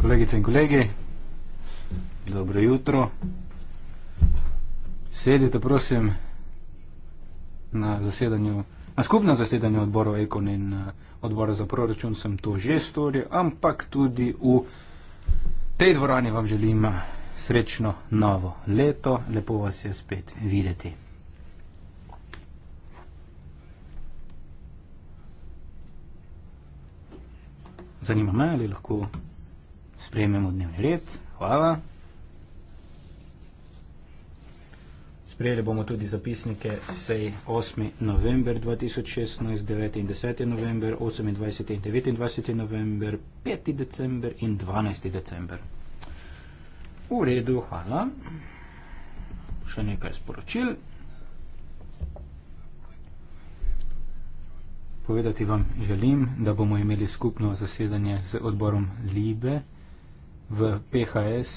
Kolegice in kolegi, dobro jutro. Sedite, prosim, na zasedanju, na skupnem zasedanju odborov Ekon in eh, odbora za proračun sem to že storil, ampak tudi v tej dvorani vam želim srečno novo leto. Lepo vas je spet videti. zanima me, ali lahko sprejmemo dnevni red. Hvala. Prejeli bomo tudi zapisnike sej 8. november 2016, 9. in 10. november, 28. in 29. november, 5. december in 12. december. V redu, hvala. Še nekaj sporočil. Povedati vam želim, da bomo imeli skupno zasedanje z odborom Libe v PHS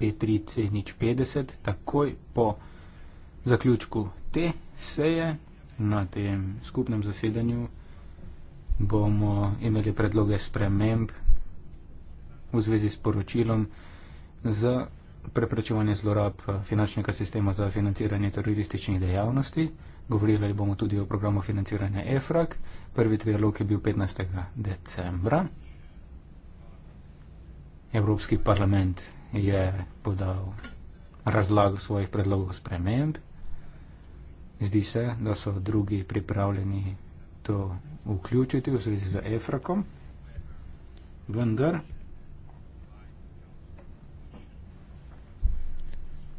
P3C050 takoj po zaključku te seje. Na tem skupnem zasedanju bomo imeli predloge sprememb v zvezi s poročilom za preprečevanje zlorab finančnega sistema za financiranje terorističnih dejavnosti. Govorili bomo tudi o programu financiranja EFRAG. Prvi trialog je bil 15. decembra. Evropski parlament je podal razlago svojih predlogov sprememb. Zdi se, da so drugi pripravljeni to vključiti v zvezi z EFRAKom. Vendar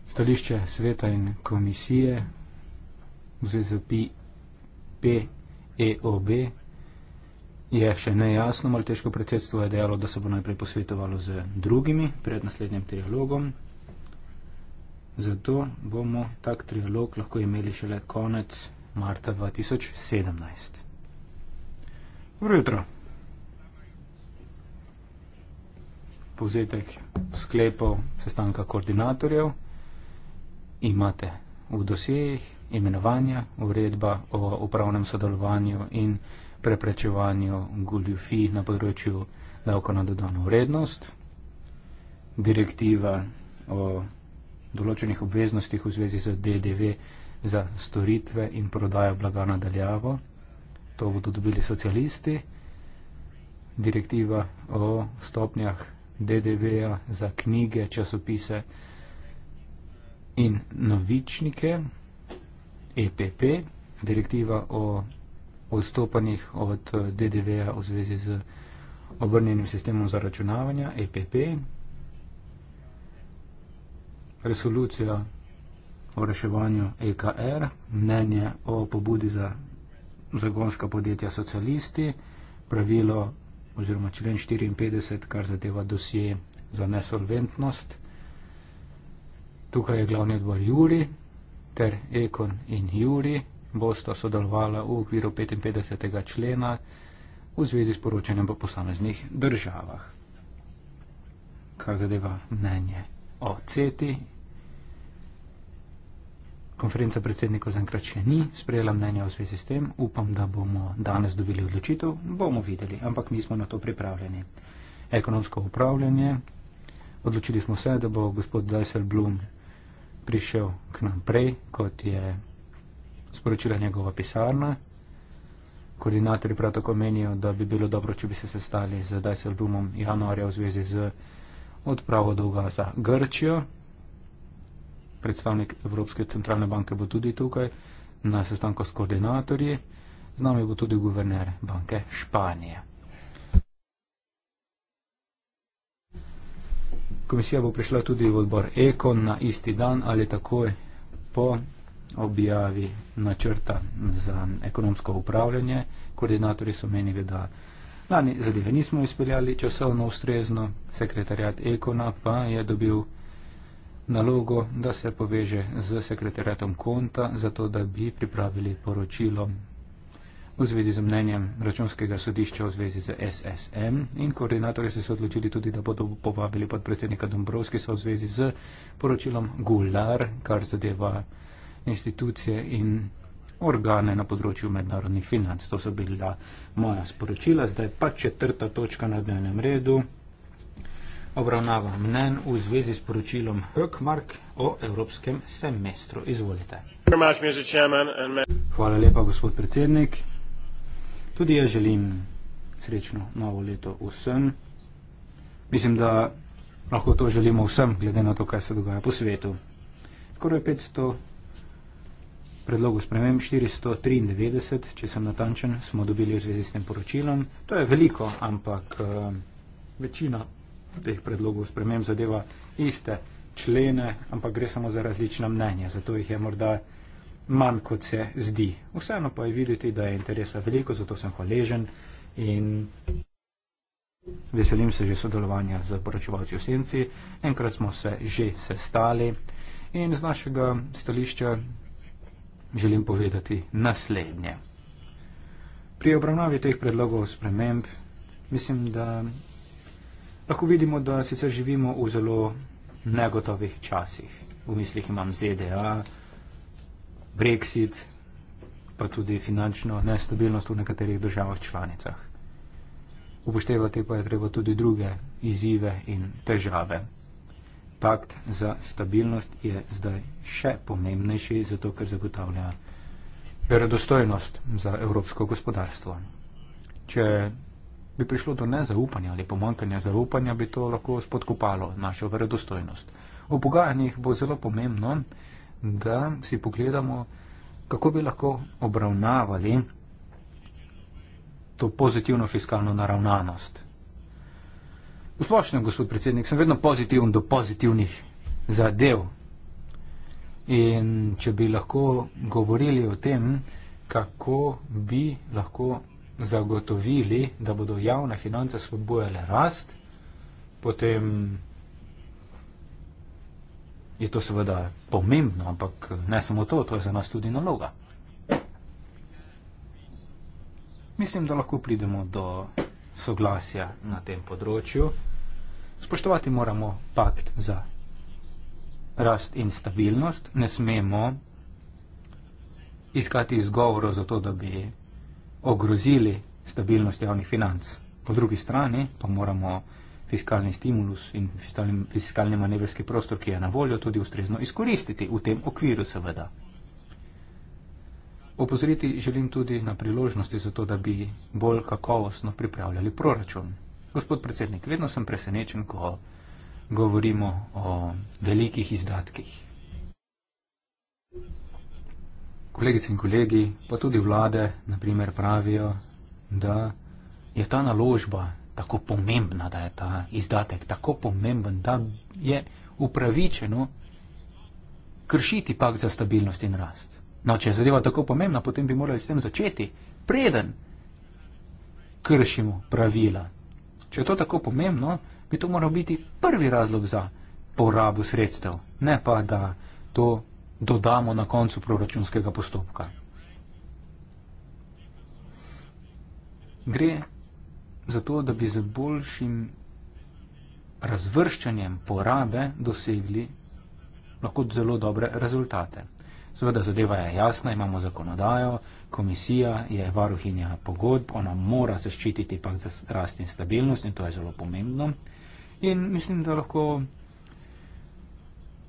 stališče sveta in komisije v zvezi pi, p, e, o, b, je še nejasno. Malteško predsedstvo je dejalo, da se bo najprej posvetovalo z drugimi pred naslednjim trialogom. Zato bomo tak trialog lahko imeli šele konec marca 2017. Dobro jutro. Povzetek sklepov sestanka koordinatorjev imate v dosejih imenovanja, uredba o upravnem sodelovanju in preprečevanju goljufi na področju davko na dodano vrednost, direktiva o določenih obveznostih v zvezi z DDV za storitve in prodajo blaga nadaljavo, to bodo dobili socialisti, direktiva o stopnjah DDV-ja za knjige, časopise in novičnike, EPP, direktiva o odstopanjih od eh, DDV-ja v zvezi z obrnjenim sistemom za računavanja, EPP, resolucija o reševanju EKR, mnenje o pobudi za zagonska podjetja socialisti, pravilo oziroma člen 54, kar zadeva dosje za nesolventnost. Tukaj je glavni odbor Juri, ter Ekon in Juri bosta sodelovala v okviru 55. člena v zvezi s poročanjem po posameznih državah. Kar zadeva mnenje o CETI, konferenca predsednikov zaenkrat še ni sprejela mnenja v zvezi s tem, upam, da bomo danes dobili odločitev, bomo videli, ampak nismo na to pripravljeni. Ekonomsko upravljanje, odločili smo se, da bo gospod Dyselblum prišel k nam prej, kot je sporočila njegova pisarna. Koordinatorji prav tako menijo, da bi bilo dobro, če bi se sestali z Dajselbumom januarja v zvezi z odpravo dolga za Grčijo. Predstavnik Evropske centralne banke bo tudi tukaj na sestanku s koordinatorji. Z nami bo tudi guverner banke Španije. Komisija bo prišla tudi v odbor Eko na isti dan ali takoj po objavi načrta za ekonomsko upravljanje. Koordinatori so menili, da lani zadeve nismo izpeljali časovno ustrezno, sekretarjat Ekona pa je dobil nalogo, da se poveže z sekretarjatom Konta, zato da bi pripravili poročilo v zvezi z mnenjem računskega sodišča v zvezi z SSM in koordinatorji so se odločili tudi, da bodo povabili podpredsednika Dombrovskisa v zvezi z poročilom Gular, kar zadeva institucije in organe na področju mednarodnih financ. To so bila moja sporočila. Zdaj pa četrta točka na dnevnem redu. Obravnava mnen v zvezi s poročilom Höckmark o evropskem semestru. Izvolite. Hvala lepa, gospod predsednik. Tudi jaz želim srečno novo leto vsem. Mislim, da lahko to želimo vsem, glede na to, kaj se dogaja po svetu. Skoraj 500 predlogov sprememb, 493, če sem natančen, smo dobili v zvezi s tem poročilom. To je veliko, ampak uh, večina teh predlogov sprememb zadeva iste člene, ampak gre samo za različna mnenja. Zato jih je morda manj, kot se zdi. Vseeno pa je videti, da je interesa veliko, zato sem hvaležen in veselim se že sodelovanja z poročevalci v Senci. Enkrat smo se že sestali in z našega stališča želim povedati naslednje. Pri obravnavi teh predlogov sprememb mislim, da lahko vidimo, da sicer živimo v zelo negotovih časih. V mislih imam ZDA, Brexit, pa tudi finančno nestabilnost v nekaterih državah članicah. Upoštevati pa je treba tudi druge izzive in težave. Pakt za stabilnost je zdaj še pomembnejši, zato ker zagotavlja verodostojnost za evropsko gospodarstvo. Če bi prišlo do nezaupanja ali pomankanja zaupanja, bi to lahko spodkopalo našo verodostojnost. V pogajanjih bo zelo pomembno, da si pogledamo, kako bi lahko obravnavali to pozitivno fiskalno naravnanost. V splošnem, gospod predsednik, sem vedno pozitiven do pozitivnih zadev. In če bi lahko govorili o tem, kako bi lahko zagotovili, da bodo javne finance spodbujale rast, potem je to seveda pomembno, ampak eh, ne samo to, to je za nas tudi naloga. Mislim, da lahko pridemo do soglasja na tem področju. Spoštovati moramo pakt za rast in stabilnost. Ne smemo iskati izgovorov za to, da bi ogrozili stabilnost javnih financ. Po drugi strani pa moramo fiskalni stimulus in fiskalni, fiskalni manevrski prostor, ki je na voljo, tudi ustrezno izkoristiti v tem okviru, seveda. Opozoriti želim tudi na priložnosti za to, da bi bolj kakovostno pripravljali proračun. Gospod predsednik, vedno sem presenečen, ko govorimo o velikih izdatkih. Kolegice in kolegi, pa tudi vlade, naprimer, pravijo, da je ta naložba tako pomembna, da je ta izdatek tako pomemben, da je upravičeno kršiti pakt za stabilnost in rast. No, če je zadeva tako pomembna, potem bi morali s tem začeti, preden kršimo pravila. Če je to tako pomembno, bi to moral biti prvi razlog za porabo sredstev, ne pa da to dodamo na koncu proračunskega postopka. Gre zato, da bi z boljšim razvrščanjem porabe dosegli lahko zelo dobre rezultate. Seveda zadeva je jasna, imamo zakonodajo, komisija je varuhinja pogodb, ona mora zaščititi pa za rast in stabilnost in to je zelo pomembno. In mislim, da lahko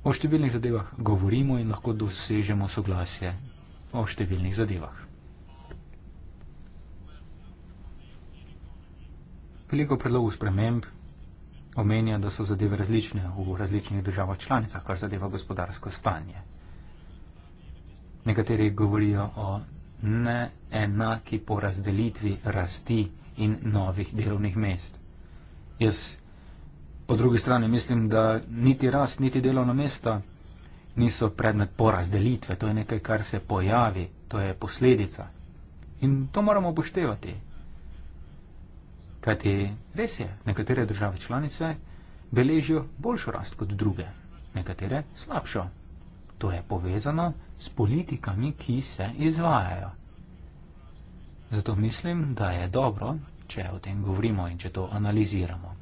o številnih zadevah govorimo in lahko dosežemo soglasje o številnih zadevah. Veliko predlogov sprememb omenja, da so zadeve različne v različnih državah članicah, kar zadeva gospodarsko stanje. Nekateri govorijo o neenaki porazdelitvi rasti in novih delovnih mest. Jaz po drugi strani mislim, da niti rast, niti delovna mesta niso predmet porazdelitve, to je nekaj, kar se pojavi, to je posledica. In to moramo upoštevati. Kajti res je, nekatere države članice beležijo boljšo rast kot druge, nekatere slabšo. To je povezano s politikami, ki se izvajajo. Zato mislim, da je dobro, če o tem govorimo in če to analiziramo.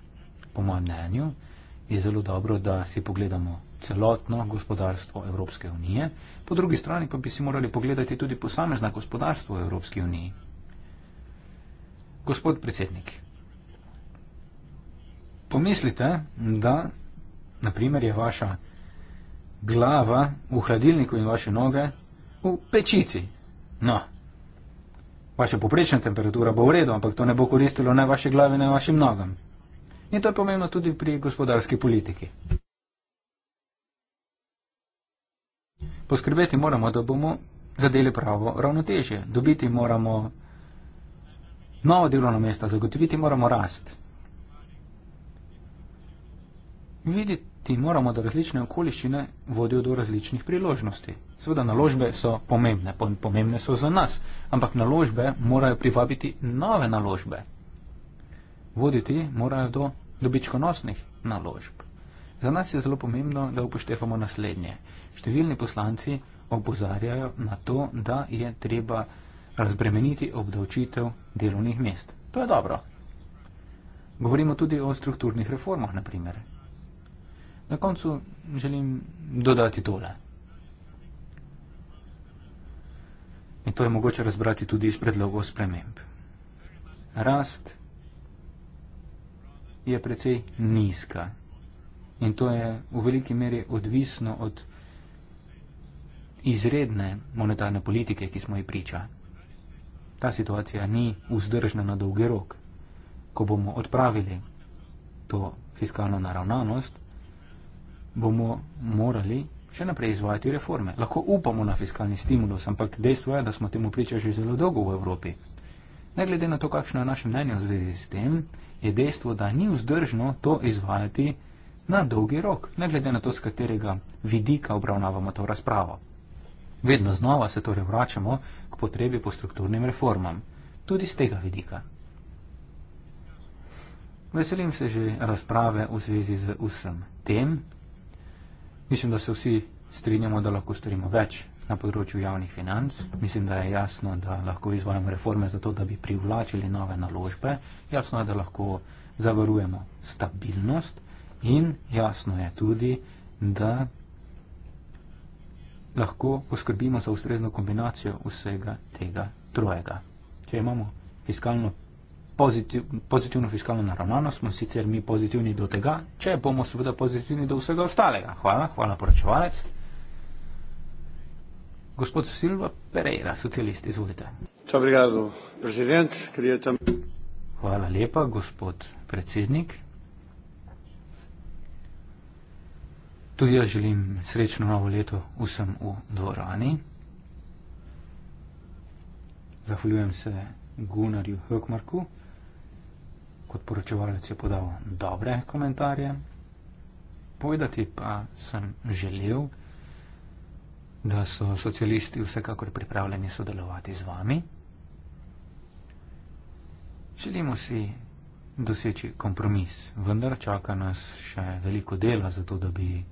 Po mojem mnenju je zelo dobro, da si pogledamo celotno gospodarstvo Evropske unije, po drugi strani pa bi si morali pogledati tudi posamezna gospodarstva Evropske unije. Gospod predsednik, Pomislite, da naprimer je vaša glava v hladilniku in vaše noge v pečici. No, vaša poprečna temperatura bo v redu, ampak to ne bo koristilo ne vaše glave, ne vašim nogam. In to je pomembno tudi pri gospodarski politiki. Poskrbeti moramo, da bomo zadeli pravo ravnotežje. Dobiti moramo novo delovno mesto, zagotoviti moramo rast. Videti moramo, da različne okoliščine vodijo do različnih priložnosti. Sveda naložbe so pomembne, pomembne so za nas, ampak naložbe morajo privabiti nove naložbe. Voditi morajo do dobičkonosnih naložb. Za nas je zelo pomembno, da upoštevamo naslednje. Številni poslanci opozarjajo na to, da je treba razbremeniti obdavčitev delovnih mest. To je dobro. Govorimo tudi o strukturnih reformah, naprimer. Na koncu želim dodati tole. In to je mogoče razbrati tudi iz predlogov sprememb. Rast je precej nizka in to je v veliki meri odvisno od izredne monetarne politike, ki smo ji priča. Ta situacija ni vzdržna na dolgi rok. Ko bomo odpravili to fiskalno naravnanost, bomo morali še naprej izvajati reforme. Lahko upamo na fiskalni stimulus, ampak dejstvo je, da smo temu priča že zelo dolgo v Evropi. Ne glede na to, kakšno je naše mnenje v zvezi s tem, je dejstvo, da ni vzdržno to izvajati na dolgi rok, ne glede na to, z katerega vidika obravnavamo to razpravo. Vedno znova se torej vračamo k potrebi po strukturnim reformam, tudi z tega vidika. Veselim se že razprave v zvezi z vsem tem, Mislim, da se vsi strinjamo, da lahko storimo več na področju javnih financ. Mislim, da je jasno, da lahko izvajamo reforme zato, da bi privlačili nove naložbe. Jasno je, da lahko zavarujemo stabilnost in jasno je tudi, da lahko poskrbimo za ustrezno kombinacijo vsega tega trojega. Če imamo fiskalno pozitiv, pozitivno fiskalno naravnanost, smo sicer mi pozitivni do tega, če bomo seveda pozitivni do vsega ostalega. Hvala, hvala poročevalec. Gospod Silva Pereira, socialist, izvolite. Obrigado, prezident, ker je tam. Hvala lepa, gospod predsednik. Tudi jaz želim srečno novo leto vsem v dvorani. Zahvaljujem se Gunarju Hökmarku kot poročevalec je podal dobre komentarje. Povedati pa sem želel, da so socialisti vsekakor pripravljeni sodelovati z vami. Želimo si doseči kompromis, vendar čaka nas še veliko dela za to, da bi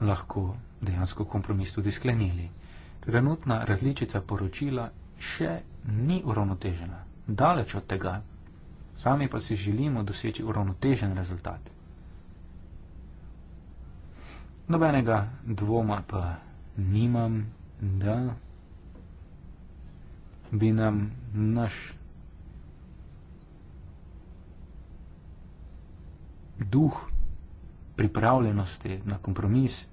lahko dejansko kompromis tudi sklenili. Trenutna različica poročila še ni uravnotežena. Daleč od tega, sami pa si želimo doseči uravnotežen rezultat. Nobenega dvoma pa nimam, da bi nam naš duh pripravljenosti na kompromis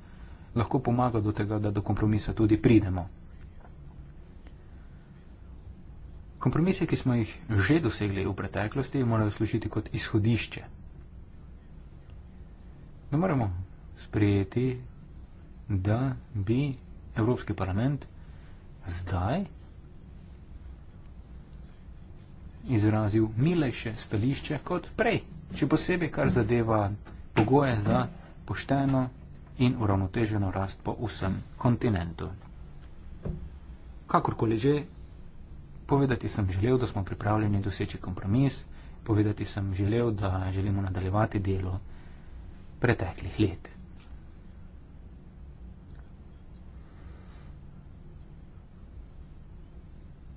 lahko pomagal do tega, da do kompromisa tudi pridemo. Kompromise, ki smo jih že dosegli v preteklosti, morajo služiti kot izhodišče. Ne moremo sprejeti, da bi Evropski parlament zdaj izrazil milejše stališče kot prej, če posebej kar zadeva pogoje za pošteno in uravnoteženo rast po vsem kontinentu. Kakorkoli že, Povedati sem želel, da smo pripravljeni doseči kompromis, povedati sem želel, da želimo nadaljevati delo preteklih let.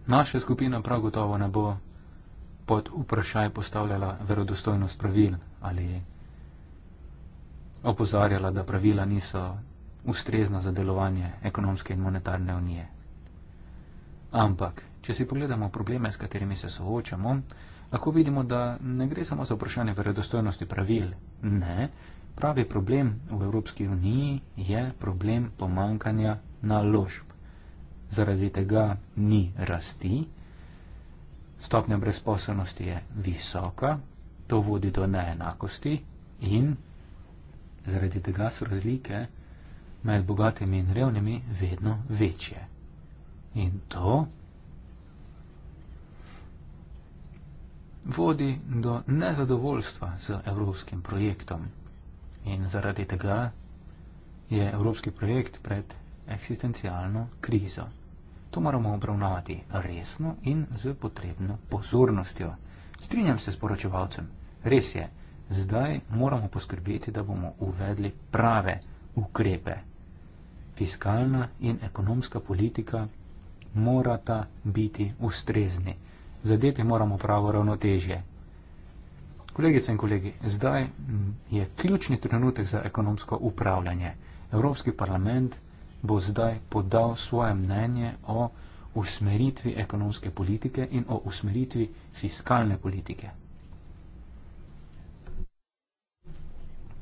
Naša skupina prav gotovo ne bo pod vprašaj postavljala verodostojnost pravil ali opozarjala, da pravila niso ustrezna za delovanje ekonomske in monetarne unije. Ampak Če si pogledamo probleme, s katerimi se soočamo, lahko vidimo, da ne gre samo za vprašanje verodostojnosti pravil. Ne, pravi problem v Evropski uniji je problem pomankanja naložb. Zaradi tega ni rasti, stopnja brezposobnosti je visoka, to vodi do neenakosti in zaradi tega so razlike med bogatimi in revnimi vedno večje. In to vodi do nezadovoljstva z evropskim projektom. In zaradi tega je evropski projekt pred eksistencialno krizo. To moramo obravnavati resno in z potrebno pozornostjo. Strinjam se s poročevalcem. Res je, zdaj moramo poskrbeti, da bomo uvedli prave ukrepe. Fiskalna in ekonomska politika morata biti ustrezni zadeti moramo pravo ravnotežje. Kolegice in kolegi, zdaj je ključni trenutek za ekonomsko upravljanje. Evropski parlament bo zdaj podal svoje mnenje o usmeritvi ekonomske politike in o usmeritvi fiskalne politike.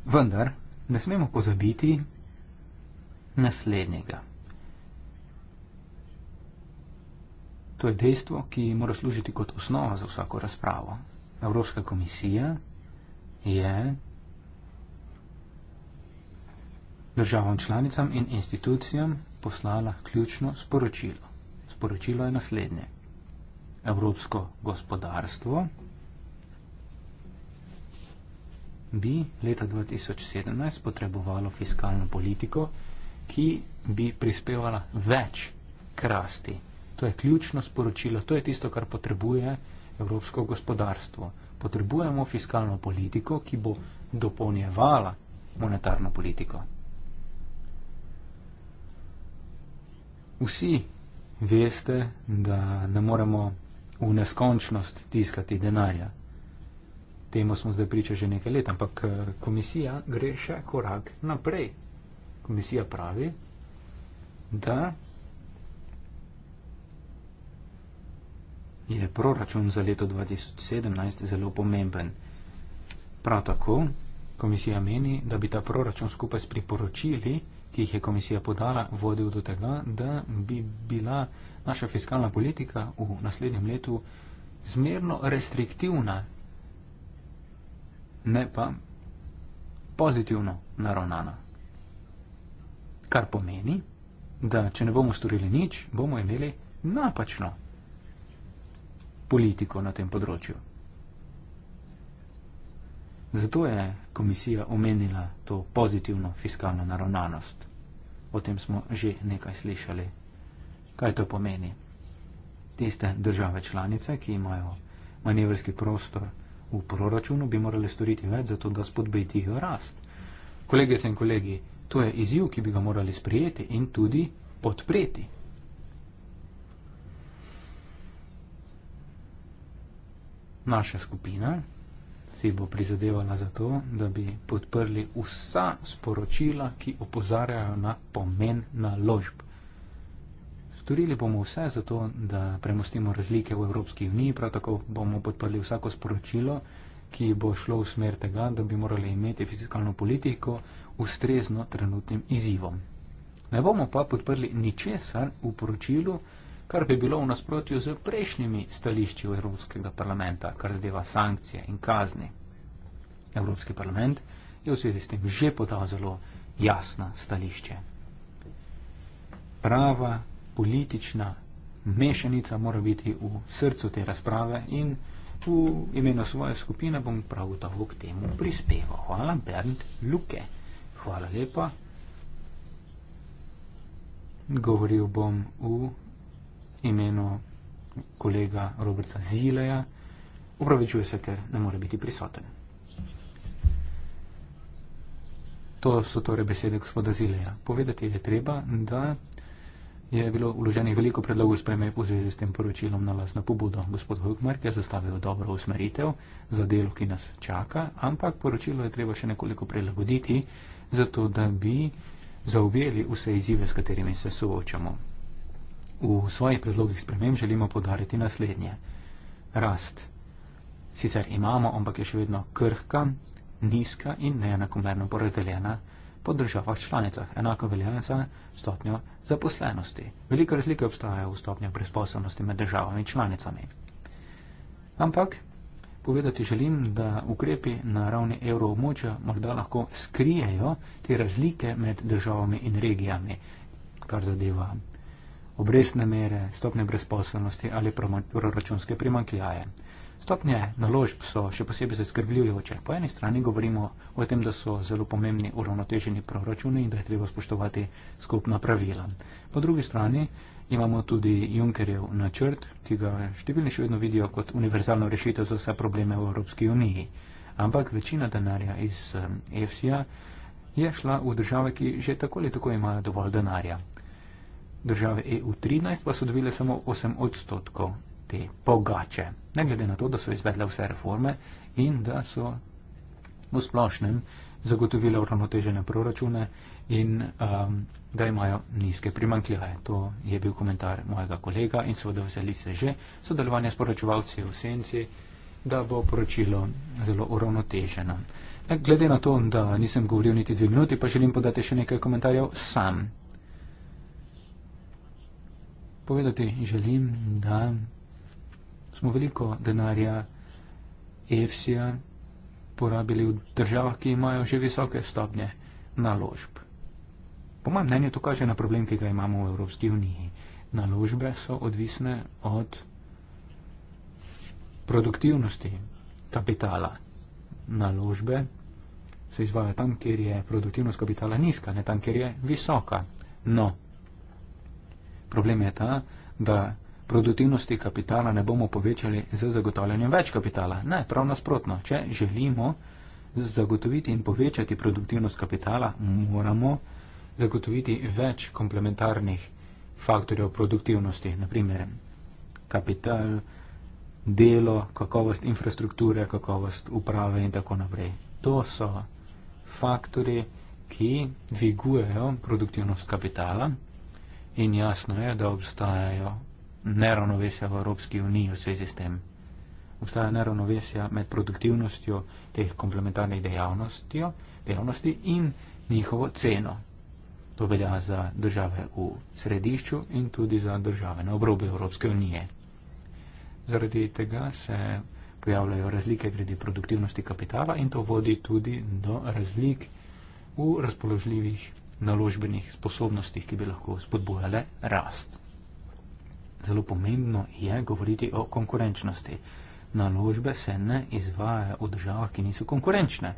Vendar ne smemo pozabiti naslednjega. To je dejstvo, ki mora služiti kot osnova za vsako razpravo. Evropska komisija je državam članicam in institucijam poslala ključno sporočilo. Sporočilo je naslednje. Evropsko gospodarstvo bi leta 2017 potrebovalo fiskalno politiko, ki bi prispevala več k rasti To je ključno sporočilo, to je tisto, kar potrebuje evropsko gospodarstvo. Potrebujemo fiskalno politiko, ki bo dopolnjevala monetarno politiko. Vsi veste, da ne moremo v neskončnost tiskati denarja. Temu smo zdaj priča že nekaj let, ampak eh, komisija gre še korak naprej. Komisija pravi, da je proračun za leto 2017 zelo pomemben. Prav tako komisija meni, da bi ta proračun skupaj s priporočili, ki jih je komisija podala, vodil do tega, da bi bila naša fiskalna politika v naslednjem letu zmerno restriktivna, ne pa pozitivno naravnana. Kar pomeni, da če ne bomo storili nič, bomo imeli napačno politiko na tem področju. Zato je komisija omenila to pozitivno fiskalno naravnanost. O tem smo že nekaj slišali. Kaj to pomeni? Tiste države članice, ki imajo manevrski prostor v proračunu, bi morali storiti več za to, da spodbitijo rast. Kolegice in kolegi, to je izziv, ki bi ga morali sprijeti in tudi podpreti. naša skupina si bo prizadevala za to, da bi podprli vsa sporočila, ki opozarjajo na pomen naložb. Storili bomo vse za to, da premostimo razlike v Evropski uniji, prav tako bomo podprli vsako sporočilo, ki bo šlo v smer tega, da bi morali imeti fiskalno politiko ustrezno trenutnim izzivom. Ne bomo pa podprli ničesar v poročilu, kar bi bilo v nasprotju z prejšnjimi stališči Evropskega parlamenta, kar zadeva sankcije in kazni. Evropski parlament je v zvezi s tem že podal zelo jasno stališče. Prava politična mešanica mora biti v srcu te razprave in v imenu svoje skupine bom prav gotovo k temu prispeval. Hvala, Bernd Luke. Hvala lepa. Govoril bom v imenu kolega Roberta Zileja. Upravičuje se, ker ne more biti prisoten. To so torej besede gospoda Zileja. Povedati je treba, da je bilo vloženih veliko predlogov sprememb v zvezi s tem poročilom na vas na pobudo. Gospod Hukmark je zastavil dobro usmeritev za delo, ki nas čaka, ampak poročilo je treba še nekoliko prilagoditi, zato da bi zaobjeli vse izzive, s katerimi se soočamo. V svojih predlogih sprememb želimo podariti naslednje. Rast. Sicer imamo, ampak je še vedno krhka, nizka in neenakomerno porazdeljena po državah članicah. Enako velja za stopnjo zaposlenosti. Velike razlike obstajajo v stopnjo brezposobnosti med državami članicami. Ampak povedati želim, da ukrepi na ravni evroobmočja morda lahko skrijejo te razlike med državami in regijami, kar zadeva obrestne mere, stopne brezposobnosti ali proračunske primankljaje. Stopnje naložb so še posebej zaskrbljujoče. Po eni strani govorimo o tem, da so zelo pomembni uravnoteženi proračuni in da je treba spoštovati skupna pravila. Po drugi strani imamo tudi Junckerjev načrt, ki ga številni še vedno vidijo kot univerzalno rešitev za vse probleme v Evropski uniji. Ampak večina denarja iz EFSI-ja eh, je šla v države, ki že tako ali tako imajo dovolj denarja države EU-13 pa so dobile samo 8 odstotkov te pogače. Ne glede na to, da so izvedle vse reforme in da so v splošnem zagotovile uravnotežene proračune in um, da imajo nizke primankljaje. To je bil komentar mojega kolega in seveda veseli se že sodelovanje s poročevalci v senci, da bo poročilo zelo uravnoteženo. Glede na to, da nisem govoril niti dve minuti, pa želim podati še nekaj komentarjev sam povedati želim, da smo veliko denarja EFSI-ja porabili v državah, ki imajo že visoke stopnje naložb. Po mojem mnenju to kaže na problem, ki ga imamo v Evropski uniji. Naložbe so odvisne od produktivnosti kapitala. Naložbe se izvajo tam, kjer je produktivnost kapitala nizka, ne tam, kjer je visoka. No, Problem je ta, da produktivnosti kapitala ne bomo povečali z zagotavljanjem več kapitala. Ne, prav nasprotno. Če želimo zagotoviti in povečati produktivnost kapitala, moramo zagotoviti več komplementarnih faktorjev produktivnosti. Naprimer, kapital, delo, kakovost infrastrukture, kakovost uprave in tako naprej. To so faktori, ki dvigujejo produktivnost kapitala in jasno je, da obstajajo neravnovesja v Evropski uniji v zvezi s tem. Obstaja neravnovesja med produktivnostjo teh komplementarnih dejavnosti in njihovo ceno. To velja za države v središču in tudi za države na obrobi Evropske unije. Zaradi tega se pojavljajo razlike glede produktivnosti kapitala in to vodi tudi do razlik v razpoložljivih naložbenih sposobnostih, ki bi lahko spodbujale rast. Zelo pomembno je govoriti o konkurenčnosti. Naložbe se ne izvajajo v državah, ki niso konkurenčne.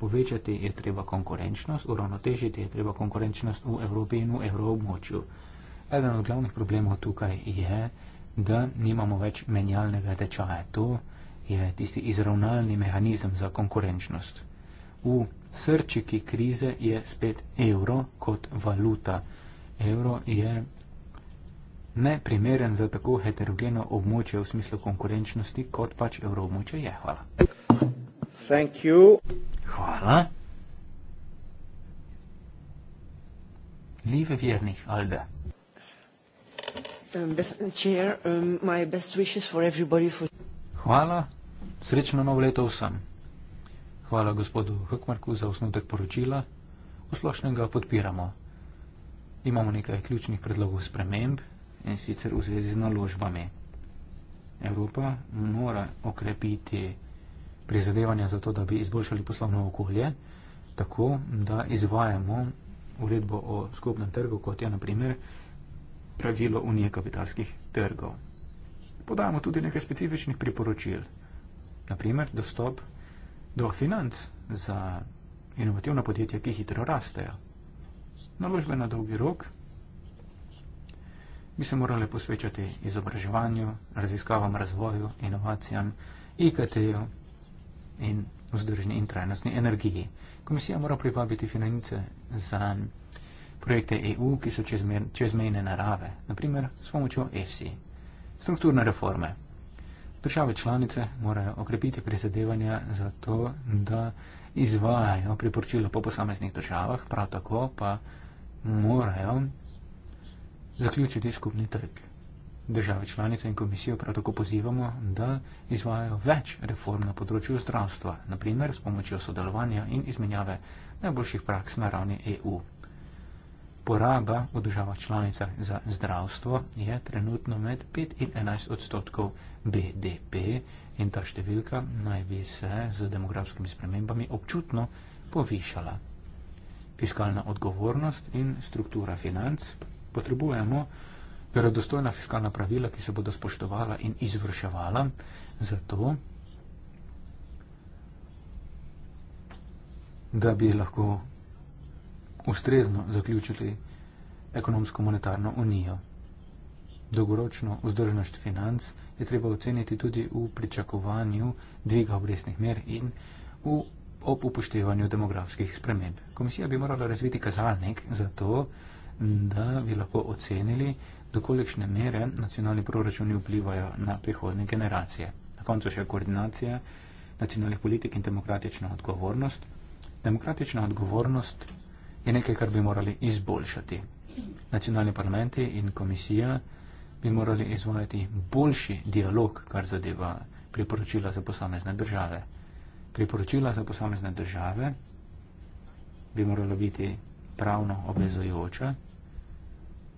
Povečati je treba konkurenčnost, uravnotežiti je treba konkurenčnost v Evropi in v evroobmočju. Eden od glavnih problemov tukaj je, da nimamo več menjalnega tečaja. To je tisti izravnalni mehanizem za konkurenčnost v srčiki krize je spet evro kot valuta. Evro je neprimeren za tako heterogeno območje v smislu konkurenčnosti, kot pač evro območje je. Hvala. Thank you. Hvala. Live vjernih, Alde. Um, best, chair, um, my best wishes for everybody for... Hvala. Srečno novo leto vsem. Hvala gospodu Hkmarku za osnutek poročila. V splošnem ga podpiramo. Imamo nekaj ključnih predlogov sprememb in sicer v zvezi z naložbami. Evropa mora okrepiti prizadevanja za to, da bi izboljšali poslovno okolje, tako da izvajamo uredbo o skupnem trgu, kot je naprimer pravilo Unije kapitalskih trgov. Podajamo tudi nekaj specifičnih priporočil, naprimer dostop do financ za inovativna podjetja, ki hitro rastejo. Naložbe na dolgi rok bi se morale posvečati izobraževanju, raziskavam, razvoju, inovacijam, IKT-ju in vzdržni in trajnostni energiji. Komisija mora privabiti finance za projekte EU, ki so čezmejne narave, naprimer s pomočjo EFSI. Strukturne reforme. Države članice morajo okrepiti prizadevanja za to, da izvajajo priporočila po posameznih državah, prav tako pa morajo zaključiti skupni trg. Države članice in komisijo prav tako pozivamo, da izvajajo več reform na področju zdravstva, naprimer s pomočjo sodelovanja in izmenjave najboljših praks na ravni EU. Poraba v državah članicah za zdravstvo je trenutno med 5 in 11 odstotkov. BDP in ta številka naj bi se z demografskimi spremembami občutno povišala. Fiskalna odgovornost in struktura financ. Potrebujemo verodostojna fiskalna pravila, ki se bodo spoštovala in izvrševala. Zato, da bi lahko ustrezno zaključili ekonomsko-monetarno unijo. Dolgoročno vzdržnost financ je treba oceniti tudi v pričakovanju dviga obresnih mer in v, ob upoštevanju demografskih sprememb. Komisija bi morala razviti kazalnik za to, da bi lahko ocenili, dokolikšne mere nacionalni proračuni vplivajo na prihodne generacije. Na koncu še koordinacija nacionalnih politik in demokratična odgovornost. Demokratična odgovornost je nekaj, kar bi morali izboljšati. Nacionalni parlamenti in komisija bi morali izvajati boljši dialog, kar zadeva priporočila za posamezne države. Priporočila za posamezne države bi morala biti pravno obvezujoča,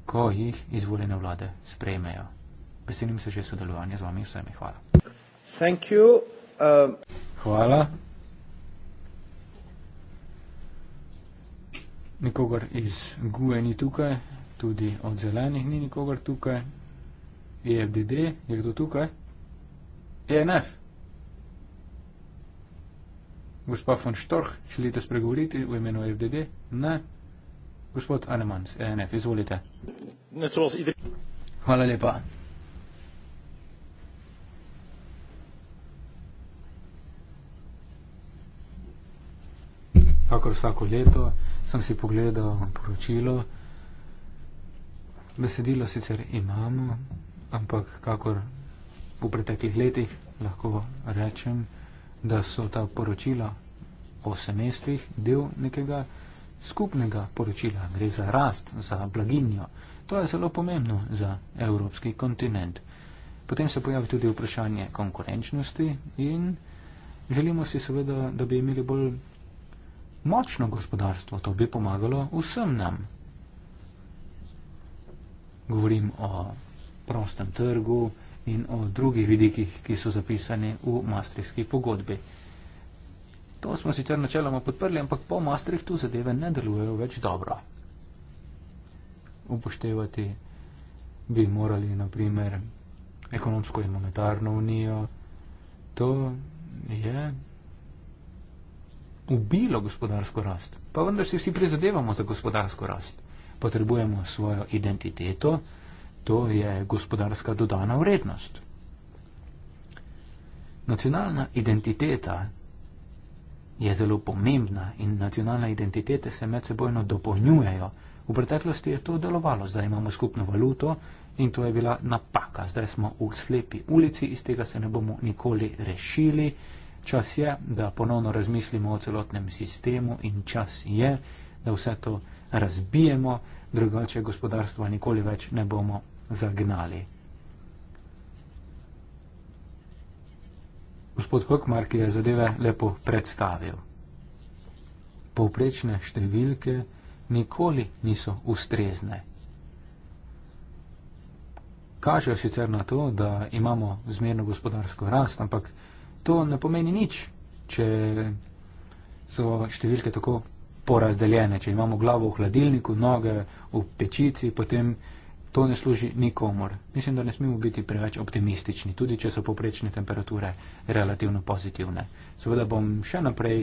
ko jih izvoljene vlade sprejmejo. Veselim se že sodelovanja z vami vsemi. Hvala. Thank you. Uh... Hvala. Nikogar iz GUE ni tukaj, tudi od zelenih ni nikogar tukaj. EFDD, je kdo tukaj? ENF. Gospa von Storch, želite spregovoriti v imenu EFDD? Ne. Gospod Anemans, ENF, izvolite. Hvala lepa. Kakor vsako leto sem si pogledal poročilo. Besedilo sicer imamo, ampak kakor v preteklih letih lahko rečem, da so ta poročila o semestrih del nekega skupnega poročila. Gre za rast, za blaginjo. To je zelo pomembno za evropski kontinent. Potem se pojavi tudi vprašanje konkurenčnosti in želimo si seveda, da bi imeli bolj močno gospodarstvo. To bi pomagalo vsem nam. Govorim o prostem trgu in o drugih vidikih, ki so zapisani v Maastrichtski pogodbi. To smo sicer načeloma podprli, ampak po Maastrichtu zadeve ne delujejo več dobro. Upoštevati bi morali naprimer ekonomsko in monetarno unijo. To je ubilo gospodarsko rast. Pa vendar si vsi prizadevamo za gospodarsko rast. Potrebujemo svojo identiteto. To je gospodarska dodana vrednost. Nacionalna identiteta je zelo pomembna in nacionalne identitete se med sebojno dopolnjujejo. V preteklosti je to delovalo, zdaj imamo skupno valuto in to je bila napaka. Zdaj smo v slepi ulici, iz tega se ne bomo nikoli rešili. Čas je, da ponovno razmislimo o celotnem sistemu in čas je, da vse to razbijemo, drugače gospodarstva nikoli več ne bomo zagnali. Gospod Kokmark je zadeve lepo predstavil. Povprečne številke nikoli niso ustrezne. Kažejo sicer na to, da imamo zmerno gospodarsko rast, ampak to ne pomeni nič, če so številke tako porazdeljene. Če imamo glavo v hladilniku, noge v pečici, potem To ne služi nikomor. Mislim, da ne smemo biti preveč optimistični, tudi če so poprečne temperature relativno pozitivne. Seveda bom še naprej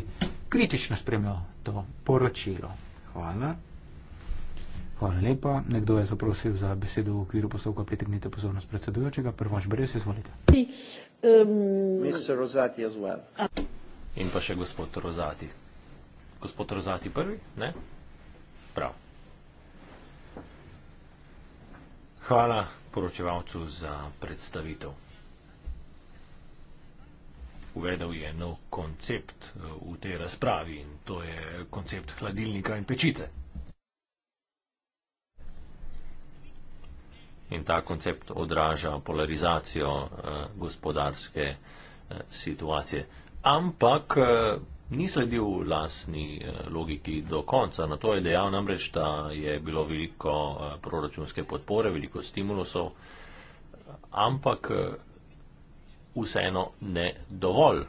kritično spremljal to poročilo. Hvala. Hvala lepa. Nekdo je zaprosil za besedo v okviru postopka. Pritegnite pozornost predsedujočega. Prvo, Šberes, izvolite. Um, In pa še gospod Rozati. Gospod Rozati prvi? Ne? Prav. Hvala poročevalcu za predstavitev. Uvedel je nov koncept eh, v tej razpravi in to je koncept hladilnika in pečice. In ta koncept odraža polarizacijo eh, gospodarske eh, situacije. Ampak ni sledil vlastni eh, logiki do konca. Na to je dejal namreč, da je bilo veliko eh, proračunske podpore, veliko stimulusov, ampak eh, vseeno ne dovolj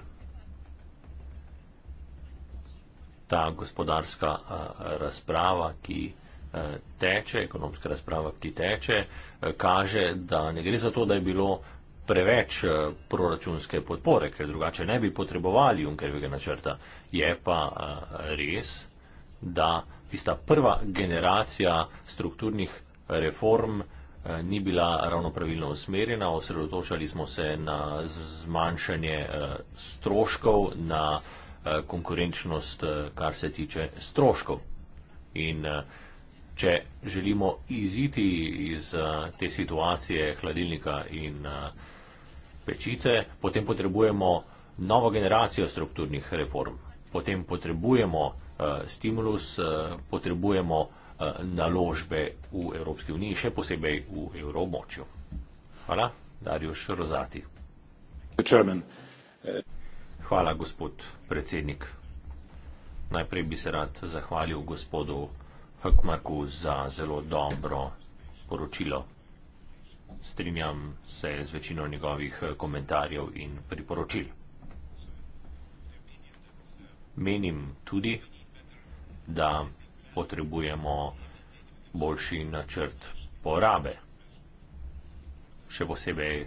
ta gospodarska razprava, ki teče, ekonomska razprava, ki teče, kaže, da ne gre za to, da je bilo preveč eh, proračunske podpore, ker drugače ne bi potrebovali Junkerjevega načrta. Je pa eh, res, da tista prva generacija strukturnih reform eh, ni bila ravno pravilno usmerjena. Osredotočali smo se na zmanjšanje stroškov, na konkurenčnost, kar se tiče stroškov. In če želimo iziti iz te situacije hladilnika in pečice, potem potrebujemo novo generacijo strukturnih reform, potem potrebujemo uh, stimulus, uh, potrebujemo uh, naložbe v Evropski uniji, še posebej v evromočju. Hvala, Darius Rozati. Hvala, gospod predsednik. Najprej bi se rad zahvalil gospodu Hkmarku za zelo dobro poročilo strinjam se z večino njegovih eh, komentarjev in priporočil. Menim tudi, da potrebujemo boljši načrt porabe. Še posebej,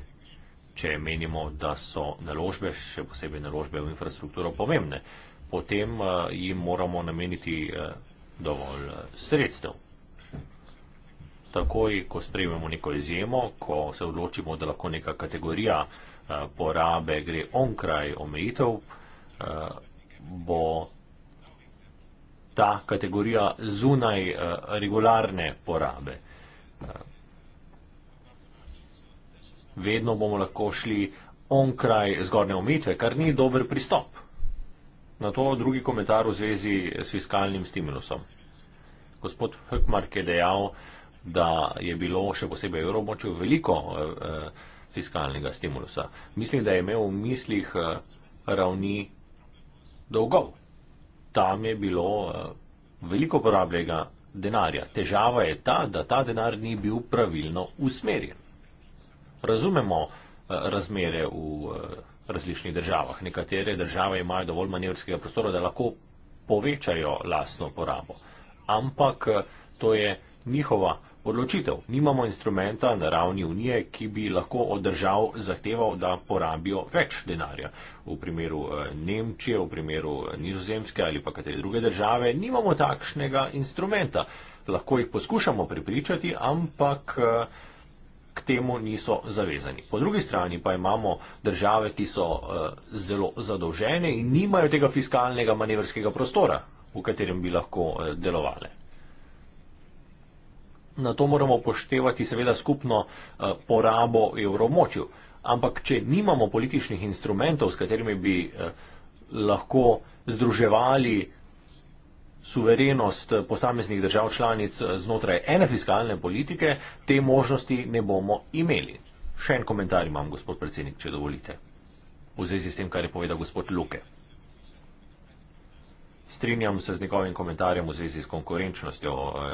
če menimo, da so naložbe, še posebej naložbe v infrastrukturo pomembne, potem eh, jim moramo nameniti eh, dovolj sredstev takoj, ko sprejmemo neko izjemo, ko se odločimo, da lahko neka kategorija eh, porabe gre onkraj omejitev, eh, bo ta kategorija zunaj eh, regularne porabe. Vedno bomo lahko šli onkraj zgornje omejitve, kar ni dober pristop. Na to drugi komentar v zvezi s fiskalnim stimulusom. Gospod Hkmark je dejal, da je bilo še posebej v evromočju veliko eh, eh, fiskalnega stimulusa. Mislim, da je imel v mislih eh, ravni dolgov. Tam je bilo eh, veliko porabljega denarja. Težava je ta, da ta denar ni bil pravilno usmerjen. Razumemo eh, razmere v eh, različnih državah. Nekatere države imajo dovolj manevrskega prostora, da lahko povečajo lastno porabo. Ampak eh, to je njihova odločitev. Nimamo instrumenta na ravni unije, ki bi lahko od držav zahteval, da porabijo več denarja. V primeru eh, Nemčije, v primeru eh, Nizozemske ali pa katere druge države nimamo takšnega instrumenta. Lahko jih poskušamo prepričati, ampak eh, k temu niso zavezani. Po drugi strani pa imamo države, ki so zelo zadolžene in nimajo tega fiskalnega manevrskega prostora, v katerem bi lahko delovali na to moramo poštevati seveda skupno eh, porabo evromočju. Ampak, če nimamo političnih instrumentov, s katerimi bi eh, lahko združevali suverenost eh, posameznih držav članic znotraj ene fiskalne politike, te možnosti ne bomo imeli. Še en komentar imam, gospod predsednik, če dovolite, v zvezi s tem, kar je povedal gospod Luke strinjam se z njegovim komentarjem v zvezi s konkurenčnostjo, eh,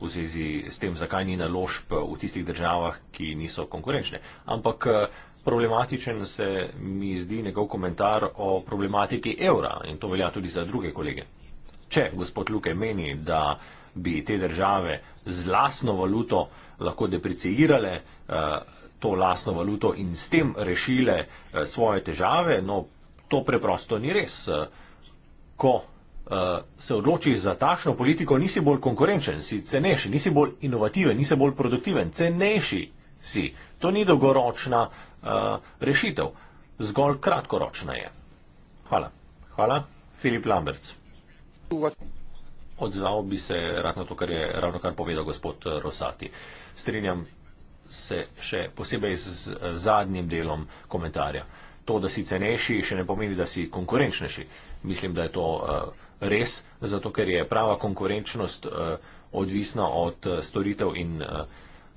v zvezi s tem, zakaj ni naložb v tistih državah, ki niso konkurenčne. Ampak eh, problematičen se mi zdi njegov komentar o problematiki evra in to velja tudi za druge kolege. Če gospod Luke meni, da bi te države z lasno valuto lahko deprecijirale eh, to lasno valuto in s tem rešile svoje težave, no to preprosto ni res. Ko Eh, se odločiš za takšno politiko, nisi bolj konkurenčen, si cenejši, nisi bolj inovativen, nisi bolj produktiven, cenejši si. To ni dolgoročna uh, rešitev, zgolj kratkoročna je. Hvala. Hvala, Filip Lamberts. Odzval bi se rad na to, kar je ravno kar povedal gospod eh, Rosati. Strinjam se še posebej z, z zadnjim delom komentarja. To, da si cenejši, še ne pomeni, da si konkurenčnejši. Mislim, da je to uh, res, zato ker je prava konkurenčnost eh, odvisna od eh, storitev in eh,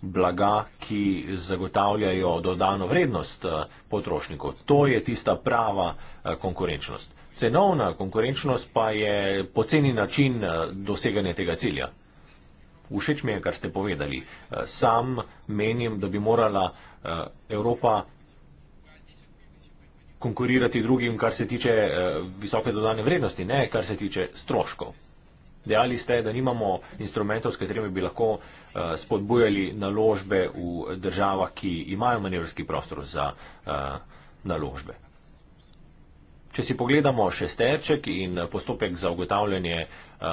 blaga, ki zagotavljajo dodano vrednost potrošnikov. To je tista prava konkurenčnost. Cenovna konkurenčnost pa je poceni način doseganja tega cilja. Všeč mi je, kar ste povedali. Sam menim, da bi morala Evropa konkurirati drugim, kar se tiče eh, visoke dodane vrednosti, ne kar se tiče stroškov. Dejali ste, da nimamo instrumentov, s katerimi bi lahko eh, spodbujali naložbe v državah, ki imajo manevrski prostor za eh, naložbe. Če si pogledamo šesterček in postopek za ugotavljanje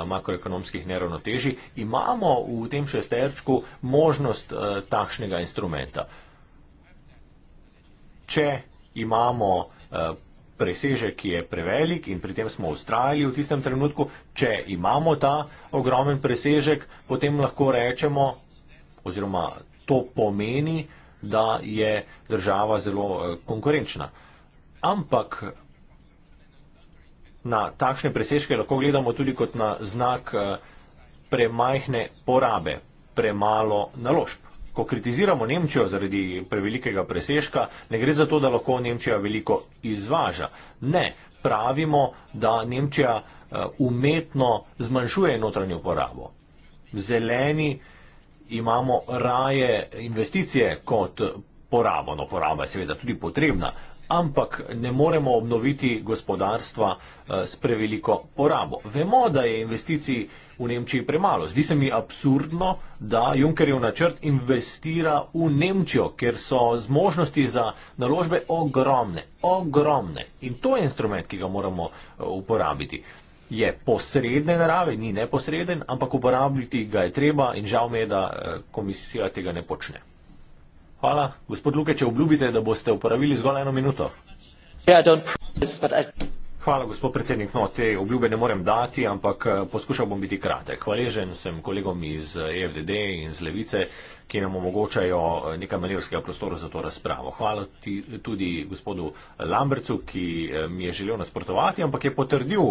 makroekonomskih neravnotežij, imamo v tem šesterčku možnost takšnega instrumenta. Če imamo Eh, presežek, ki je prevelik in pri tem smo ustrajali v tistem trenutku. Če imamo ta ogromen presežek, potem lahko rečemo, oziroma to pomeni, da je država zelo eh, konkurenčna. Ampak na takšne presežke lahko gledamo tudi kot na znak eh, premajhne porabe, premalo naložb ko kritiziramo Nemčijo zaradi prevelikega presežka, ne gre za to, da lahko Nemčija veliko izvaža. Ne, pravimo, da Nemčija eh, umetno zmanjšuje notranjo porabo. Zeleni imamo raje investicije kot porabo. No, poraba je seveda tudi potrebna, ampak ne moremo obnoviti gospodarstva eh, s preveliko porabo. Vemo, da je investicij v Nemčiji premalo. Zdi se mi absurdno, da Junckerjev načrt investira v Nemčijo, ker so zmožnosti za naložbe ogromne, ogromne. In to je instrument, ki ga moramo eh, uporabiti. Je posredne narave, ni neposreden, ampak uporabljati ga je treba in žal me je, da eh, komisija tega ne počne. Hvala. Gospod Luke, če obljubite, da boste uporabili zgolj eno minuto. Yeah, ja, I don't promise, but I... Hvala, gospod predsednik. No, te obljube ne morem dati, ampak eh, poskušal bom biti kratek. Hvaležen sem kolegom iz EFDD eh, e in z Levice, ki nam omogočajo eh, nekaj manevrskega prostora za to razpravo. Hvala ti, tudi gospodu Lambercu, ki mi je želel nasprotovati, ampak je potrdil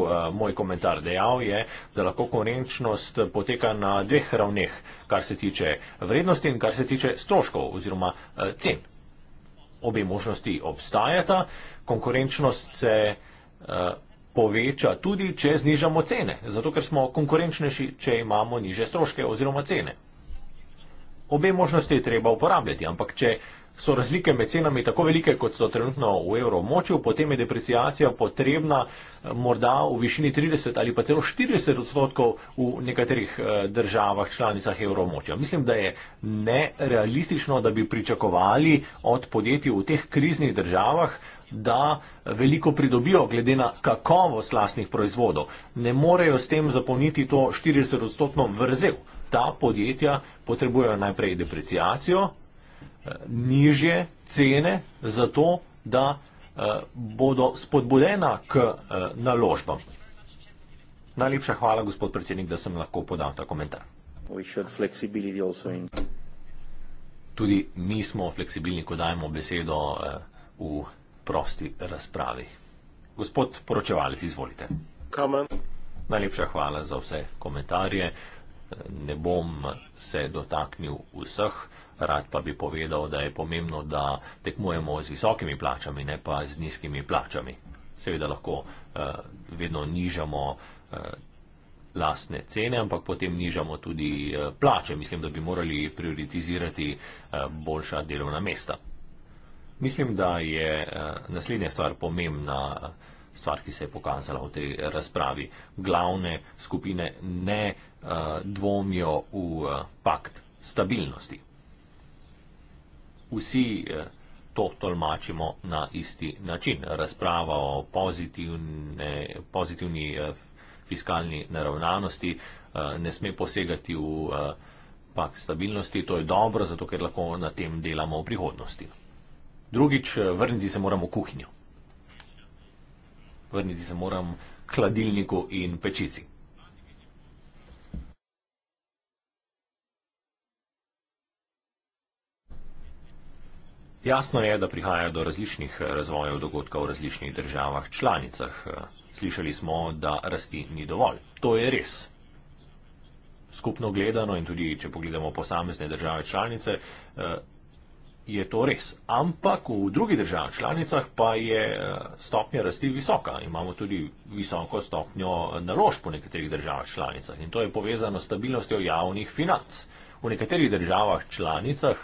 moj komentar. Dejal je, da lahko konkurenčnost poteka na dveh ravneh, kar se tiče vrednosti in kar se tiče stroškov oziroma cen. Obe možnosti obstajata. Konkurenčnost se poveča, tudi če znižamo cene, zato ker smo konkurenčnejši, če imamo niže stroške oziroma cene. Obe možnosti je treba uporabljati, ampak če so razlike med cenami tako velike, kot so trenutno v evromočju, potem je depreciacija potrebna eh, morda v višini 30 ali pa celo 40 odstotkov v nekaterih eh, državah članicah evromočja. Mislim, da je nerealistično, da bi pričakovali od podjetij v teh kriznih državah da veliko pridobijo glede na kakovost lastnih proizvodov. Ne morejo s tem zapolniti to 40-odstotno vrzel. Ta podjetja potrebujejo najprej deprecijacijo, eh, nižje cene za to, da eh, bodo spodbudena k eh, naložbam. Najlepša hvala, gospod predsednik, da sem lahko podal ta komentar. Tudi mi smo fleksibilni, ko dajemo besedo v prosti razpravi. Gospod poročevalec, izvolite. Kamen. Najlepša hvala za vse komentarje. Ne bom se dotaknil vseh, rad pa bi povedal, da je pomembno, da tekmujemo z visokimi plačami, ne pa z nizkimi plačami. Seveda lahko uh, vedno nižamo uh, lastne cene, ampak potem nižamo tudi uh, plače. Mislim, da bi morali prioritizirati uh, boljša delovna mesta. Mislim, da je eh, naslednja stvar pomembna eh, stvar, ki se je pokazala v tej razpravi. Glavne skupine ne eh, dvomijo v pakt stabilnosti. Vsi to tolmačimo na isti način. Razprava o pozitivne, pozitivni fiskalni naravnanosti ne sme posegati v pakt stabilnosti. To je dobro, zato ker lahko na tem delamo v prihodnosti. Drugič, eh, vrniti se moram v kuhinjo. Vrniti se moram k hladilniku in pečici. Jasno je, da prihaja do različnih eh, razvojev dogodka v različnih državah članicah. Eh, slišali smo, da rasti ni dovolj. To je res. Skupno gledano in tudi, če pogledamo posamezne države članice, je to res. Ampak v drugih državah članicah pa je eh, stopnja rasti visoka. Imamo tudi visoko stopnjo naložb v nekaterih državah članicah in to je povezano s stabilnostjo javnih financ. V nekaterih državah članicah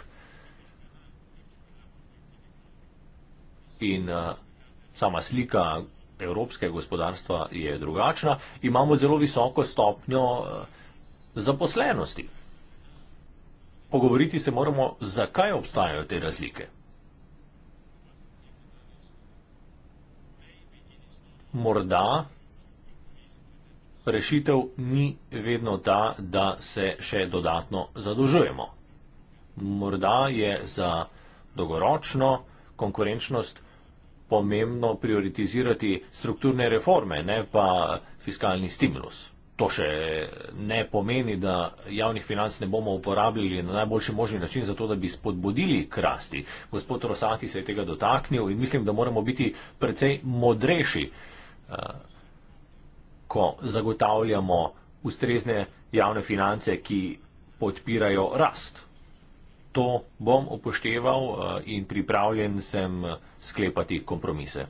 in eh, sama slika evropskega gospodarstva je drugačna, imamo zelo visoko stopnjo eh, zaposlenosti pogovoriti se moramo, zakaj obstajajo te razlike. Morda rešitev ni vedno ta, da se še dodatno zadolžujemo. Morda je za dolgoročno konkurenčnost pomembno prioritizirati strukturne reforme, ne pa fiskalni stimulus. To še ne pomeni, da javnih financ ne bomo uporabljali na najboljši možni način za to, da bi spodbudili krasti. Gospod Rosati se je tega dotaknil in mislim, da moramo biti precej modrejši, eh, ko zagotavljamo ustrezne javne finance, ki podpirajo rast. To bom upošteval eh, in pripravljen sem sklepati kompromise.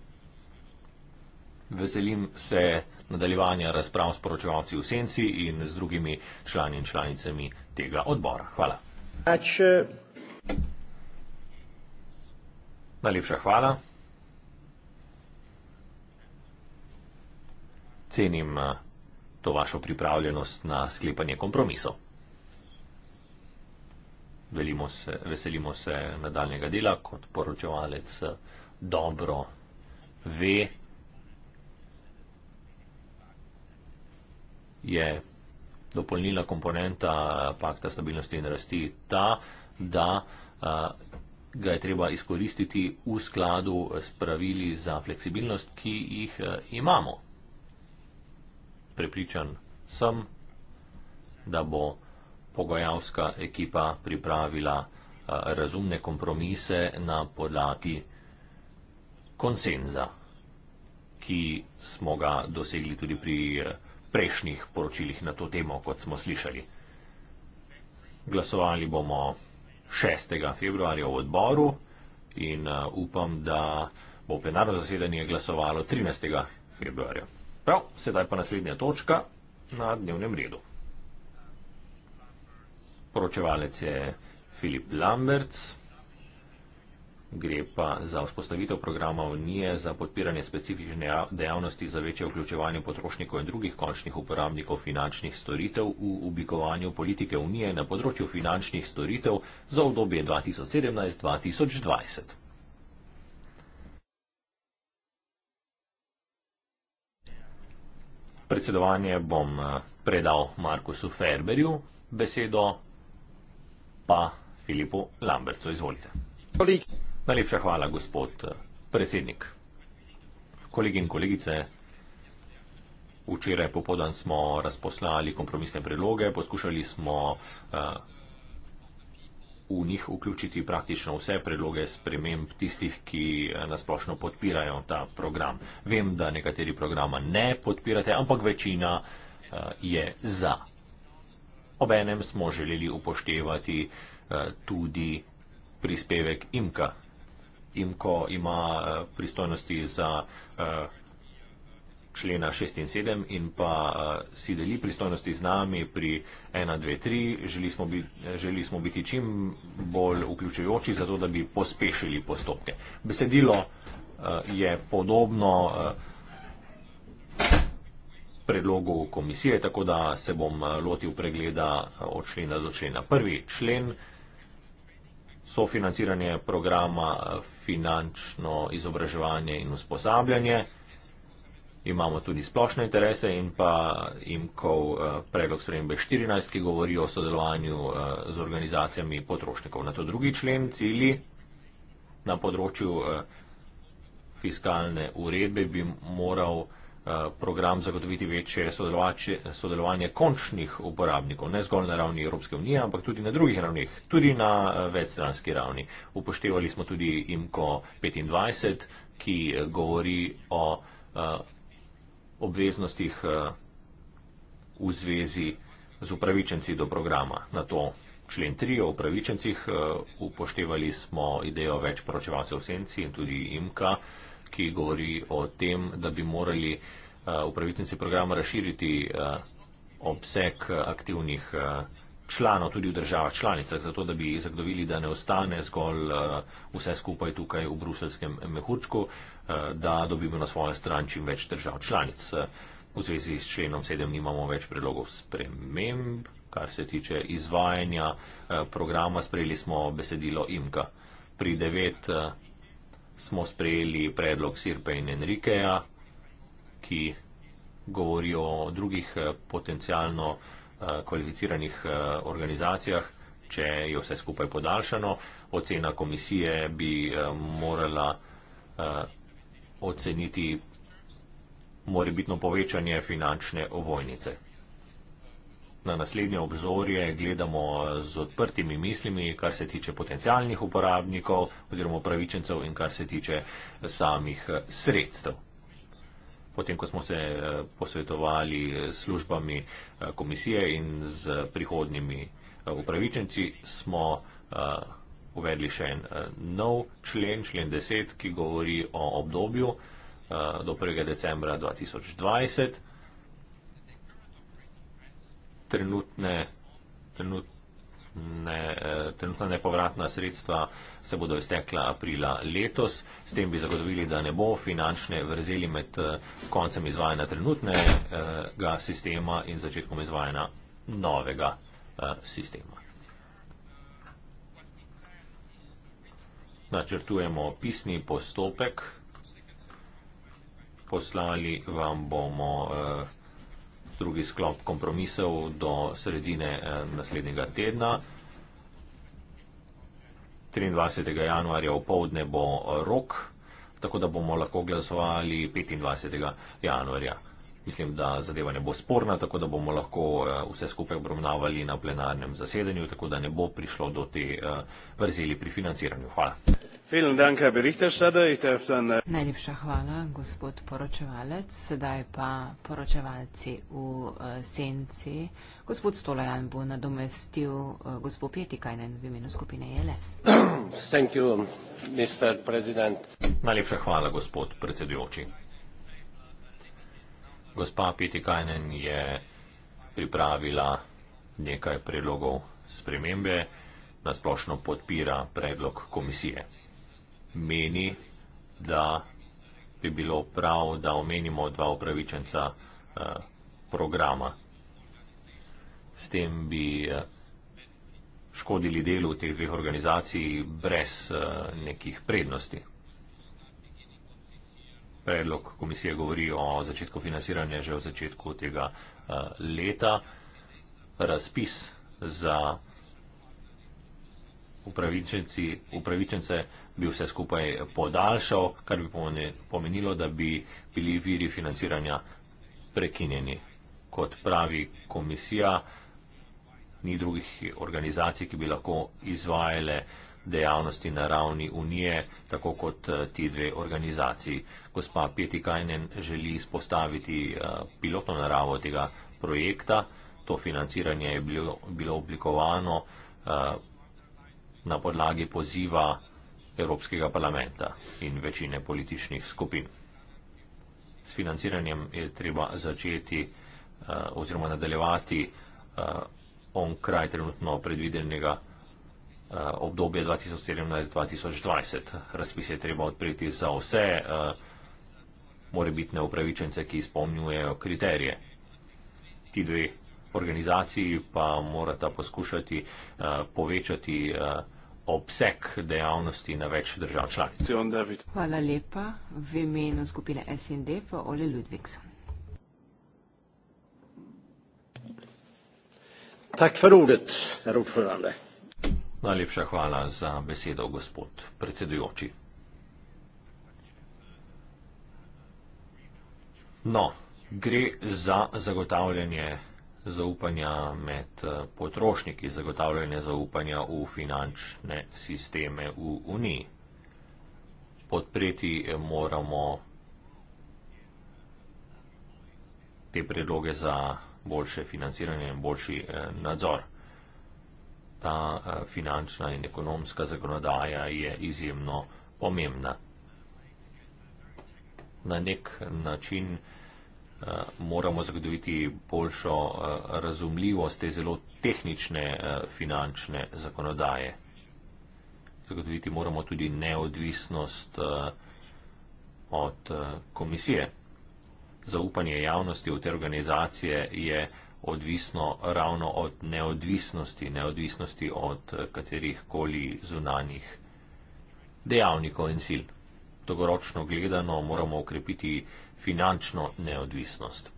Veselim se nadaljevanja razprav s poročevalci v Senci in z drugimi člani in članicami tega odbora. Hvala. Najlepša hvala. Cenim eh, to vašo pripravljenost na sklepanje kompromisov. Veselimo se, veselimo se nadaljnega dela, kot poročevalec eh, dobro ve, je dopolnilna komponenta pakta stabilnosti in rasti ta, da ga je treba izkoristiti v skladu s pravili za fleksibilnost, ki jih imamo. Prepričan sem, da bo pogojavska ekipa pripravila razumne kompromise na podlagi konsenza, ki smo ga dosegli tudi pri prejšnjih poročilih na to temo, kot smo slišali. Glasovali bomo 6. februarja v odboru in eh, upam, da bo plenarno zasedanje glasovalo 13. februarja. Prav, sedaj pa naslednja točka na dnevnem redu. Poročevalec je Filip Lamberts gre pa za vzpostavitev programa Unije za podpiranje specifične ja-, dejavnosti za večje vključevanje potrošnikov in drugih končnih uporabnikov finančnih storitev v oblikovanju politike Unije na področju finančnih storitev za obdobje 2017-2020. Predsedovanje bom eh, predal Markusu Ferberju, besedo pa Filipu Lambercu. Izvolite. Kolik. Najlepša hvala, gospod eh, predsednik. Kolegi in kolegice, včeraj popodan smo razposlali kompromisne predloge, poskušali smo eh, v njih vključiti praktično vse predloge sprememb tistih, ki eh, nasplošno podpirajo ta program. Vem, da nekateri programa ne podpirate, ampak večina je za. Obenem smo želeli upoštevati tudi prispevek IMKA in ko ima eh, pristojnosti za eh, člena 6 in 7 in pa eh, si deli pristojnosti z nami pri 1, 2, 3, želi smo biti, želi smo biti čim bolj vključujoči, zato da bi pospešili postopke. Besedilo je podobno predlogu komisije, tako da se bom lotil pregleda od člena do člena. Prvi člen sofinanciranje programa eh, finančno izobraževanje in usposabljanje. Imamo tudi splošne interese in pa imkov eh, predlog spremembe 14, ki govori o sodelovanju eh, z organizacijami potrošnikov. Na to drugi člen cili na področju fiskalne uredbe bi moral Eh, program zagotoviti večje sodelovanje končnih uporabnikov, ne zgolj na ravni Evropske unije, ampak tudi na drugih ravnih, tudi na eh, večstranski ravni. Upoštevali smo tudi IMCO 25, ki eh, govori o obveznostih v zvezi z upravičenci do programa. Na to člen 3 o upravičencih upoštevali smo idejo več poročevalcev v senci in tudi IMCO 25 ki govori o tem, da bi morali eh, upravitnici programa razširiti eh, obseg eh, aktivnih članov tudi v državah članicah, zato da bi zagotovili, da ne ostane zgolj vse skupaj tukaj v bruselskem mehurčku, da dobimo na svojo stran čim več držav članic. V zvezi s členom 7 nimamo več predlogov sprememb, kar se tiče izvajanja programa, sprejeli smo besedilo IMKA. Pri 9 smo sprejeli predlog Sirpe in Enrikeja, ki govori o drugih eh, potencijalno eh, kvalificiranih eh, organizacijah, če je vse skupaj podaljšano. Ocena komisije bi morala oceniti morebitno povečanje finančne ovojnice na naslednje obzorje gledamo z odprtimi mislimi, kar se tiče potencialnih uporabnikov oziroma upravičencev in kar se tiče samih eh, sredstev. Potem, ko smo se eh, posvetovali s službami eh, komisije in z prihodnjimi upravičenci, smo uvedli še en nov člen, člen 10, ki govori o obdobju do 1. decembra 2020 trenutne, trenutne, eh, trenutna nepovratna sredstva se bodo iztekla aprila letos. S tem bi zagotovili, da ne bo finančne vrzeli med eh, koncem izvajanja trenutnega eh, sistema in začetkom izvajanja novega sistema. Načrtujemo pisni postopek. Poslali vam bomo eh, drugi sklop kompromisov do sredine eh, naslednjega tedna. 23. januarja v povdne bo rok, tako da bomo lahko glasovali 25. januarja. Mislim, da zadeva ne bo sporna, tako da bomo lahko eh, vse skupaj obravnavali na plenarnem zasedanju, tako da ne bo prišlo do te eh, vrzeli pri financiranju. Hvala. Äh, Najlepša hvala, gospod poročevalec. Sedaj pa poročevalci v e, senci. Gospod Stolajan bo nadomestil e, gospod Petikajnen v imenu skupine ELS. You, Najlepša hvala, gospod predsedujoči. Gospa Petikajnen je pripravila nekaj predlogov spremembe, nasplošno podpira predlog komisije meni, da bi bilo prav, da omenimo dva upravičenca eh, programa. S tem bi eh, škodili delu teh dveh organizacij brez eh, nekih prednosti. Predlog komisije govori o začetku financiranja že v začetku tega leta. Razpis za upravičenci, upravičence bi vse skupaj podaljšal, kar bi pomenilo, da bi bili viri financiranja prekinjeni. Kot pravi komisija, ni drugih organizacij, ki bi lahko izvajale dejavnosti na ravni unije, tako kot eh, ti dve organizaciji. Gospa Petikajnen želi izpostaviti eh, pilotno naravo tega projekta. To financiranje je bilo, bilo oblikovano eh, na podlagi poziva Evropskega parlamenta in večine političnih skupin. S financiranjem je treba začeti eh, oziroma nadaljevati eh, onkraj trenutno predvidenega eh, obdobja 2017-2020. Razpis je treba odpreti za vse morebitne upravičence, ki izpolnjujejo kriterije. Ti dve organizaciji pa morata poskušati povečati obseg dejavnosti na več držav članic. Hvala lepa v imenu skupine SND pa Ole Ludvigsson. Tak for ordet, herr ordförande. Najlepša hvala za besedo, gospod predsedujoči. No, gre za zagotavljanje zaupanja med eh, potrošniki, zagotavljanje zaupanja v finančne sisteme v Uniji. Podpreti eh, moramo te predloge za boljše financiranje in boljši eh, nadzor. Ta finančna in ekonomska zakonodaja je izjemno pomembna. Na nek način Eh, moramo zagotoviti boljšo eh, razumljivost te zelo tehnične eh, finančne zakonodaje. Zagotoviti moramo tudi neodvisnost od komisije. Zaupanje javnosti v te organizacije je odvisno ravno od neodvisnosti, neodvisnosti od katerih koli zunanih dejavnikov in sil. Dogoročno gledano moramo ukrepiti finančno neodvisnost.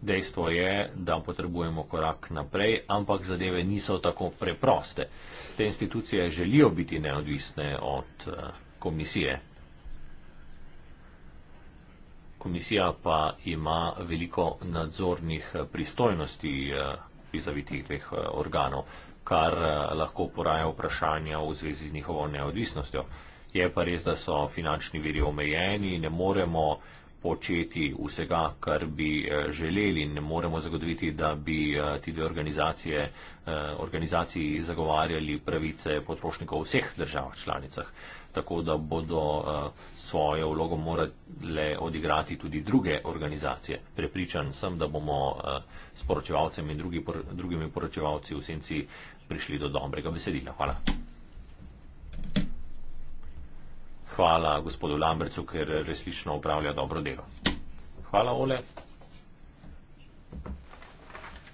Dejstvo je, da potrebujemo korak naprej, ampak zadeve niso tako preproste. Te institucije želijo biti neodvisne od eh, komisije. Komisija pa ima veliko nadzornih eh, pristojnosti vizavitih eh, dveh organov kar eh, lahko poraja vprašanja v zvezi z njihovo neodvisnostjo. Je pa res, da so finančni viri omejeni, ne moremo početi vsega, kar bi eh, želeli in ne moremo zagotoviti, da bi eh, ti dve organizacije, organizaciji zagovarjali pravice potrošnikov v vseh državah članicah. Tako da bodo svojo vlogo morale odigrati tudi druge organizacije. Prepričan sem, da bomo s poročevalcem in drugimi poročevalci v senci prišli do dobrega besedila. Hvala. Hvala gospodu Lambrecu, ker resnično upravlja dobro delo. Hvala, Ole.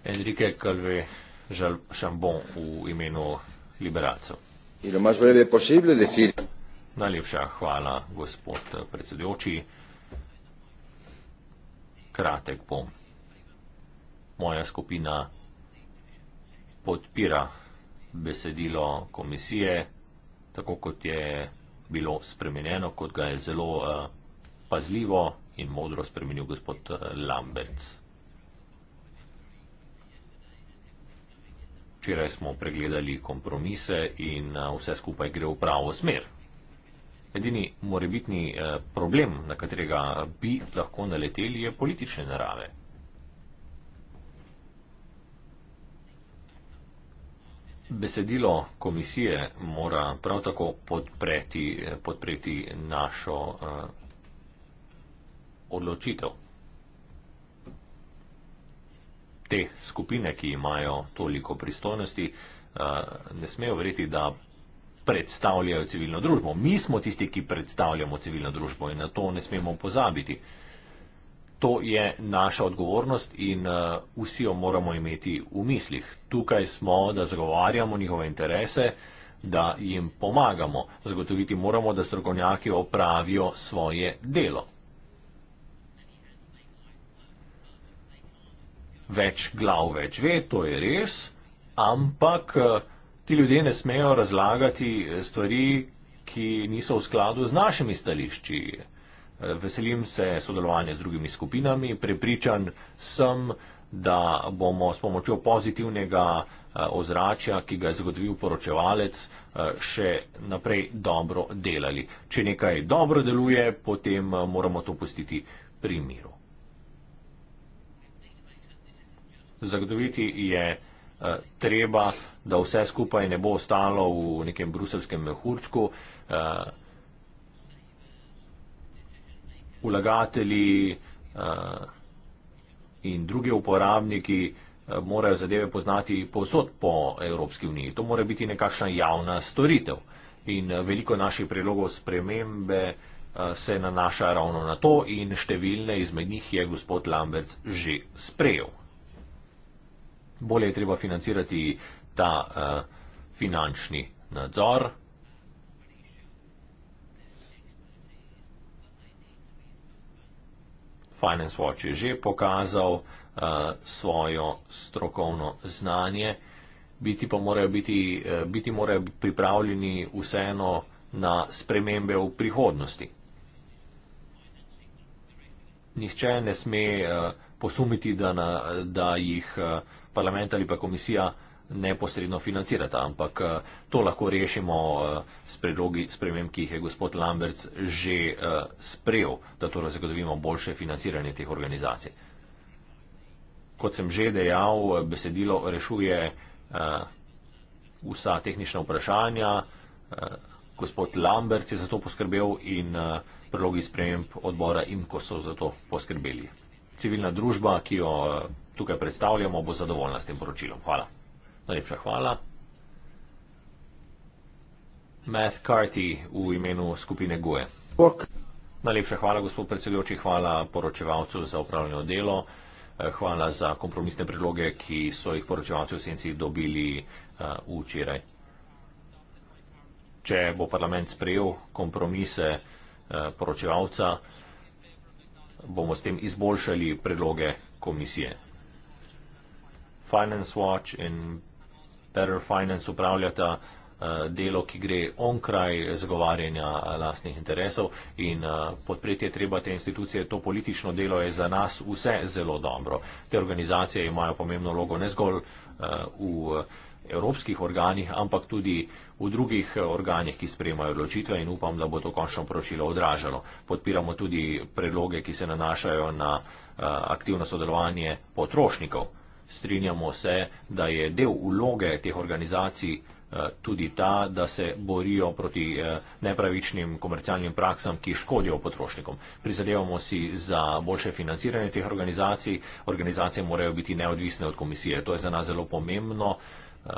Enrique Calve, Žal Šambon v imenu liberalcev. Najlepša hvala, gospod predsedujoči. Kratek bom. Moja skupina podpira besedilo komisije, tako kot je bilo spremenjeno, kot ga je zelo uh, pazljivo in modro spremenil gospod eh, Lamberts. Včeraj smo pregledali kompromise in eh, vse skupaj gre v pravo smer. Edini morebitni problem, na katerega bi lahko naleteli, je politične narave. Besedilo komisije mora prav tako podpreti, podpreti našo uh, odločitev. Te skupine, ki imajo toliko pristojnosti, uh, ne smejo verjeti, da predstavljajo civilno družbo. Mi smo tisti, ki predstavljamo civilno družbo in na to ne smemo pozabiti. Uh, to je naša odgovornost in uh, vsi jo moramo imeti v mislih. Tukaj smo, da zagovarjamo njihove interese, da jim pomagamo. Zagotoviti moramo, da strokovnjaki opravijo svoje delo. Več glav, več ve, to je res, ampak eh, ti ljudje ne smejo razlagati eh, stvari, ki niso v skladu z našimi stališči. Veselim se sodelovanja z drugimi skupinami, prepričan sem, da bomo s pomočjo pozitivnega eh, ozračja, ki ga je zagotovil poročevalec, eh, še naprej dobro delali. Če nekaj dobro deluje, potem eh, moramo to pustiti pri miru. Zagotoviti je treba, da vse skupaj ne bo ostalo v nekem bruselskem mehurčku vlagatelji eh, in drugi uporabniki eh, morajo zadeve poznati povsod po Evropski uniji. To mora biti nekakšna javna storitev. In eh, veliko naših predlogov spremembe se nanaša ravno na to in številne izmed njih je gospod Lambert že sprejel. Bolje je treba financirati ta finančni nadzor. Finance Watch je že pokazal uh, svojo strokovno znanje, biti pa morajo biti, uh, biti morajo pripravljeni vseeno na spremembe v prihodnosti. Nihče ne sme uh, posumiti, da, na, da jih uh, parlament ali pa komisija uh, neposredno financirata, ampak eh, to lahko rešimo eh, s predlogi sprememb, ki jih je gospod Lamberts že eh, sprejel, da torej zagotovimo boljše financiranje teh organizacij. Kot sem že dejal, besedilo rešuje vsa tehnična vprašanja, gospod Lamberts je za to poskrbel in predlogi sprememb odbora IMKO so za to poskrbeli. Civilna družba, ki jo tukaj predstavljamo, bo zadovoljna s tem poročilom. Hvala. Najlepša hvala. Math Carty v imenu skupine Goje. Bok. Najlepša hvala, gospod predsedujoči, hvala poročevalcu za upravljeno delo, eh, hvala za kompromisne predloge, ki so jih poročevalci v senci dobili uh, včeraj. Če bo parlament sprejel kompromise uh, poročevalca, bomo s tem izboljšali predloge komisije. Finance Watch in Better Finance upravljata eh, delo, ki gre onkraj zagovarjanja eh, lastnih interesov in eh, podpreti je treba te institucije. To politično delo je za nas vse zelo dobro. Te organizacije imajo pomembno logo ne zgolj v evropskih organih, ampak tudi v drugih organih, ki sprejemajo odločitve in upam, da bo to končno poročilo odražalo. Podpiramo tudi predloge, ki se nanašajo na aktivno sodelovanje potrošnikov strinjamo se, da je del uloge teh organizacij eh, tudi ta, da se borijo proti eh, nepravičnim komercialnim praksam, ki škodijo potrošnikom. Prizadevamo si za boljše financiranje teh organizacij. Organizacije morajo biti neodvisne od komisije. To je za nas zelo pomembno. Eh,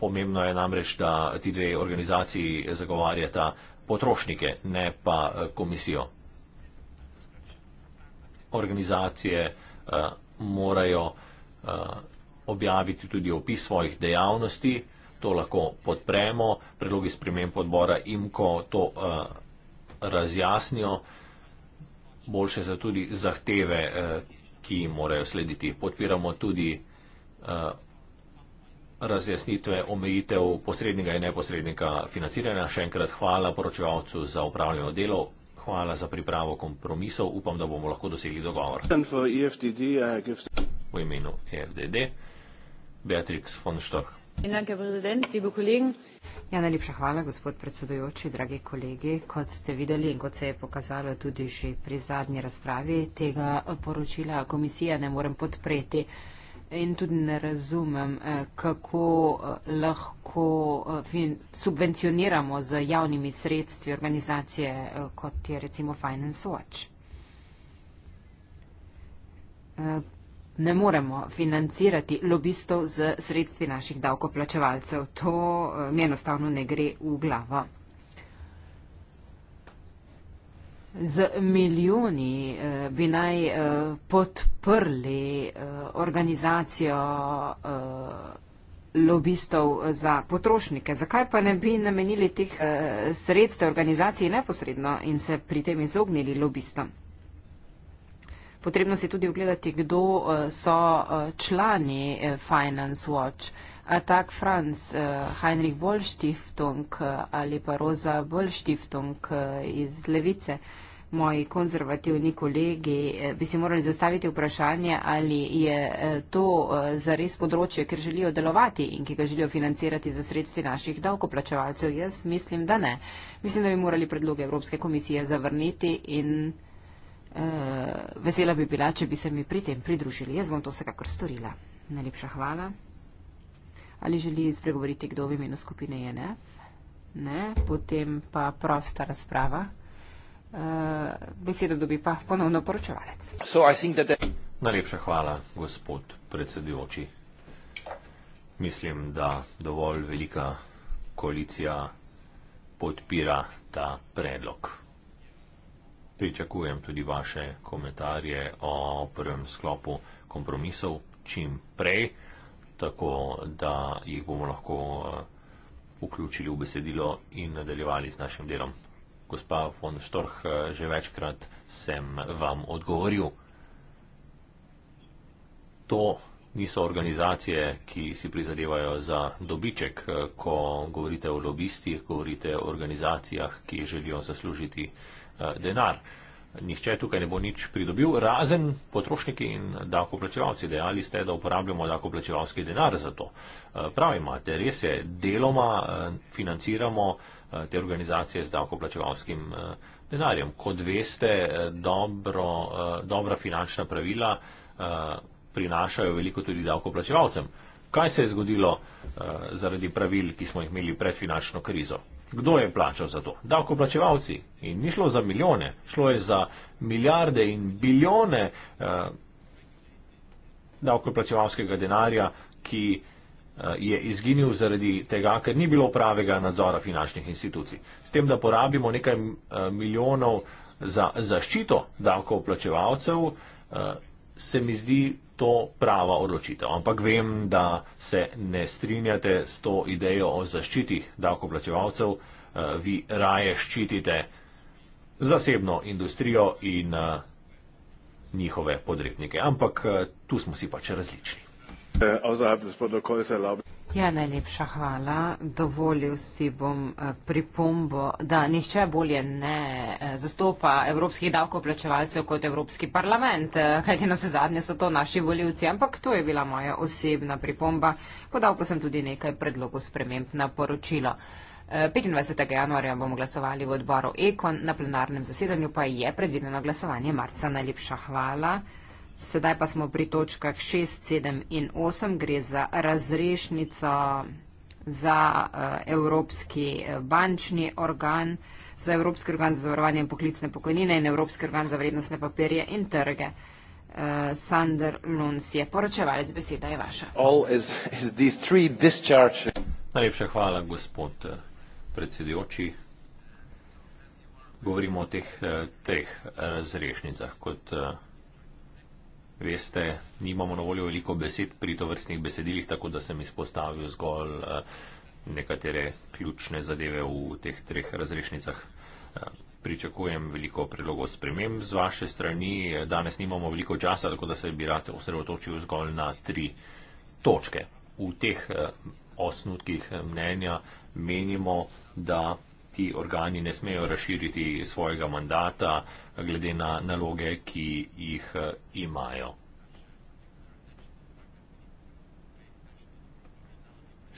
pomembno je namreč, da ti dve organizaciji zagovarjata potrošnike, ne pa komisijo. Organizacije morajo Eh, objaviti tudi opis svojih dejavnosti, to lahko podpremo, predlogi sprememb odbora jim, ko to uh, razjasnijo, boljše so tudi zahteve, uh, ki jim morajo slediti. Podpiramo tudi uh, razjasnitve omejitev posrednega in neposrednega financiranja. Še enkrat hvala poročevalcu za upravljeno delo hvala za pripravo kompromisov, upam, da bomo lahko dosegli dogovor. E v imenu EFDD, Beatrix von Storch. Ja, najlepša hvala, gospod predsedujoči, dragi kolegi. Kot ste videli in kot se je pokazalo tudi že pri zadnji razpravi, tega poročila komisija ne morem podpreti. In tudi ne razumem, eh, kako eh, lahko eh, subvencioniramo z javnimi sredstvi organizacije, kot je recimo Finance Watch. Ne moremo financirati lobistov z sredstvi naših davkoplačevalcev. To mi enostavno ne gre v glavo. Z milijoni eh, bi naj eh, podprli eh, organizacijo lobistov za potrošnike. Zakaj pa ne bi namenili teh sredstev organizaciji neposredno in se pri tem izognili lobistom? Potrebno si tudi ogledati, kdo eh, so eh, člani eh, Finance Watch. Atak Franz, Heinrich Bolstiftung ali pa Roza Bolstiftung iz Levice, moji konzervativni kolegi, bi si morali zastaviti vprašanje, ali je to zares področje, ker želijo delovati in ki ga želijo financirati za sredstvi naših davkoplačevalcev. Jaz mislim, da ne. Mislim, da bi morali predloge Evropske komisije zavrniti in. Eh, vesela bi bila, če bi se mi pri tem pridružili. Jaz bom to vsekakor storila. Najlepša hvala. Ali želi spregovoriti kdo v imenu skupine JNF? Ne, potem pa prosta razprava. Uh, besedo dobi pa ponovno poročevalec. So, that... Najlepša hvala, gospod predsedujoči. Mislim, da dovolj velika koalicija podpira ta predlog pričakujem tudi vaše komentarje o prvem sklopu kompromisov čim prej, tako da jih bomo lahko eh, vključili v besedilo in nadaljevali z našim delom. Gospa von Storch, eh, že večkrat sem vam odgovoril. To niso organizacije, ki si prizadevajo za dobiček. Eh, ko govorite o lobistih, govorite o organizacijah, ki želijo zaslužiti Eh, denar. Nihče tukaj ne bo nič pridobil, razen potrošniki in davkoplačevalci. Dejali ste, da uporabljamo davkoplačevalski denar za to. Eh, Pravimo, da res je, deloma eh, financiramo te organizacije z davkoplačevalskim denarjem. Kot veste, dobro, dobra finančna pravila prinašajo veliko tudi davkoplačevalcem. Kaj se je zgodilo zaradi pravil, ki smo jih imeli pred finančno krizo? Kdo je plačal za to? Davkoplačevalci. In ni šlo za milijone, šlo je za milijarde in bilijone uh, davkoplačevalskega denarja, ki uh, je izginil zaradi tega, ker ni bilo pravega nadzora finančnih institucij. S tem, da porabimo nekaj uh, milijonov za zaščito davkoplačevalcev, uh, se mi zdi to prava odločitev. Ampak vem, da se ne strinjate s to idejo o zaščiti davkoplačevalcev. Eh, vi raje ščitite zasebno industrijo in eh, njihove podrepnike. Ampak eh, tu smo si pač različni. Uh, also hat es Protokoll erlaubt. Ja, najlepša hvala. Dovolil si bom eh, pripombo, da nihče bolje ne eh, zastopa evropskih davkoplačevalcev kot Evropski parlament, eh, kajti na vse zadnje so to naši voljivci, ampak to je bila moja osebna pripomba. Podal pa sem tudi nekaj predlogov sprememb na poročilo. 25. januarja bomo glasovali v odboru Ekon, na plenarnem zasedanju pa je predvideno glasovanje marca. Najlepša hvala. Sedaj pa smo pri točkah 6, 7 in 8. Gre za razrešnico za eh, Evropski eh, bančni organ, za Evropski organ za zavarovanje in poklicne pokojnine in Evropski organ za vrednostne papirje in trge. Uh, Sander Luns je poročevalec, beseda je vaša. Is, is Najlepša hvala, gospod predsedujoči. Govorimo o teh treh razrešnicah kot. Uh, veste, nimamo na voljo veliko besed pri tovrstnih besedilih, tako da sem izpostavil zgolj eh, nekatere ključne zadeve v teh treh razrešnicah. Eh, pričakujem veliko predlogov sprememb z vaše strani. Eh, danes nimamo veliko časa, tako da se bi rad osredotočil zgolj na tri točke. V teh osnutkih mnenja menimo, da ti organi ne smejo razširiti svojega mandata glede na naloge, ki jih eh, imajo.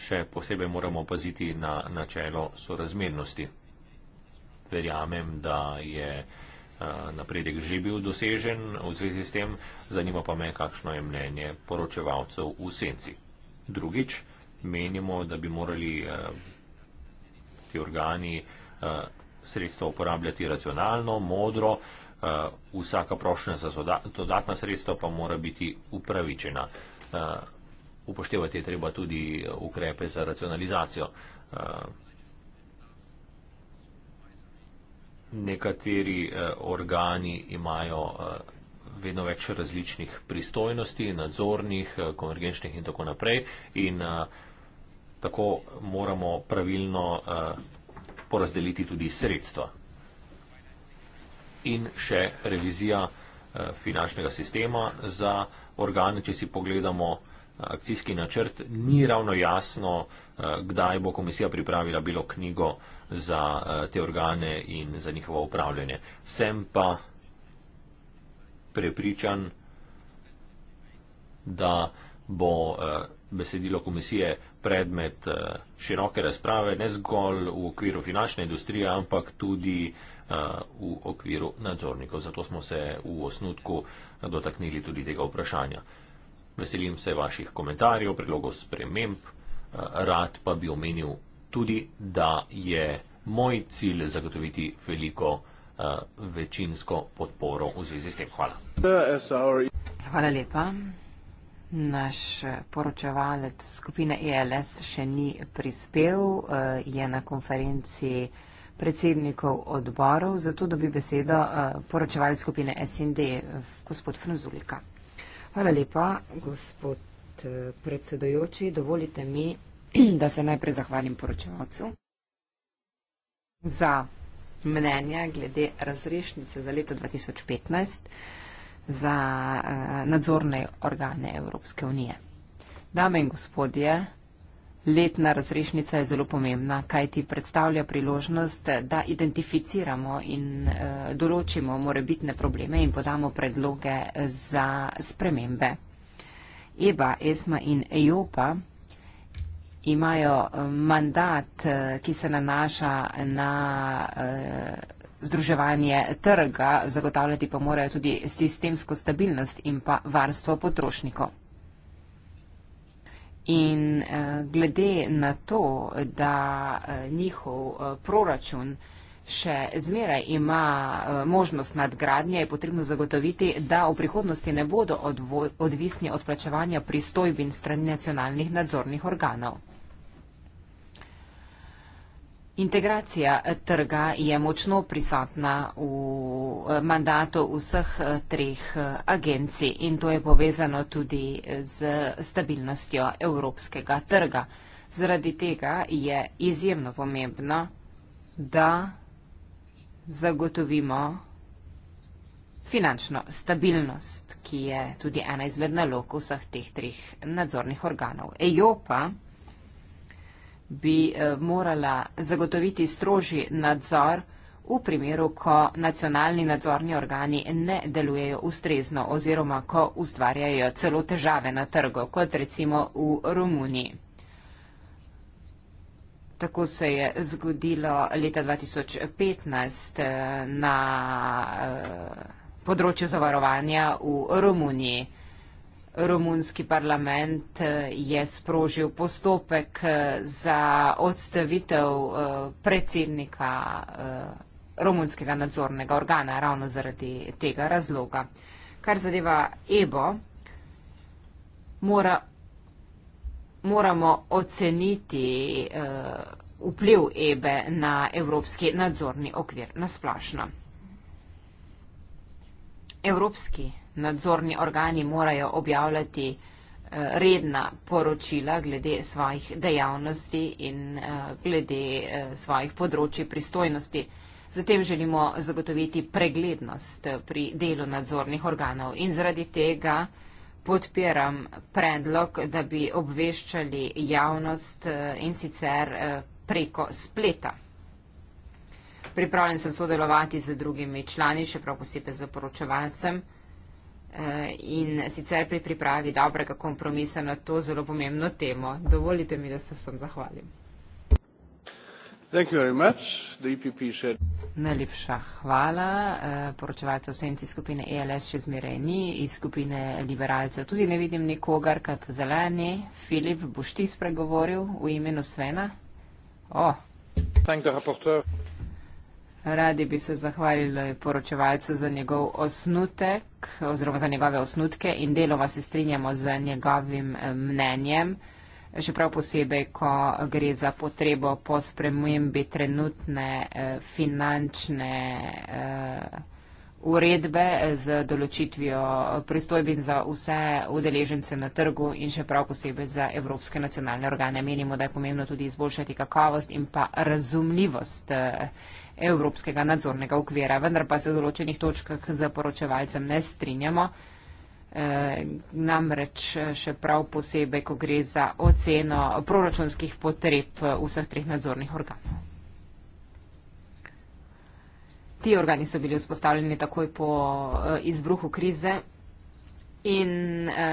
Še posebej moramo paziti na načelo sorazmernosti. Verjamem, da je eh, napredek že bil dosežen v zvezi s tem, zanima pa me, kakšno je mnenje poročevalcev v senci. Drugič, menimo, da bi morali eh, ti organi eh, sredstva uporabljati racionalno, modro, eh, vsaka prošnja za dodatna sredstva pa mora biti upravičena. Eh, upoštevati je treba tudi ukrepe za racionalizacijo. Nekateri organi imajo vedno več različnih pristojnosti, nadzornih, konvergenčnih in tako naprej. In, uh, tako moramo pravilno eh, porazdeliti tudi sredstva. In še revizija eh, finančnega sistema za organe, če si pogledamo eh, akcijski načrt, ni ravno jasno, kdaj bo komisija pripravila bilo knjigo za te organe in za njihovo upravljanje. Sem pa prepričan, da bo besedilo komisije pripravljeno predmet eh, široke razprave, ne zgolj v okviru finančne industrije, ampak tudi eh, v okviru nadzornikov. Zato smo se v osnutku dotaknili tudi tega vprašanja. Veselim se vaših komentarjev, predlogov sprememb, eh, rad pa bi omenil tudi, da je moj cilj zagotoviti veliko večinsko podporo v zvezi s tem. Hvala. Hvala lepa. Naš eh, poročevalec skupine ELS še ni prispel, eh, je na konferenci predsednikov odborov, zato dobi besedo eh, poročevalec skupine SND, gospod Frnzulika. Hvala lepa, gospod predsedojoči. Dovolite mi, da se najprej zahvalim poročevalcu za mnenja glede razrešnice za leto 2015 za eh, nadzorne organe Evropske unije. Dame in gospodje, letna razrešnica je zelo pomembna, kaj ti predstavlja priložnost, da identificiramo in eh, določimo morebitne probleme in podamo predloge za spremembe. EBA, ESMA in EIOPA imajo eh, mandat, ki se nanaša na združevanje trga, zagotavljati pa morajo tudi sistemsko stabilnost in pa varstvo potrošnikov. In eh, glede na to, da eh, njihov eh, proračun še zmeraj ima možnost nadgradnje, je potrebno zagotoviti, da v prihodnosti ne bodo odvisni od plačevanja pristojbin strani nacionalnih nadzornih organov. Integracija eh, trga je močno prisotna v eh, mandatu vseh eh, treh agencij in to je povezano tudi z stabilnostjo evropskega trga. Zaradi tega je izjemno pomembno, da zagotovimo finančno stabilnost, ki je tudi ena izmed nalog vseh teh treh nadzornih organov. EIOPA bi eh, morala zagotoviti stroži nadzor v primeru, ko nacionalni nadzorni organi ne delujejo ustrezno oziroma ko ustvarjajo celo težave na trgu, kot recimo v Romuniji. Tako se je zgodilo leta 2015 eh, na eh, področju zavarovanja v Romuniji. Romunski parlament eh, je sprožil postopek eh, za odstavitev eh, predsednika Romunskega nadzornega organa ravno zaradi tega razloga. Kar zadeva EBO, mora, moramo oceniti uh, vpliv EBE na evropski nadzorni okvir nasplašno. Evropski nadzorni organi morajo objavljati eh, redna poročila glede svojih dejavnosti in eh, glede eh, svojih področji pristojnosti. Zatem želimo zagotoviti preglednost pri delu nadzornih organov in zaradi tega podpiram predlog, da bi obveščali javnost in sicer preko spleta. Pripravljen sem sodelovati z drugimi člani, še prav posebej z poročevalcem. Eh, in sicer pri pripravi dobrega kompromisa na to zelo pomembno temo. Dovolite mi, da se vsem zahvalim. E Najlepša hvala. Eh, poročevalcev senci skupine ELS še zmeraj ni, iz skupine liberalcev tudi ne vidim nikogar, kaj pa zeleni. Filip, boš ti spregovoril v imenu Svena? O. Radi bi se zahvalili poročevalcu za njegov osnutek oziroma za njegove osnutke in deloma se strinjamo z njegovim eh, mnenjem, še prav posebej, ko gre za potrebo po spremembi trenutne eh, finančne eh, uredbe z določitvijo pristojbin za vse udeležence na trgu in še prav posebej za evropske nacionalne organe. Menimo, da je pomembno tudi izboljšati kakovost in pa razumljivost evropskega nadzornega okvira, vendar pa se v določenih točkah z poročevalcem ne strinjamo. E, namreč še prav posebej, ko gre za oceno proračunskih potreb e, vseh treh nadzornih organov. Ti organi so bili vzpostavljeni takoj po e, izbruhu krize in e,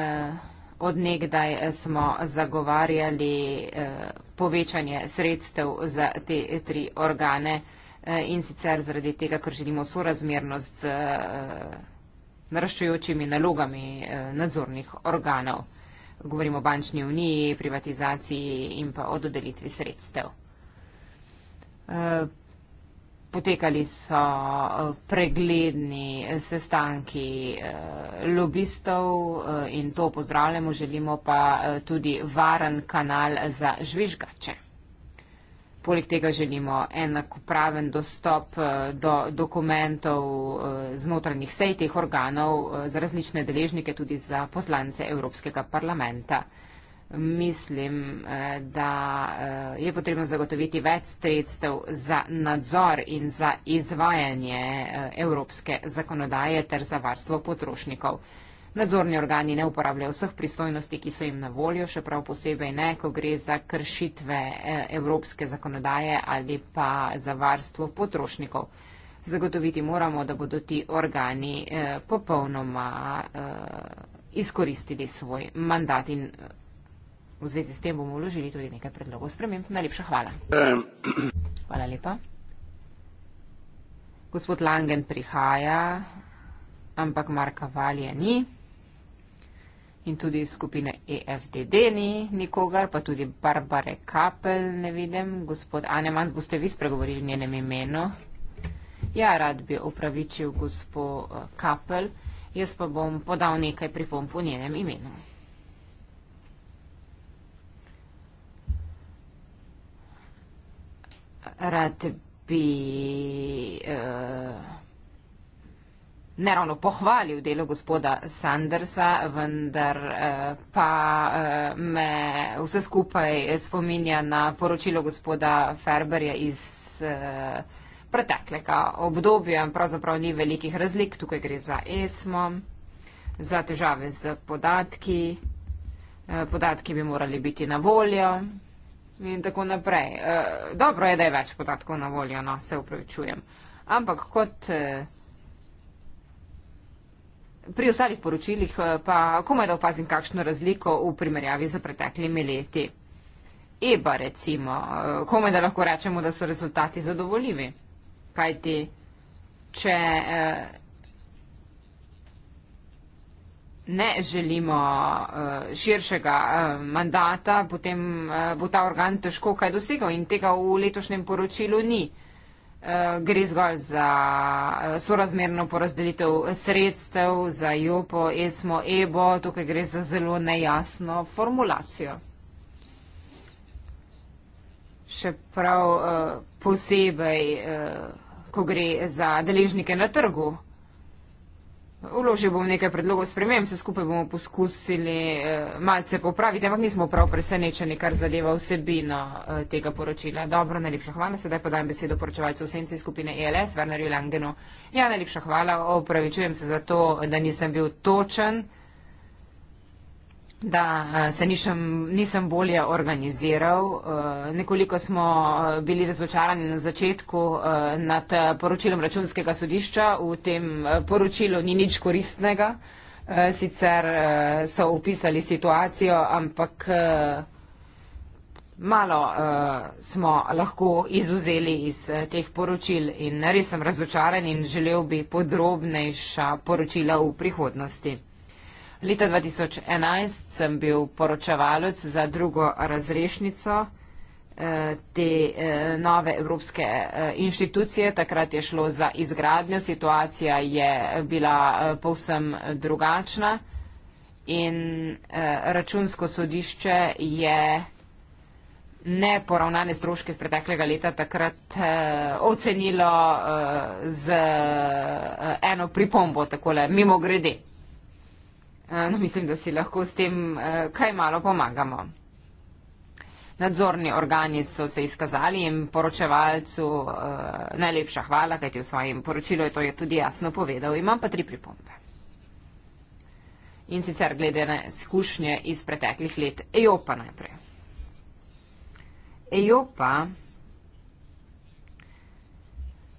odnegdaj smo zagovarjali e, povečanje sredstev za te tri organe. E, Eh, in sicer zaradi tega, ker želimo sorazmernost z eh, naraščujočimi nalogami eh, nadzornih organov. Govorimo o bančni uniji, privatizaciji in pa o dodelitvi sredstev. Potekali so pregledni sestanki lobistov in to pozdravljamo, želimo pa tudi varen kanal za žvižgače. Poleg tega želimo enakopraven dostop eh, do dokumentov eh, znotrajnih sej teh organov eh, za različne deležnike, tudi za poslance Evropskega parlamenta. Mislim, da je potrebno zagotoviti več sredstev za nadzor in za izvajanje evropske zakonodaje ter za varstvo potrošnikov. Nadzorni organi ne uporabljajo vseh pristojnosti, ki so jim na voljo, še prav posebej ne, ko gre za kršitve eh, evropske zakonodaje ali pa za varstvo potrošnikov. Zagotoviti moramo, da bodo ti organi eh, popolnoma eh, izkoristili svoj mandat in v zvezi s tem bomo vložili tudi nekaj predlogov sprememb. Najlepša hvala. Hvala lepa. Gospod Langen prihaja, ampak Marka Valje ni in tudi iz skupine EFDD ni nikogar, pa tudi Barbare Kapel ne vidim. Gospod Anemans, boste vi spregovorili njenem imenu? Ja, rad bi upravičil gospod eh, Kapel, jaz pa bom podal nekaj pripomp v njenem imenu. Rad bi. Uh, ne ravno pohvalil delo gospoda Sandersa, vendar eh, pa eh, me vse skupaj spominja na poročilo gospoda Ferberja iz eh, preteklega obdobja. Pravzaprav ni velikih razlik, tukaj gre za ESMO, za težave z podatki, podatki bi morali biti na voljo. In tako naprej. Dobro je, da je več podatkov na voljo, no, se upravičujem. Ampak kot Pri ostalih poročilih eh, pa komaj da opazim kakšno razliko v primerjavi z preteklimi leti. Eba recimo, eh, komaj da lahko rečemo, da so rezultati zadovoljivi. Kaj ti, če eh, ne želimo širšega mandata, potem bo ta organ težko kaj dosegal in tega v letošnjem poročilu ni. Eh, gre zgolj za eh, sorazmerno porazdelitev sredstev za JOPO, ESMO, EBO. Tukaj gre za zelo nejasno formulacijo. Še prav eh, posebej, ko gre za deležnike na trgu. Vložil bom nekaj predlogov sprememb, se skupaj bomo poskusili eh, malce popraviti, ampak nismo prav presenečeni, kar zadeva vsebino eh, tega poročila. Dobro, najlepša hvala. Sedaj pa dajem besedo poročevalcu v senci skupine ELS, Vernerju Langenu. Ja, najlepša hvala. Opravičujem se za to, da nisem bil točen. Da, se nišem, nisem bolje organiziral. Nekoliko smo bili razočarani na začetku nad poročilom računskega sodišča. V tem poročilu ni nič koristnega. Sicer so upisali situacijo, ampak malo smo lahko izuzeli iz teh poročil in res sem razočaran in želel bi podrobnejša poročila v prihodnosti. Leta 2011 sem bil poročevalec za drugo razrešnico eh, te eh, nove evropske eh, inštitucije. Takrat je šlo za izgradnjo, situacija je bila povsem drugačna in računsko sodišče je neporavnane stroške z preteklega leta takrat ocenilo z eno pripombo, takole mimo grede. Eh, no, mislim, da si lahko s tem uh, kaj malo pomagamo. Nadzorni organi so se izkazali in poročevalcu uh, najlepša hvala, kajti v svojem poročilu je to je tudi jasno povedal. Imam pa tri pripombe. In sicer glede na izkušnje iz preteklih let. EOPA najprej. EOPA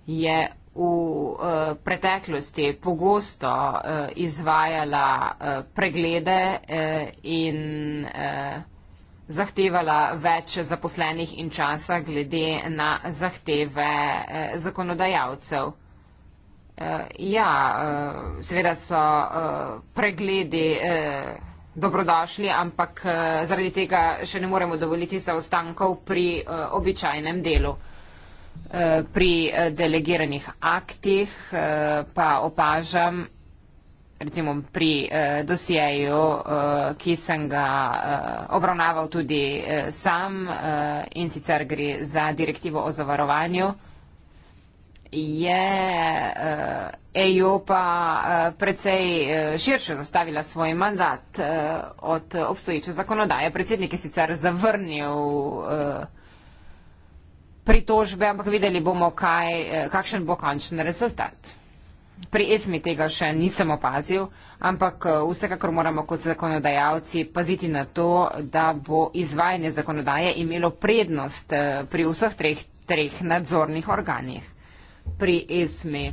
je v uh, preteklosti pogosto uh, izvajala uh, preglede uh, in uh, zahtevala več zaposlenih in časa glede na zahteve uh, zakonodajalcev. Uh, ja, uh, seveda so uh, pregledi. Uh, Dobrodošli, ampak zaradi tega še ne moremo dovoliti zaostankov pri uh, običajnem delu. Eh, pri eh, delegiranih aktih eh, pa opažam recimo pri dosijeju, ki sem ga obravnaval tudi sam in sicer gre za direktivo o zavarovanju, je EU e pa precej širše zastavila svoj mandat od obstojiče zakonodaje. Predsednik je sicer zavrnil vsega, pritožbe, ampak videli bomo, kaj, eh, kakšen bo končen rezultat. Pri esmi tega še nisem opazil, ampak eh, vsekakor moramo kot zakonodajalci paziti na to, da bo izvajanje zakonodaje imelo prednost eh, pri vseh treh, treh nadzornih organih. Pri esmi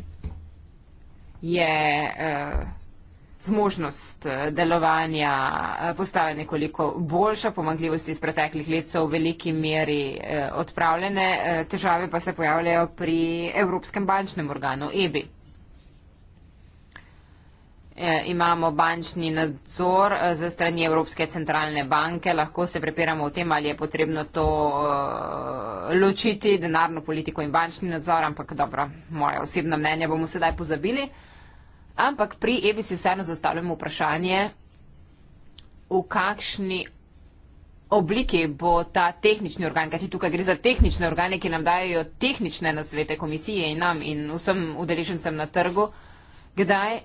je. Eh, zmožnost eh, delovanja eh, postala nekoliko boljša, pomagljivosti iz preteklih let so v veliki meri eh, odpravljene, težave pa se pojavljajo pri Evropskem bančnem organu EBI. Imamo bančni nadzor za strani Evropske centralne banke, lahko se prepiramo o tem, ali je potrebno to ločiti, denarno politiko in bančni nadzor, ampak dobro, moje osebno mnenje bomo sedaj pozabili. Ampak pri Evi si vseeno zastavljamo vprašanje, v kakšni obliki bo ta tehnični organ, kajti tukaj gre za tehnične organe, ki nam dajo tehnične nasvete komisije in nam in vsem udeležencem na trgu, kdaj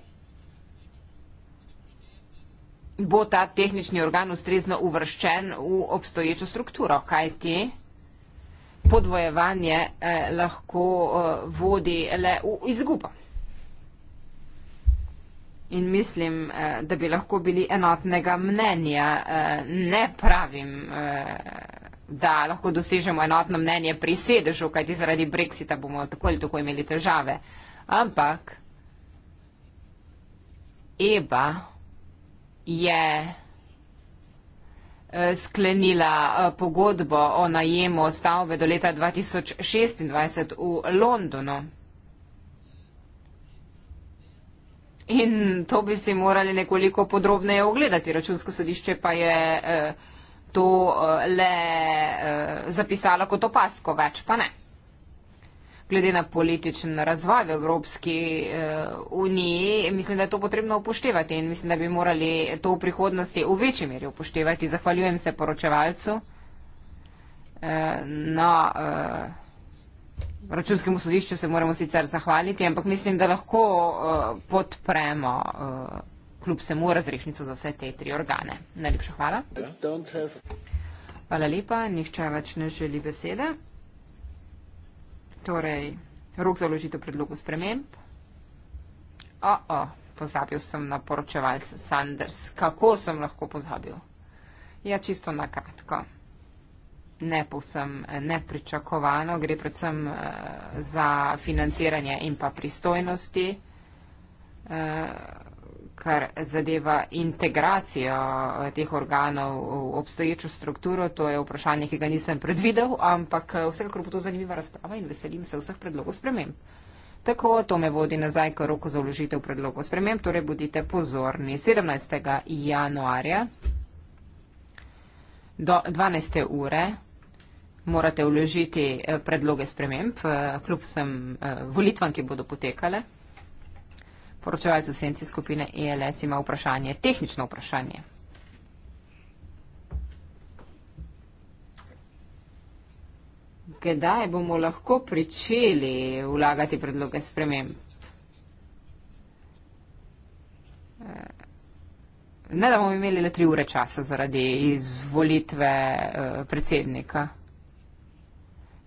bo ta tehnični organ ustrezno uvrščen v obstoječo strukturo, kajti podvojevanje eh, lahko eh, vodi le v izgubo. In mislim, eh, da bi lahko bili enotnega mnenja. Eh, ne pravim, eh, da lahko dosežemo enotno mnenje pri sedežu, kajti zaradi Brexita bomo tako ali tako imeli težave. Ampak Eba je sklenila pogodbo o najemu stavbe do leta 2026 v Londonu. In to bi si morali nekoliko podrobneje ogledati. Računsko sodišče pa je eh, to eh, le eh, zapisalo kot opasko, več pa ne. Glede na političen razvoj v Evropski uniji, mislim, da je to potrebno upoštevati in mislim, da bi morali to v prihodnosti v večji meri upoštevati. Zahvaljujem se poročevalcu na. No, računskemu sodišču se moramo sicer zahvaliti, ampak mislim, da lahko uh, podpremo uh, kljub semu razrešnico za vse te tri organe. Najlepša hvala. Hvala lepa, nihče več ne želi besede. Torej, rok za vložitev predlogu sprememb. O, o, pozabil sem na poročevalce Sanders. Kako sem lahko pozabil? Ja, čisto na kratko ne posem eh, nepričakovano, gre predvsem eh, za financiranje in pa pristojnosti, eh, kar zadeva integracijo teh organov v obstoječo strukturo. To je vprašanje, ki ga nisem predvidel, ampak vsekakor bo to zanimiva razprava in veselim se vseh predlogov sprememb. Tako, to me vodi nazaj k roku za vložitev predlogov sprememb, torej bodite pozorni. 17. januarja do 12. ure morate vložiti eh, predloge sprememb, eh, kljub sem eh, volitvam, ki bodo potekale. Poročevalec v senci skupine ILS e ima vprašanje, tehnično vprašanje. Kdaj bomo lahko pričeli vlagati predloge sprememb? Ne, da bomo imeli le tri ure časa zaradi izvolitve predsednika.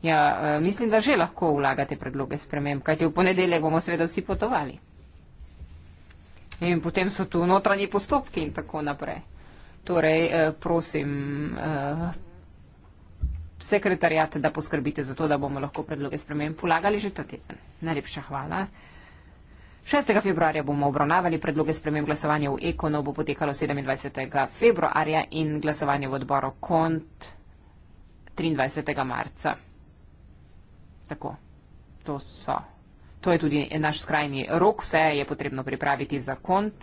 Ja, e, mislim, da že lahko vlagate predloge sprememb, kajti v ponedeljek bomo seveda vsi potovali. In potem so tu notranji postopki in tako naprej. Torej, e, prosim, e, sekretarjate, da poskrbite za to, da bomo lahko predloge sprememb vlagali že ta teden. Najlepša hvala. 6. februarja bomo obravnavali predloge sprememb glasovanja v Ekono, bo potekalo 27. februarja in glasovanje v odboru KONT 23. marca. Tako. To so. To je tudi naš skrajni rok, vse je potrebno pripraviti za kont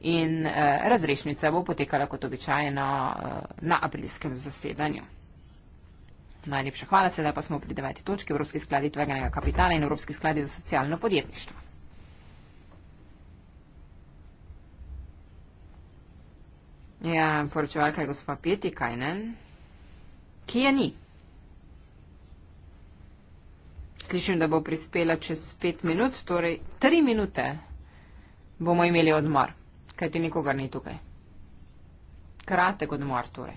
in eh, razrešnica bo potekala kot običajno eh, na aprilskem zasedanju. Najlepša hvala, sedaj pa smo pri deveti točki Evropski skladi tveganega kapitala in Evropski skladi za socialno podjetništvo. Ja, poročevalka je gospa Peti Kajnen, ki je ni. Slišim, da bo prispela čez pet minut, torej tri minute bomo imeli odmor, kajti nikogar ni tukaj. Kratek odmor torej.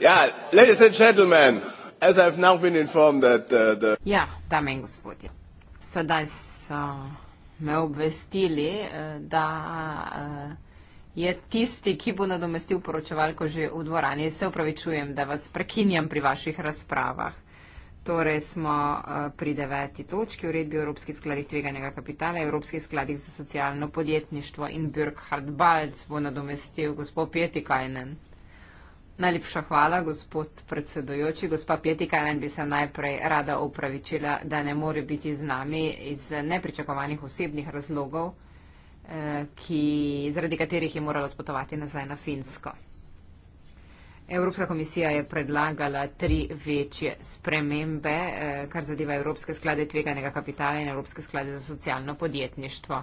Yeah, ladies and gentlemen, as I've now been informed that uh, the. Yeah, ja, dame in gospodje. Sedaj so me obvestili, eh, da eh, je tisti, ki bo nadomestil poročevalko, že v dvorani. Se upravičujem, da vas prekinjam pri vaših razpravah. Torej smo eh, pri deveti točki uredbi o Evropskih skladih tveganega kapitala, Evropskih skladih za socialno podjetništvo in Birkhard Balc bo nadomestil gospod Pietikajnen. Najlepša hvala, gospod predsedojoči. Gospa Pietikajnen bi se najprej rada upravičila, da ne more biti z nami iz nepričakovanih osebnih razlogov, eh, ki, zaradi katerih je morala odpotovati nazaj na Finsko. Evropska komisija je predlagala tri večje spremembe, eh, kar zadeva Evropske sklade tveganega kapitala in Evropske sklade za socialno podjetništvo.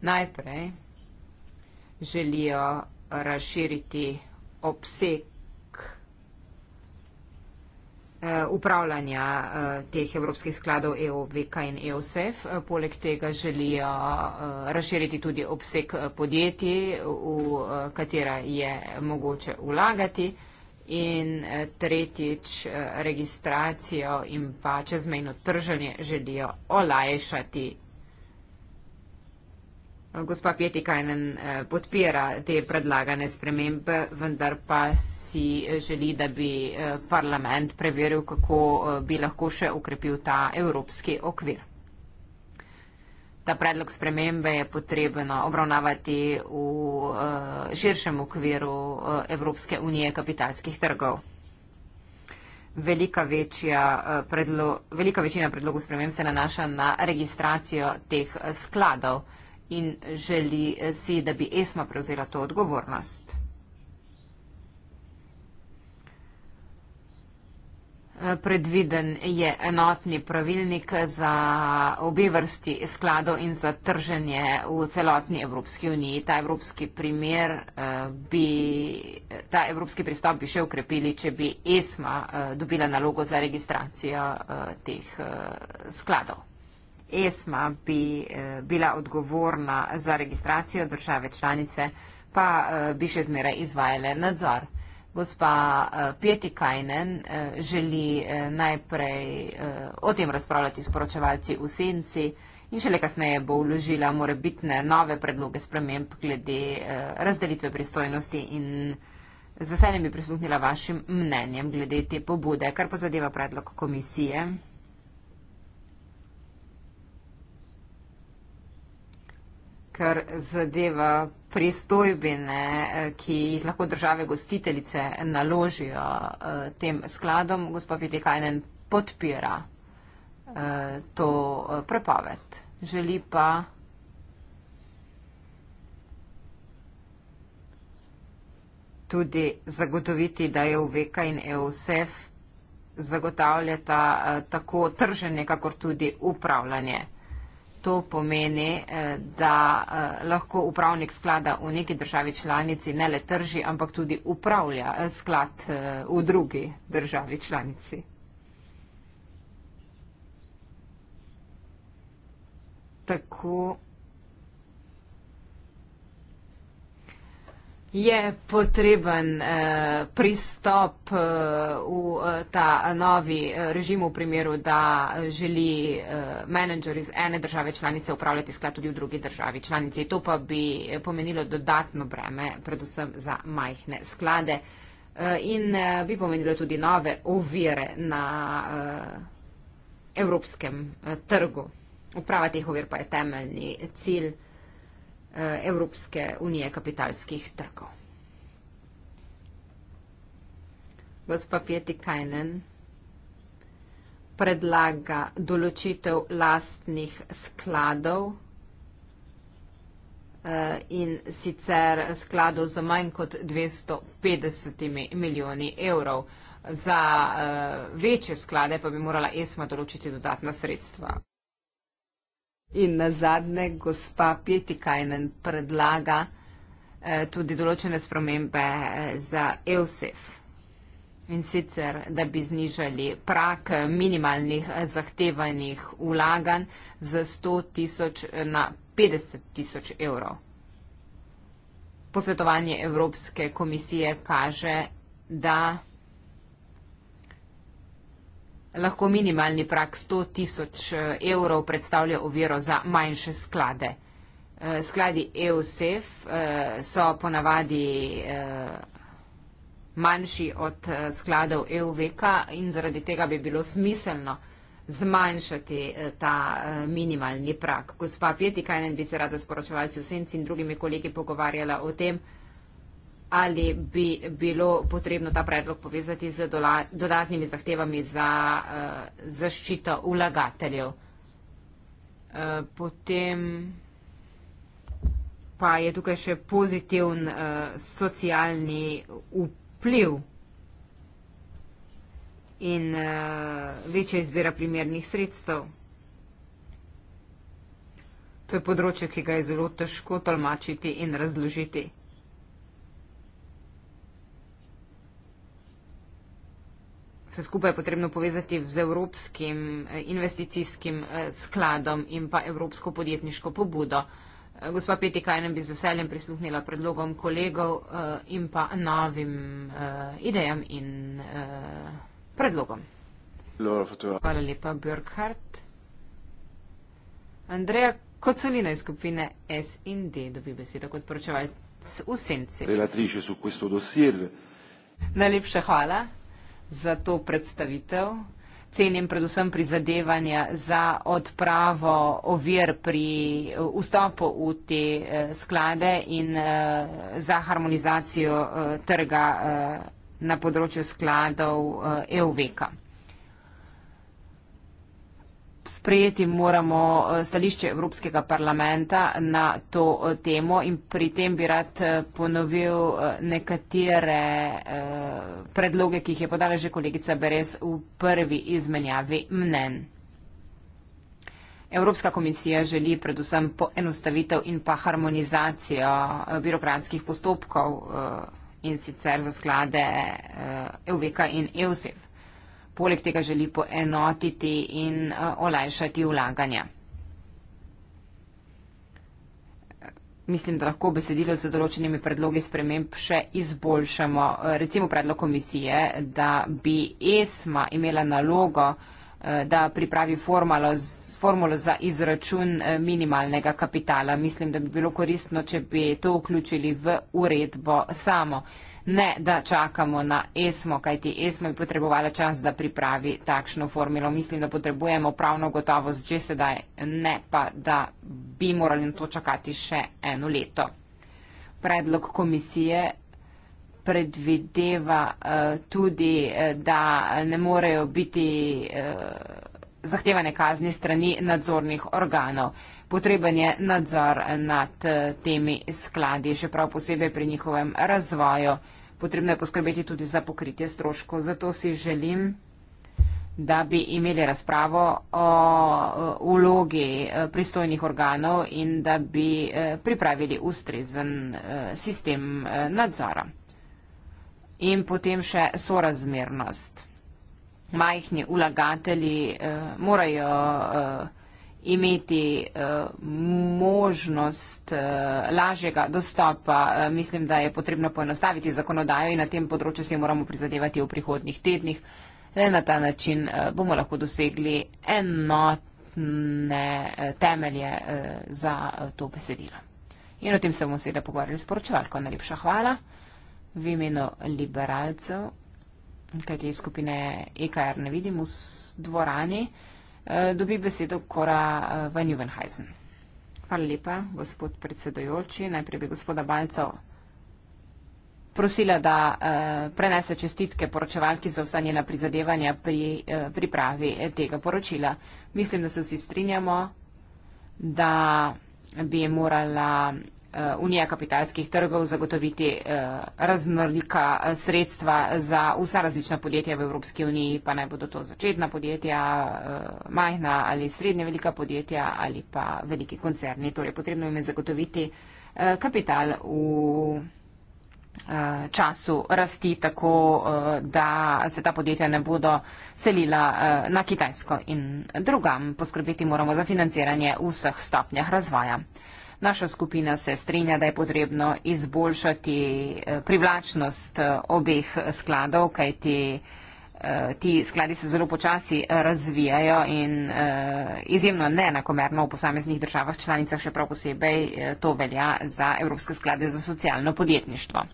Najprej želijo razširiti obseg eh, upravljanja eh, teh evropskih skladov EOVK in EOSEF. Poleg tega želijo razširiti tudi obseg podjetij, v katera je mogoče vlagati in eh, tretjič eh, registracijo in pa čezmejno trženje želijo olajšati. Gospa Pietikajnen eh, podpira te predlagane spremembe, vendar pa si želi, da bi parlament preveril, kako bi lahko še ukrepil ta evropski okvir ta predlog spremembe je potrebno obravnavati v eh, širšem okviru eh, Evropske unije kapitalskih trgov. Velika, eh, predlo, velika večina predlogov sprememb se nanaša na registracijo teh skladov in želi si, da bi ESMA prevzela to odgovornost. Predviden je enotni pravilnik za obe vrsti skladov in za trženje v celotni Evropski uniji. Ta evropski, primer, eh, bi, ta evropski pristop bi še ukrepili, če bi ESMA eh, dobila nalogo za registracijo eh, teh skladov. ESMA bi bila odgovorna za registracijo države članice, pa bi še zmeraj izvajale nadzor gospa eh, Peti Kajnen eh, želi eh, najprej o tem razpravljati s poročevalci v senci in šele kasneje bo vložila morebitne nove predloge sprememb glede razdelitve pristojnosti in z veseljem bi prisluhnila vašim mnenjem glede te pobude, kar pa zadeva predlog komisije. kar zadeva pristojbine, eh, ki jih lahko države gostiteljice naložijo eh, tem skladom, gospa Pitekajnen podpira eh, to prepoved. Želi pa. tudi zagotoviti, da je UVK in EUSEF zagotavljata tako trženje, kakor tudi upravljanje to pomeni, eh, da eh, lahko upravnik sklada v neki državi članici ne le trži, ampak tudi upravlja eh, sklad v drugi državi članici. Tako. Je potreben eh, pristop eh, v eh, ta novi eh, režim v primeru, da želi eh, menedžer iz ene države članice upravljati sklad tudi v drugi državi članici. To pa bi pomenilo dodatno breme, predvsem za majhne sklade eh, in eh, bi pomenilo tudi nove ovire na eh, evropskem eh, trgu. Uprava teh ovir pa je temeljni cilj. Eh, Evropske unije kapitalskih trgov. Gospa Pjeti Kajnen predlaga določitev lastnih skladov eh, in sicer skladov za manj kot 250 milijoni evrov. Za eh, večje sklade pa bi morala ESMA določiti dodatna sredstva. In na zadnje, gospa Pietikajnen predlaga eh, tudi določene spremembe eh, za EUSEF. In sicer, da bi znižali prak minimalnih eh, zahtevanih ulaganj z 100 tisoč eh, na 50 tisoč evrov. Posvetovanje Evropske komisije kaže, da lahko minimalni prak 100 tisoč eh, evrov predstavlja oviro za manjše sklade. Eh, skladi EUSEF eh, so ponavadi manjši od skladov EUVEKA in zaradi tega bi bilo smiselno zmanjšati ta minimalni prak. Gospa Pjeti Kajnen bi se rada sporočevalci v Senci in drugimi kolegi pogovarjala o tem, ali bi bilo potrebno ta predlog povezati z dodatnimi zahtevami za eh, zaščito vlagateljev. Eh, potem pa je tukaj še pozitivn eh, socialni vpliv in večja izbira primernih sredstev. To je področje, ki ga je zelo težko tolmačiti in razložiti. vse skupaj potrebno povezati z Evropskim eh, investicijskim eh, skladom in pa Evropsko podjetniško pobudo. Eh, gospa Petikajnem bi z veseljem prisluhnila predlogom kolegov in pa novim idejam in predlogom. Hvala lepa, Björkhardt. Andreja Kocolina iz skupine S&D dobi besedo kot poročevalc v senci. Najlepša hvala za to predstavitev. Cenim predvsem prizadevanja za odpravo ovir pri eh, vstopu v te eh, sklade in eh, za harmonizacijo trga na področju skladov EUVEKA sprejeti moramo eh, stališče Evropskega parlamenta na to eh, temo in pri tem bi rad eh, ponovil nekatere predloge, ki jih je podala že kolegica Beres v prvi izmenjavi mnen. Evropska komisija želi predvsem poenostavitev in pa harmonizacijo birokratskih postopkov in sicer za sklade EUVK in EUSEF poleg tega želi poenotiti in eh, olajšati vlaganja. Mislim, da lahko besedilo z določenimi predlogi sprememb še izboljšamo. Recimo predlog komisije, da bi ESMA imela nalogo, eh, da pripravi formalo, formulo za izračun eh, minimalnega kapitala. Mislim, da bi bilo koristno, če bi to vključili v uredbo samo ne da čakamo na ESMO, kajti ESMO je potrebovala čas, da pripravi takšno formulo. Mislim, da potrebujemo pravno gotovost že sedaj, ne pa, da bi morali na to čakati še eno leto. Predlog komisije predvideva uh, tudi, eh, da ne morejo biti uh, zahtevane kazni strani nadzornih organov. Potreben je nadzor nad temi skladi, še prav posebej pri njihovem razvoju. Potrebno je poskrbeti tudi za pokritje stroškov. Zato si želim, da bi imeli razpravo o ulogi eh, pristojnih organov in da bi eh, pripravili ustrezen eh, sistem nadzora. In potem še sorazmernost. Majhni ulagatelji morajo vsega, imeti uh, možnost uh, lažjega dostopa. Uh, mislim, da je potrebno poenostaviti zakonodajo in na tem področju se moramo prizadevati v prihodnih tednih. Le na ta način uh, bomo lahko dosegli enotne uh, temelje uh, za uh, to besedilo. In o tem se bomo seveda pogovarjali s poročevalko. Najlepša hvala v imenu liberalcev, kaj te skupine EKR ne vidim v dvorani. Eh, dobi besedo Kora eh, Van Juvenhajzen. Hvala lepa, gospod predsedojoči. Najprej bi gospoda Balca prosila, da eh, prenese čestitke poročevalki za vsa njena prizadevanja pri pripravi tega poročila. Mislim, da se vsi strinjamo, da bi morala Eh, Unija kapitalskih trgov zagotoviti eh, raznolika eh, sredstva za vsa različna podjetja v Evropski uniji, pa naj bodo to začetna podjetja, majhna ali srednje velika podjetja ali pa veliki koncerni. Torej, potrebno jim je zagotoviti kapital v času rasti tako, da se ta podjetja ne bodo selila na Kitajsko in drugam. Poskrbeti moramo za financiranje v vseh stopnjah razvoja. Naša skupina se strinja, da je potrebno izboljšati eh, privlačnost eh, obeh skladov, kajti eh, ti skladi se zelo počasi razvijajo in izjemno neenakomerno v posameznih državah članicah, še prav posebej to velja za Evropske sklade za socialno podjetništvo.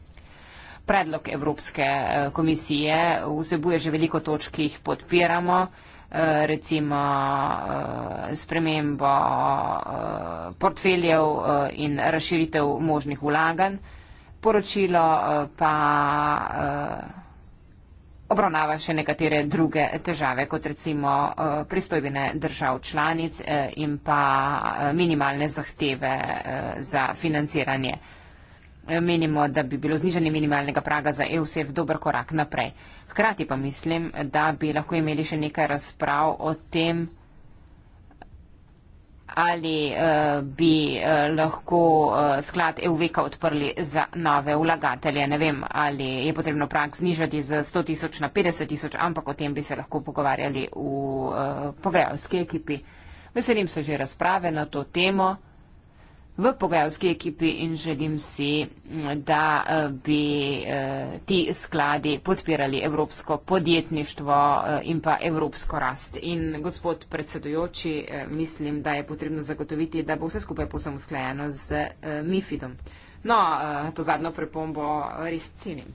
Predlog Evropske komisije vsebuje že veliko točk, ki jih podpiramo recimo eh, spremembo eh, portfeljev eh, in razširitev možnih vlaganj. Poročilo pa obravnava še nekatere druge težave, kot recimo pristojbine držav članic in pa minimalne zahteve za financiranje menimo, da bi bilo znižanje minimalnega praga za EUSEF dober korak naprej. Hkrati pa mislim, da bi lahko imeli še nekaj razprav o tem, ali uh, bi uh, lahko uh, sklad EUVEKA odprli za nove vlagatelje. Ne vem, ali je potrebno prak znižati z 100 tisoč na 50 tisoč, ampak o tem bi se lahko pogovarjali v uh, pogajalski ekipi. Veselim se že razprave na to temo v pogajalski ekipi in želim si, da eh, bi eh, ti skladi podpirali evropsko podjetništvo eh, in pa evropsko rast. In gospod predsedujoči, mislim, da je potrebno zagotoviti, da bo vse skupaj posem usklajeno z MIFIDom. No, to zadnjo prepombo res cenim.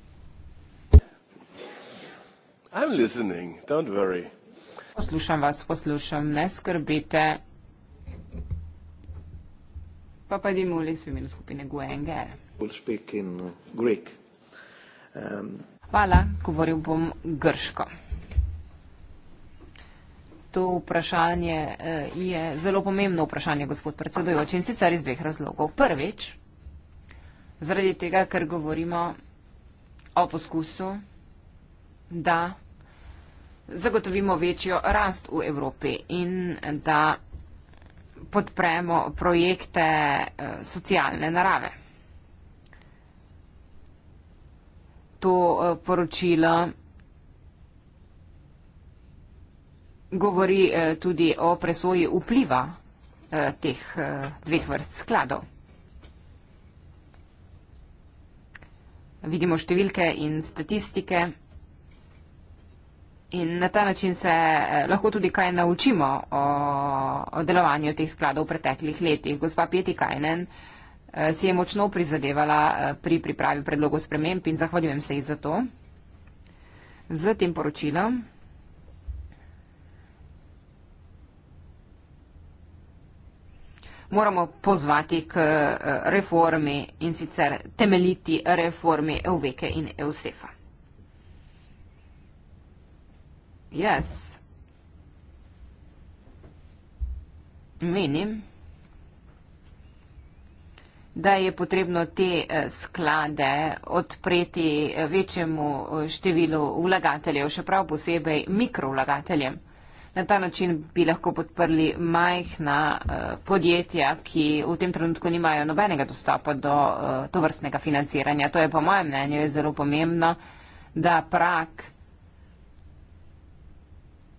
Poslušam vas, poslušam, ne skrbite. Pa pa dimo v lesu imenu skupine Guenge. We'll speak in Greek. Um... Hvala, govoril bom grško. To vprašanje eh, je zelo pomembno vprašanje, gospod predsedojoči, in sicer iz dveh razlogov. Prvič, zaradi tega, ker govorimo o poskusu, da zagotovimo večjo rast v Evropi in da podpremo projekte eh, socialne narave. To eh, poročilo govori eh, tudi o presoji vpliva teh dveh vrst skladov. Vidimo številke in statistike. In na ta način se eh, lahko tudi kaj naučimo o, o delovanju teh skladov v preteklih letih. Gospa Pieti Kajnen eh, si je močno prizadevala eh, pri pripravi predlogov sprememb in zahvaljujem se ji za to. Z tem poročilom. Moramo pozvati k reformi in sicer temeljiti reformi Evveke in Eusefa. Jaz menim, da je potrebno te eh, sklade odpreti eh, večjemu eh, številu vlagateljev, še prav posebej mikrovlagateljem. Na ta način bi lahko podprli majhna podjetja, ki v tem trenutku nimajo nobenega dostopa do tovrstnega financiranja. To je po mojem mnenju zelo pomembno, da prak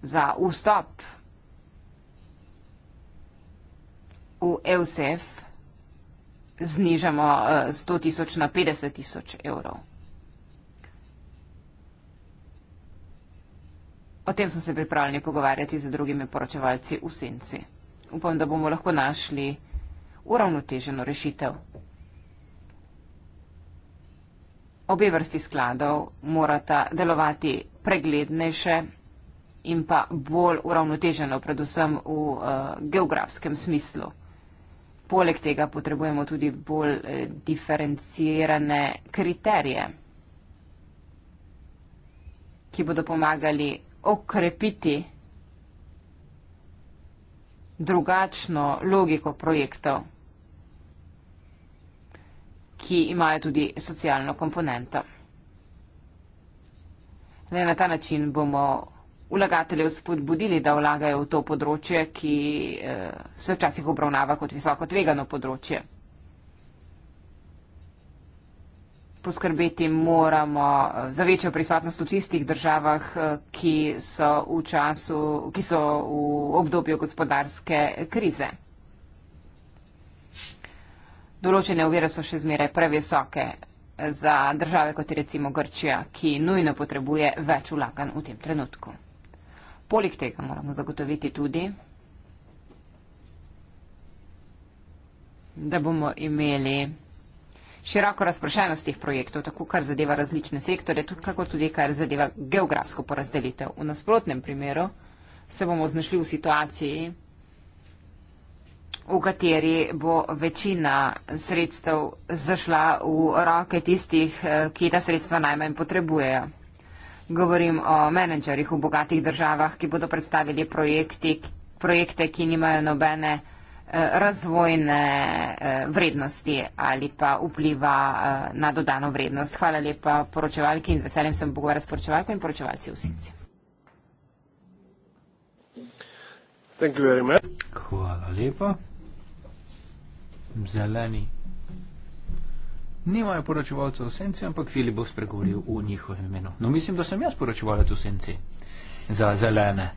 za vstop v EUSEF znižamo 100 eh, tisoč na 50 tisoč evrov. O tem smo se pripravljeni pogovarjati z drugimi poročevalci v senci. Upam, da bomo lahko našli uravnoteženo rešitev. Obe vrsti skladov morata delovati preglednejše, in pa bolj uravnoteženo, predvsem v uh, geografskem smislu. Poleg tega potrebujemo tudi bolj eh, diferencirane kriterije, ki bodo pomagali okrepiti drugačno logiko projektov, ki imajo tudi socialno komponento. Le na ta način bomo vlagatelje spodbudili, da vlagajo v to področje, ki eh, se včasih obravnava kot visoko tvegano področje. Poskrbeti moramo eh, za večjo prisotnost v tistih državah, eh, ki so v, času, ki so v obdobju gospodarske krize. Določene uvire so še zmeraj previsoke za države kot je recimo Grčija, ki nujno potrebuje več vlaganj v tem trenutku. Poleg tega moramo zagotoviti tudi, da bomo imeli široko razprašenost teh projektov, tako kar zadeva različne sektore, tudi kako tudi kar zadeva geografsko porazdelitev. V nasprotnem primeru se bomo znašli v situaciji, v kateri bo večina sredstev zašla v roke tistih, eh, ki ta sredstva najmanj potrebujejo. Govorim o menedžerjih v bogatih državah, ki bodo predstavili projekti, projekte, ki nimajo nobene eh, razvojne eh, vrednosti ali pa vpliva eh, na dodano vrednost. Hvala lepa poročevalki in z veseljem sem pogovarjal s poročevalko in poročevalci v Sinci. Hvala lepa. Zeleni nimajo poročevalcev v senci, ampak Filip bo spregovoril v njihovem imenu. No, mislim, da sem jaz poročevalec v senci za zelene.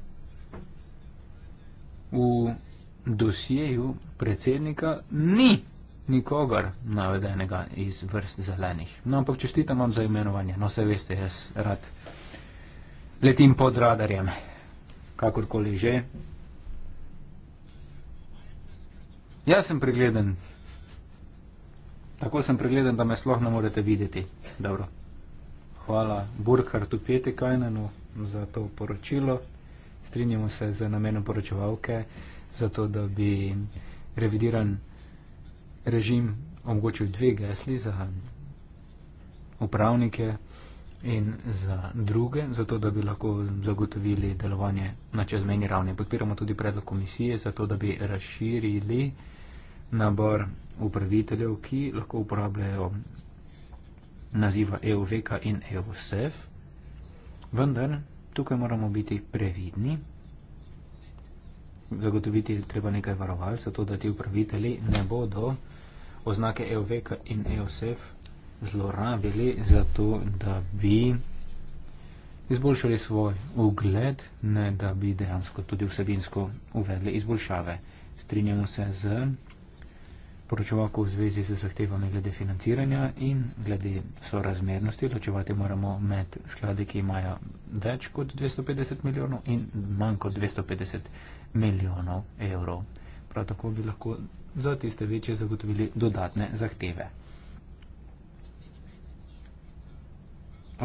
V dosjeju predsednika ni nikogar navedenega iz vrst zelenih. No, ampak čestitam vam za imenovanje. No, se veste, jaz rad letim pod radarjem, kakorkoli že. Jaz sem pregleden Tako sem pregleden, da me sploh ne morete videti. Dobro. Hvala Burkhardu Petikajnenu za to poročilo. Strinjamo se z namenom poročevalke, zato da bi revidiran režim omogočil dve gesli za upravnike in za druge, zato da bi lahko zagotovili delovanje na čezmeni ravni. Podpiramo tudi predlog komisije, zato da bi razširili nabor upraviteljev, ki lahko uporabljajo naziva EUVEKA in EUSEF, vendar tukaj moramo biti previdni, zagotoviti treba nekaj varoval, zato da ti upraviteli ne bodo oznake EUVEKA in EUSEF zlorabili zato, da bi izboljšali svoj ugled, ne da bi dejansko tudi vsebinsko uvedli izboljšave. Strinjamo se z poročevalko v zvezi z zahtevami glede financiranja in glede sorazmernosti. Ločevati moramo med skladi, ki imajo več kot 250 milijonov in manj kot 250 milijonov evrov. Prav tako bi lahko za tiste večje zagotovili dodatne zahteve.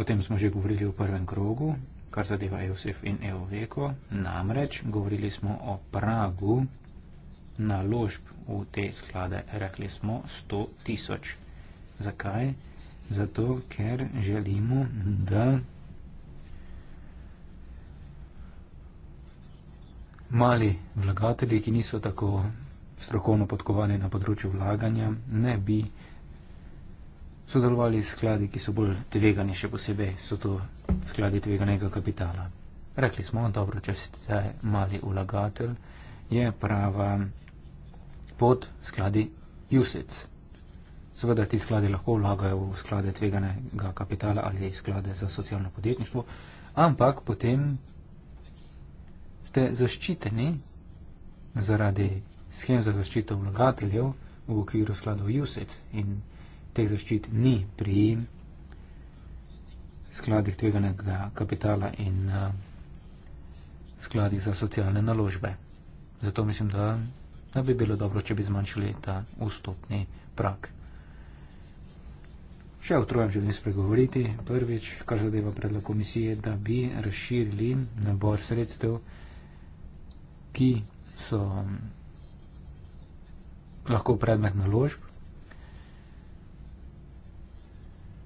O tem smo že govorili v prvem krogu, kar zadeva EUSIF in EUVECO. Namreč govorili smo o pragu naložb v te sklade. Rekli smo 100 tisoč. Zakaj? Zato, ker želimo, da mali vlagatelji, ki niso tako strokovno podkovani na področju vlaganja, ne bi sodelovali s skladi, ki so bolj tvegani, še posebej so to skladi tveganega kapitala. Rekli smo, dobro, če ste mali vlagatelj, je prava pod skladi USEC. Seveda ti skladi lahko vlagajo v sklade tveganega kapitala ali sklade za socialno podjetništvo, ampak potem ste zaščiteni zaradi schem za zaščito vlagateljev v okviru skladov USEC in teh zaščit ni pri skladih tveganega kapitala in uh, skladih za socialne naložbe. Zato mislim, da da bi bilo dobro, če bi zmanjšali ta vstopni prak. Še o trojem želim spregovoriti. Prvič, kar zadeva predlog komisije, da bi razširili nabor sredstev, ki so mm, lahko predmet naložb.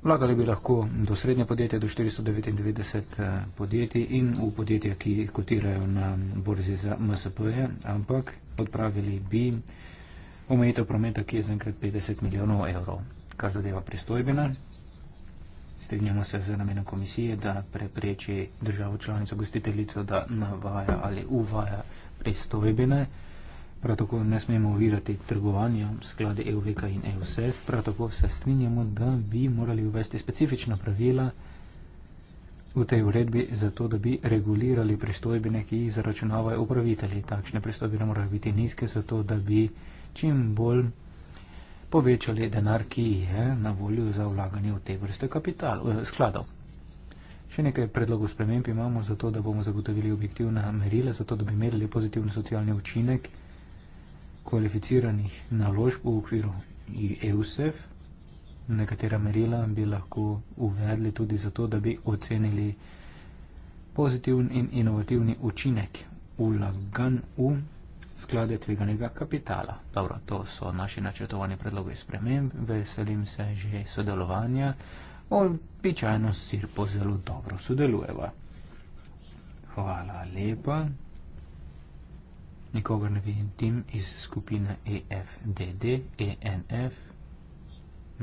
Vlagali bi lahko do srednje podjetje, do 499 eh, podjetij in v podjetja, ki kotirajo na borzi za MSP-je, ampak odpravili bi omejitev prometa, ki je zaenkrat 50 milijonov evrov. Kar zadeva pristojbina, strinjamo se z namenom komisije, da prepreči državo članico gostiteljico, da navaja ali uvaja pristojbine. Prav tako ne smemo ovirati trgovanja skladi EUVK in EUSEF. Prav tako se strinjamo, da bi morali uvesti specifična pravila v tej uredbi zato, da bi regulirali pristojbine, ki jih zaračunavajo upravitelji. Takšne pristojbine morajo biti nizke, zato da bi čim bolj povečali denar, ki je na voljo za vlaganje v te vrste kapital, eh, skladov. Še nekaj predlogov sprememb imamo za to, da bomo zagotovili objektivna merila, zato da bi merili pozitivni socialni učinek kvalificiranih naložb v okviru EUSEF, nekatera merila bi lahko uvedli tudi zato, da bi ocenili pozitivn in inovativni učinek ulagan v sklade tveganega kapitala. Dobro, to so naši načrtovani predlogi sprememb, veselim se že sodelovanja. Običajno s Sirpo zelo dobro sodelujeva. Hvala lepa. Nikogar ne vidim tim iz skupine EFDD, ENF,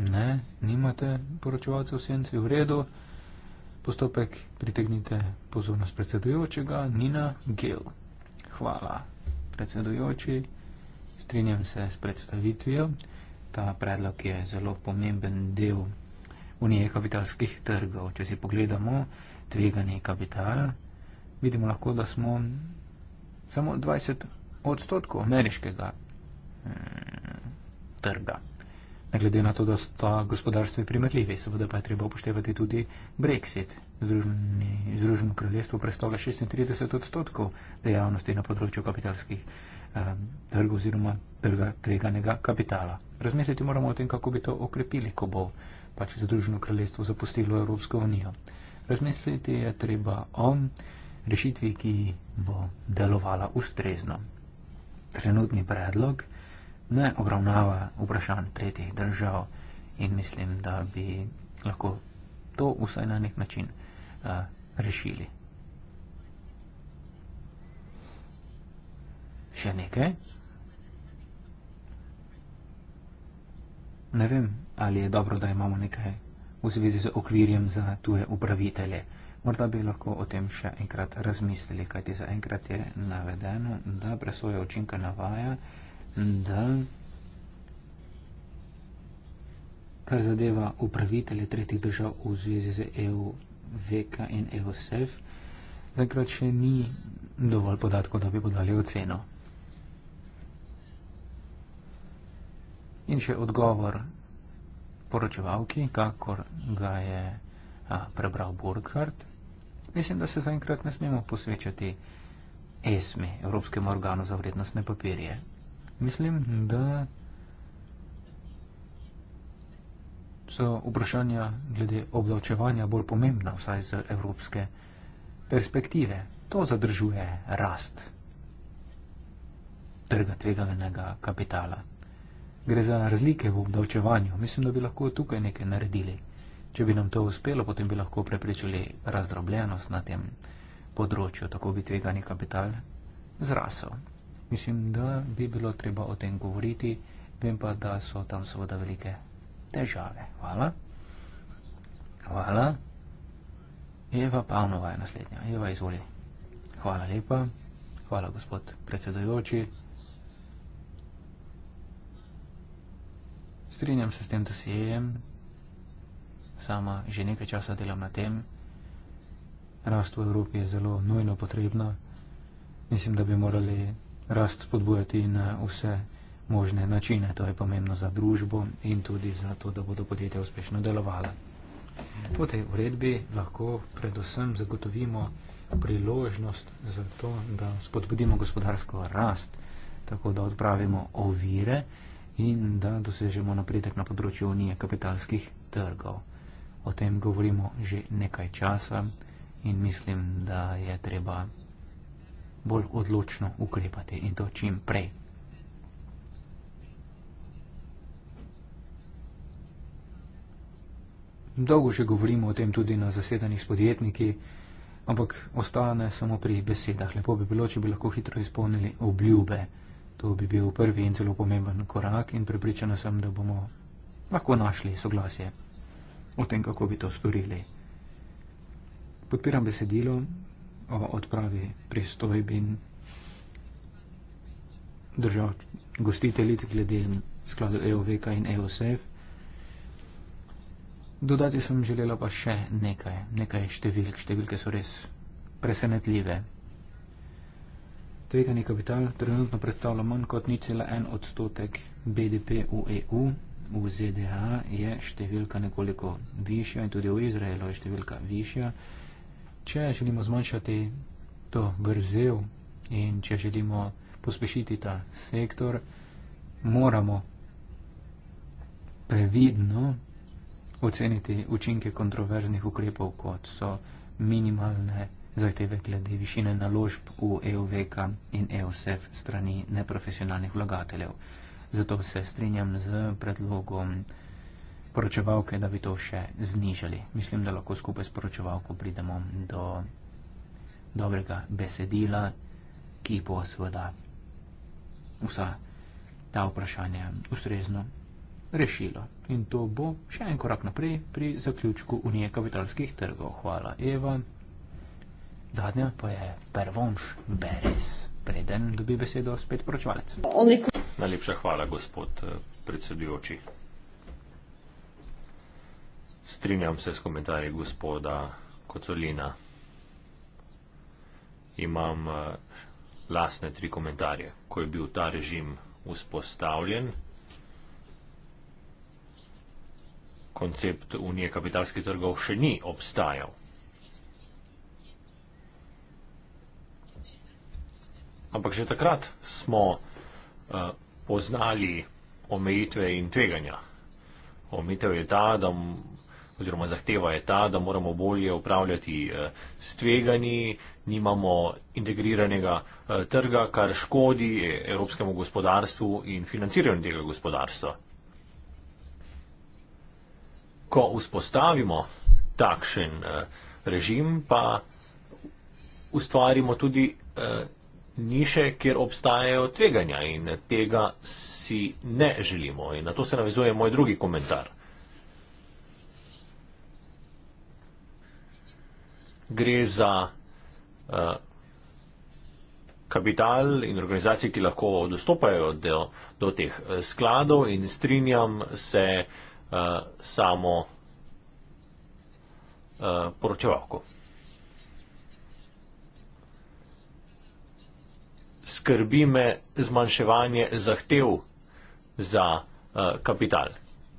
Ne, nimate poročevalcev v senci, v redu. Postopek pritegnite pozornost predsedujočega Nina Gel. Hvala, predsedujoči. Strinjam se s predstavitvijo. Ta predlog je zelo pomemben del unije kapitalskih trgov. Če si pogledamo tveganje kapitala, vidimo lahko, da smo samo 20 odstotkov ameriškega hmm, trga ne glede na to, da sta gospodarstvi primerljivi. Seveda pa je treba upoštevati tudi Brexit. Združeno kraljestvo predstavlja 36 odstotkov dejavnosti na področju kapitalskih eh, trgov oziroma trga tveganega kapitala. Razmisliti moramo o tem, kako bi to okrepili, ko bo pač Združeno kraljestvo zapustilo Evropsko unijo. Razmisliti je treba o rešitvi, ki bo delovala ustrezno. Trenutni predlog ne obravnava vprašanj tretjih držav in mislim, da bi lahko to vsaj na nek način uh, rešili. Še nekaj? Ne vem, ali je dobro, da imamo nekaj v zvezi z okvirjem za tuje upravitelje. Morda bi lahko o tem še enkrat razmislili, kajti zaenkrat je navedeno, da presoja učinka navaja da kar zadeva upravitelje tretjih držav v zvezi z EU, VK in EOSEF, zakrat še ni dovolj podatkov, da bi podali oceno. In še odgovor poročevalki, kakor ga je a, prebral Burkhardt. Mislim, da se zaenkrat ne smemo posvečati ESME, Evropskemu organu za vrednostne papirje mislim, da so vprašanja glede obdavčevanja bolj pomembna, vsaj z evropske perspektive. To zadržuje rast trga tveganega kapitala. Gre za razlike v obdavčevanju. Mislim, da bi lahko tukaj nekaj naredili. Če bi nam to uspelo, potem bi lahko preprečili razdrobljenost na tem področju, tako bi tvegani kapital zrasel. Mislim, da bi bilo treba o tem govoriti, vem pa, da so tam seveda velike težave. Hvala. Hvala. Eva Pavnova je naslednja. Eva, izvoli. Hvala lepa. Hvala, gospod predsedojoči. Strinjam se s tem dosijem. Sama že nekaj časa delam na tem. Rast v Evropi je zelo nujno potrebna. Mislim, da bi morali rast spodbujati na eh, vse možne načine. To je pomembno za družbo in tudi za to, da bodo podjetja uspešno delovala. Po tej uredbi lahko predvsem zagotovimo priložnost za to, da spodbudimo gospodarsko rast, tako da odpravimo ovire in da dosežemo napredek na področju unije kapitalskih trgov. O tem govorimo že nekaj časa in mislim, da je treba bolj odločno ukrepati in to čim prej. Dolgo že govorimo o tem tudi na zasedanjih s podjetniki, ampak ostane samo pri besedah. Lepo bi bilo, če bi lahko hitro izpolnili obljube. To bi bil prvi in zelo pomemben korak in prepričana sem, da bomo lahko našli soglasje o tem, kako bi to storili. Podpiram besedilo, o odpravi pristojb in držav gostiteljic glede skladu EOVK in EOSEF. Dodati sem želela pa še nekaj, nekaj številk. Številke so res presenetljive. Tvegani kapital trenutno predstavlja manj kot 0,1 odstotek BDP v EU. V ZDA je številka nekoliko višja in tudi v Izraelu je številka višja če želimo zmanjšati to vrzel in če želimo pospešiti ta sektor, moramo previdno oceniti učinke kontroverznih ukrepov, kot so minimalne zahteve glede višine naložb v EUVK in EUSF strani neprofesionalnih vlagateljev. Zato se strinjam z predlogom sporočevalke, da bi to še znižali. Mislim, da lahko skupaj s poročevalko pridemo do dobrega besedila, ki bo seveda vsa ta vprašanja ustrezno rešilo. In to bo še en korak naprej pri zaključku Unije kapitalskih trgov. Hvala, Eva. Zadnja pa je Pervonš Beres. Preden dobi besedo spet poročevalec. Najlepša hvala, gospod eh, predsedujoči. Strinjam se s komentarji gospoda Kocolina. Imam eh, lastne tri komentarje. Ko je bil ta režim vzpostavljen, koncept Unije kapitalskih trgov še ni obstajal. Ampak že takrat smo uh, poznali omejitve in tveganja. Omejitev je ta, da oziroma zahteva je ta, da moramo bolje upravljati eh, s tvegani, nimamo integriranega eh, trga, kar škodi eh, evropskemu gospodarstvu in financiranju tega gospodarstva. Ko vzpostavimo takšen režim, pa ustvarimo tudi niše, kjer obstajajo tveganja in tega si ne želimo. In na to se navezuje moj drugi komentar. gre za uh, kapital in organizacije, ki lahko dostopajo do, do teh eh, skladov in strinjam se uh, samo uh, poročevalko. Skrbi me zmanjševanje zahtev za uh, kapital,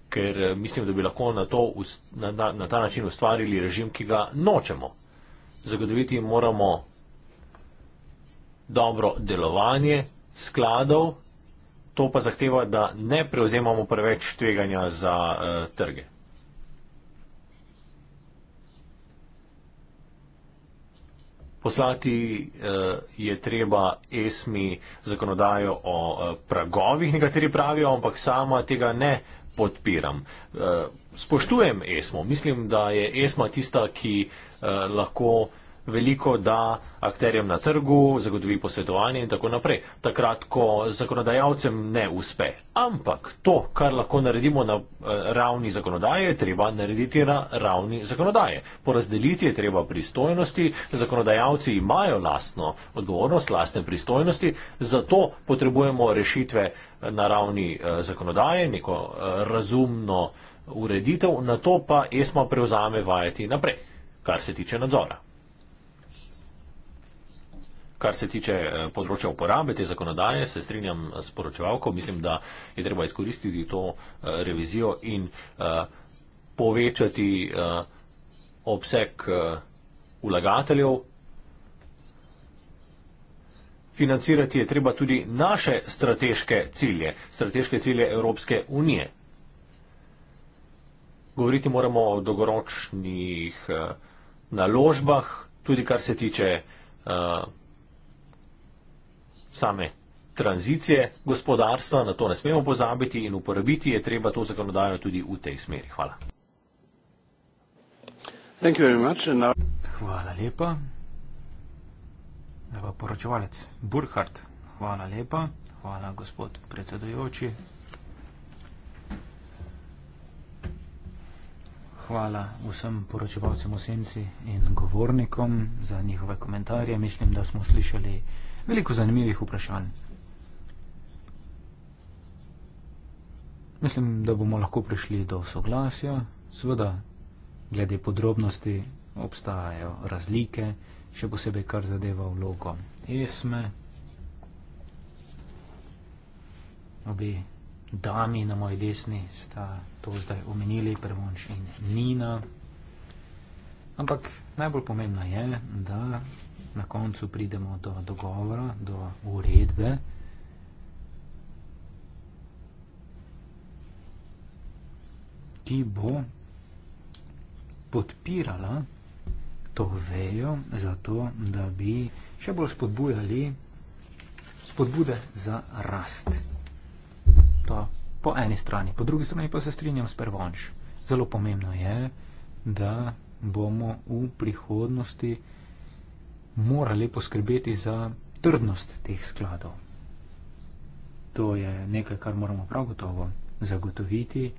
ker mislim, da bi lahko na, to, na, na, na ta način ustvarili režim, ki ga nočemo zagotoviti moramo dobro delovanje skladov, to pa zahteva, da ne prevzemamo preveč tveganja za uh, trge. Poslati eh, je treba esmi zakonodajo o eh, pragovih, nekateri pravijo, ampak sama tega ne podpiram. Eh, spoštujem esmo, mislim, da je esma tista, ki eh, Eh, lahko veliko da akterjem na trgu, zagotovi posvetovanje in tako naprej. Takrat, ko zakonodajalcem ne uspe. Ampak to, kar lahko naredimo na eh, ravni zakonodaje, treba narediti na ravni zakonodaje. Porazdeliti je treba pristojnosti, zakonodajalci imajo lastno odgovornost, lastne pristojnosti, zato potrebujemo rešitve eh, na ravni zakonodaje, neko razumno ureditev, na to pa ESMA prevzame vajeti naprej kar se tiče nadzora. Kar se tiče eh, področja uporabe te zakonodaje, se strinjam s poročevalko, mislim, da je treba izkoristiti to eh, revizijo in eh, povečati obseg ulagateljev. Financirati je treba tudi naše strateške cilje, strateške cilje Evropske unije. Govoriti moramo o dolgoročnih uh, naložbah, tudi kar se tiče uh, same tranzicije gospodarstva, na to ne smemo pozabiti in uporabiti je treba to zakonodajo tudi v tej smeri. Hvala. Hvala lepa. Zdaj pa poročevalec Burkhardt. Hvala lepa. Hvala, gospod predsedujoči. hvala vsem poročevalcem osenci in govornikom za njihove komentarje. Mislim, da smo slišali veliko zanimivih vprašanj. Mislim, da bomo lahko prišli do soglasja. Seveda, glede podrobnosti obstajajo razlike, še posebej kar zadeva vlogo ESME. Obi dami na moji desni sta to zdaj omenili, Prvonč in Nina. Ampak najbolj pomembno je, da na koncu pridemo do dogovora, do uredbe. Ki bo podpirala to vejo, zato da bi še bolj spodbujali spodbude za rast to po eni strani, po drugi strani pa se strinjam s prvonč. Zelo pomembno je, da bomo v prihodnosti morali poskrbeti za trdnost teh skladov. To je nekaj, kar moramo prav gotovo zagotoviti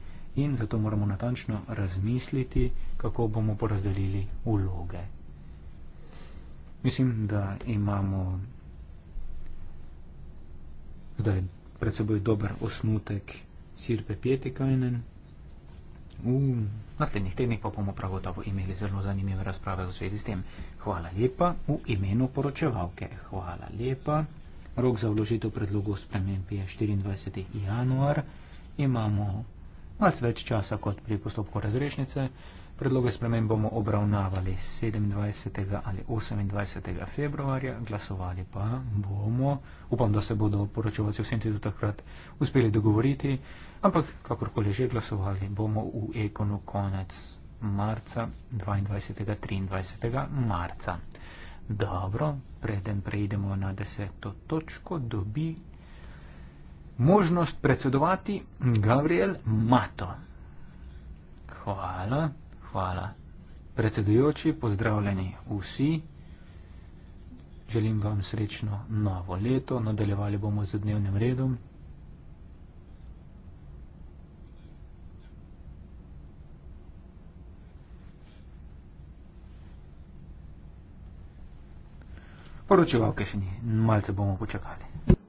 in zato moramo natančno razmisliti, kako bomo porazdelili vloge. Mislim, da imamo zdaj pred seboj dober osnutek sirpe Pietikajnen. V naslednjih tednih pa bomo prav gotovo imeli zelo zanimive razprave v zvezi s tem. Hvala lepa v imenu poročevalke. Hvala lepa. Rok za vložitev predlogov sprememb je 24. januar. Imamo malce več časa kot pri postopku razrešnice. Predloge spremem bomo obravnavali 27. ali 28. februarja, glasovali pa bomo. Upam, da se bodo poročevalci v Senci do takrat uspeli dogovoriti, ampak kakorkoli že glasovali, bomo v Ekonu konec marca 22. 23. marca. Dobro, preden prejdemo na deseto točko, dobi možnost predsedovati Gabriel Mato. Hvala. Hvala. Predsedujoči, pozdravljeni vsi. Želim vam srečno novo leto. Nadaljevali bomo z dnevnim redom. Poročevalke še ni, malce bomo počakali.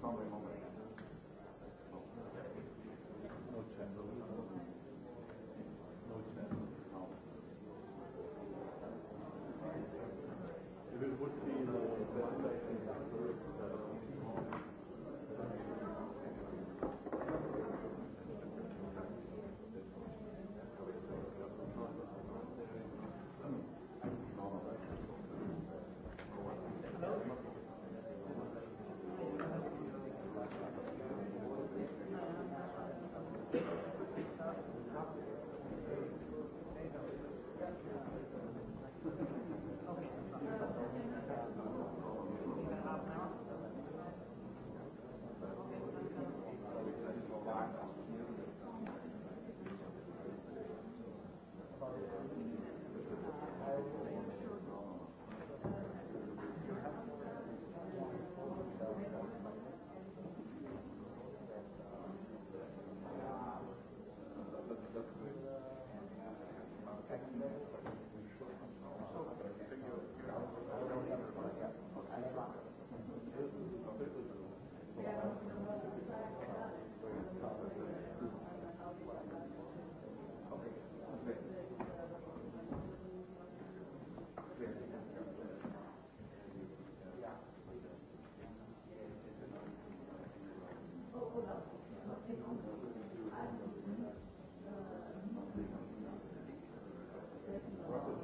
from Raymond Moreno.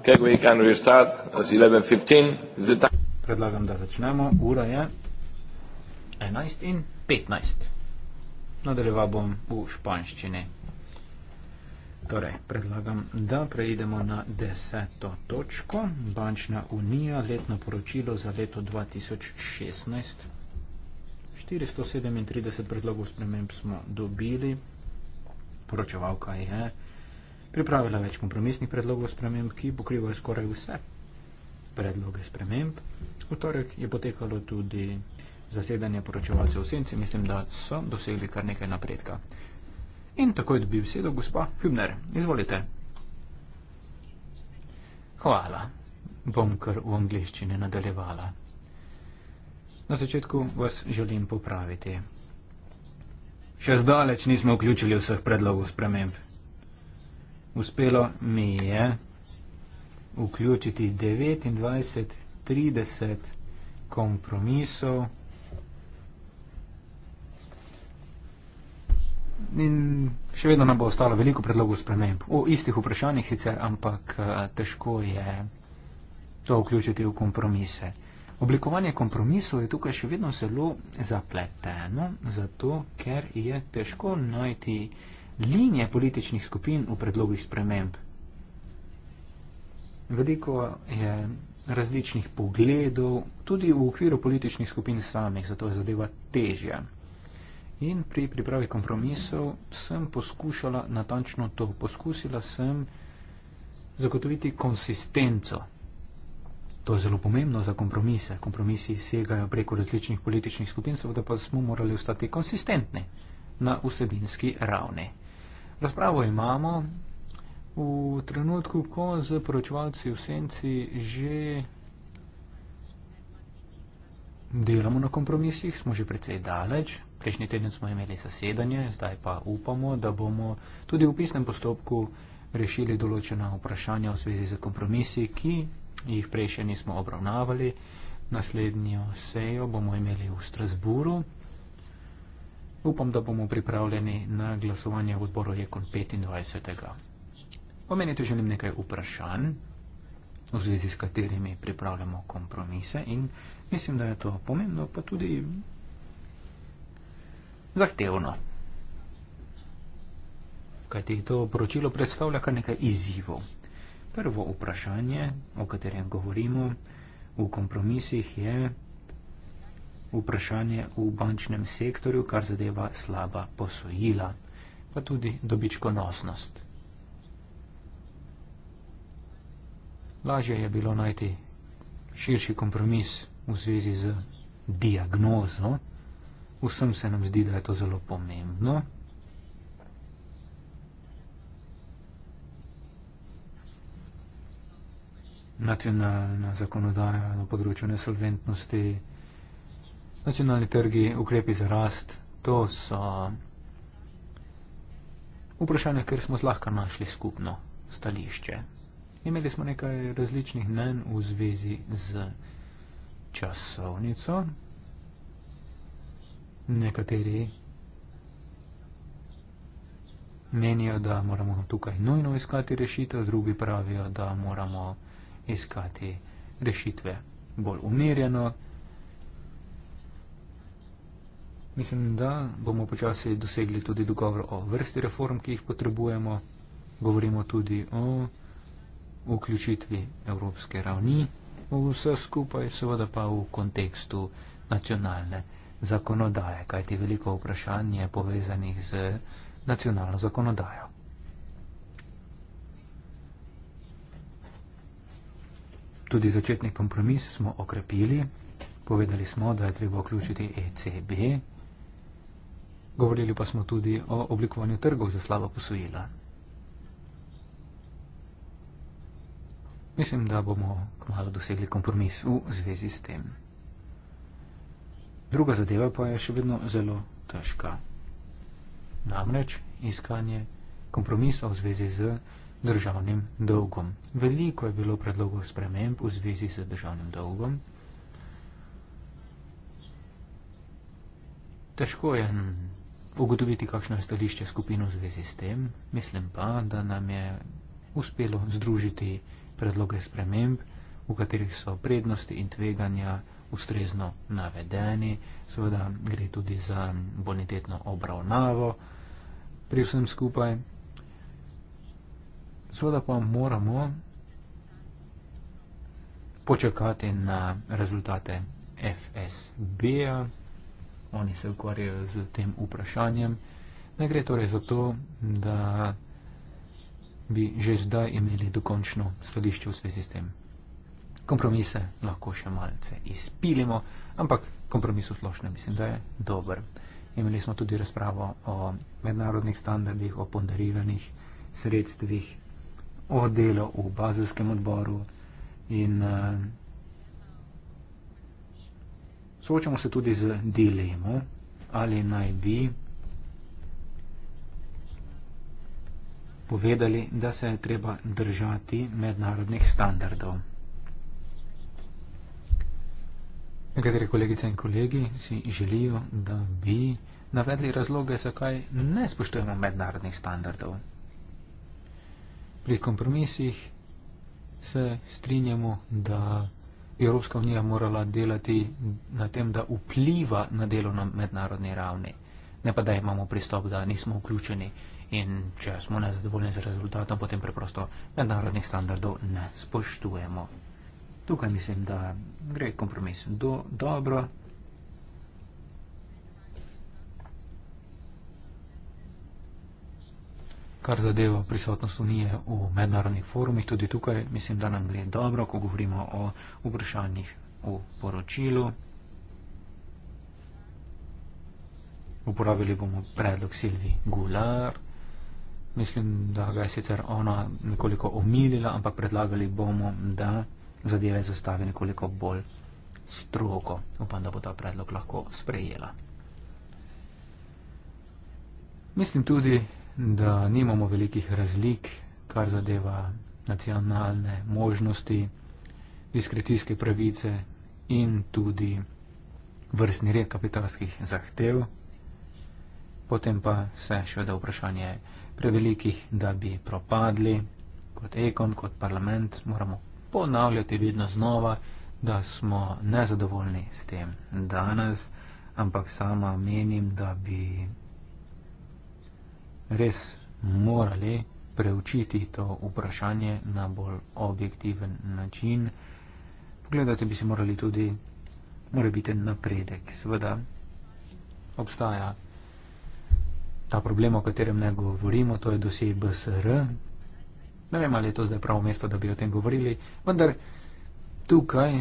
Okay, we can restart as 11:15 the time. Predlagam da začnemo. Ura je 11:15. Nadaljeval bom v španščini. Torej, predlagam, da preidemo na deseto točko, bančna unija, letno poročilo za leto 2016. 437 predlogov sprememb smo dobili, poročevalka je pripravila več kompromisnih predlogov sprememb, ki pokrivajo skoraj vse predloge sprememb. V torek je potekalo tudi zasedanje poročevalcev v senci, mislim, da so dosegli kar nekaj napredka. In takoj dobi besedo gospa Hübner. Izvolite. Hvala. Bom kar v angliščini nadaljevala. Na začetku vas želim popraviti. Še zdaleč nismo vključili vseh predlogov sprememb. Uspelo mi je vključiti 29, 30 kompromisov in še vedno nam bo ostalo veliko predlogov sprememb. O istih vprašanjih sicer, ampak eh, težko je to vključiti v kompromise. Oblikovanje kompromisov je tukaj še vedno zelo zapleteno, zato ker je težko najti linije političnih skupin v predlogih sprememb. Veliko je različnih pogledov, tudi v okviru političnih skupin samih, zato je zadeva težja. In pri pripravi kompromisov sem poskušala natančno to. Poskusila sem zagotoviti konsistenco. To je zelo pomembno za kompromise. Kompromisi segajo preko različnih političnih skupin, seveda pa smo morali ostati konsistentni na vsebinski ravni. Razpravo imamo v trenutku, ko z poročevalci v senci že delamo na kompromisih, smo že precej daleč, Prejšnji teden smo imeli zasedanje, zdaj pa upamo, da bomo tudi v pisnem postopku rešili določena vprašanja v zvezi z kompromisi, ki jih prej še nismo obravnavali. Naslednjo sejo bomo imeli v Strasburu. Upam, da bomo pripravljeni na glasovanje v odboru Jekon 25. Omeniti želim nekaj vprašanj, v zvezi s katerimi pripravljamo kompromise in mislim, da je to pomembno, pa tudi zahtevno. Kaj ti to poročilo predstavlja kar nekaj izzivov? Prvo vprašanje, o katerem govorimo v kompromisih, je vprašanje v bančnem sektorju, kar zadeva slaba posojila, pa tudi dobičkonosnost. Lažje je bilo najti širši kompromis v zvezi z diagnozo, vsem se nam zdi, da je to zelo pomembno. Nacionalna zakonodaja na področju nesolventnosti, nacionalni trgi, ukrepi za rast, to so vprašanja, kjer smo zlahka našli skupno stališče. Imeli smo nekaj različnih mnen v zvezi z časovnico, Nekateri menijo, da moramo tukaj nujno iskati rešitev, drugi pravijo, da moramo iskati rešitve bolj umirjeno. Mislim, da bomo počasi dosegli tudi dogovor o vrsti reform, ki jih potrebujemo. Govorimo tudi o vključitvi evropske ravni, vse skupaj seveda pa v kontekstu nacionalne zakonodaje, kajti veliko vprašanj je povezanih z nacionalno zakonodajo. Tudi začetni kompromis smo okrepili, povedali smo, da je treba vključiti ECB, govorili pa smo tudi o oblikovanju trgov za slaba posojila. Mislim, da bomo kmalo dosegli kompromis v zvezi s tem. Druga zadeva pa je še vedno zelo težka. Namreč iskanje kompromisa v zvezi z državnim dolgom. Veliko je bilo predlogov sprememb v zvezi z državnim dolgom. Težko je ugotoviti, kakšno je stališče skupin v zvezi s tem. Mislim pa, da nam je uspelo združiti predloge sprememb, v katerih so prednosti in tveganja ustrezno navedeni, seveda gre tudi za bonitetno obravnavo pri vsem skupaj. Seveda pa moramo počakati na rezultate FSB-a, oni se ukvarjajo z tem vprašanjem. Ne gre torej za to, da bi že zdaj imeli dokončno stališče v svezi s tem kompromise lahko še malce izpilimo, ampak kompromis v splošnem mislim, da je dober. Imeli smo tudi razpravo o mednarodnih standardih, o ponderiranih sredstvih, o delu v bazilskem odboru in uh, soočamo se tudi z dilemo, ali naj bi povedali, da se je treba držati mednarodnih standardov. Nekateri kolegice in kolegi si želijo, da bi navedli razloge, zakaj ne spoštujemo mednarodnih standardov. Pri kompromisih se strinjamo, da Evropska unija morala delati na tem, da vpliva na delo na mednarodni ravni, ne pa da imamo pristop, da nismo vključeni in če smo nezadovoljni z rezultatom, potem preprosto mednarodnih standardov ne spoštujemo. Tukaj mislim, da gre kompromis. Do, dobro. Kar zadeva prisotnost Unije v mednarodnih forumih, tudi tukaj mislim, da nam gre dobro, ko govorimo o vprašanjih v poročilu. Uporabili bomo predlog Silvi Gular. Mislim, da ga je sicer ona nekoliko omilila, ampak predlagali bomo, da zadeve zastavi nekoliko bolj stroko. Upam, da bo ta predlog lahko sprejela. Mislim tudi, da nimamo velikih razlik, kar zadeva nacionalne možnosti, diskretijske pravice in tudi vrstni red kapitalskih zahtev. Potem pa se šveda vprašanje prevelikih, da bi propadli kot ekon, kot parlament, moramo ponavljati vedno znova, da smo nezadovoljni s tem danes, ampak sama menim, da bi res morali preučiti to vprašanje na bolj objektiven način. Pogledati bi si morali tudi morebiten napredek. Seveda obstaja ta problem, o katerem ne govorimo, to je dosej BSR, Ne vem, ali je to zdaj pravo mesto, da bi o tem govorili, vendar tukaj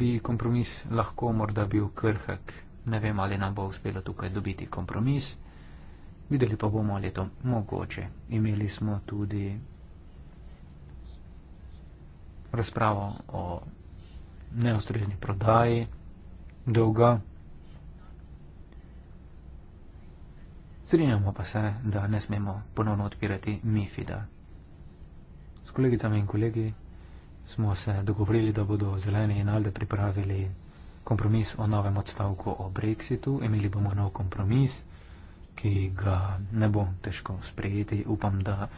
bi kompromis lahko morda bil krhek. Ne vem, ali nam bo uspelo tukaj dobiti kompromis. Videli pa bomo, ali je to mogoče. Imeli smo tudi razpravo o neustrezni prodaji dolga. Strinjamo pa se, da ne smemo ponovno odpirati Mifida kolegicami in kolegi smo se dogovorili, da bodo zeleni in alde pripravili kompromis o novem odstavku o brexitu. Imeli bomo nov kompromis, ki ga ne bo težko sprejeti. Upam, da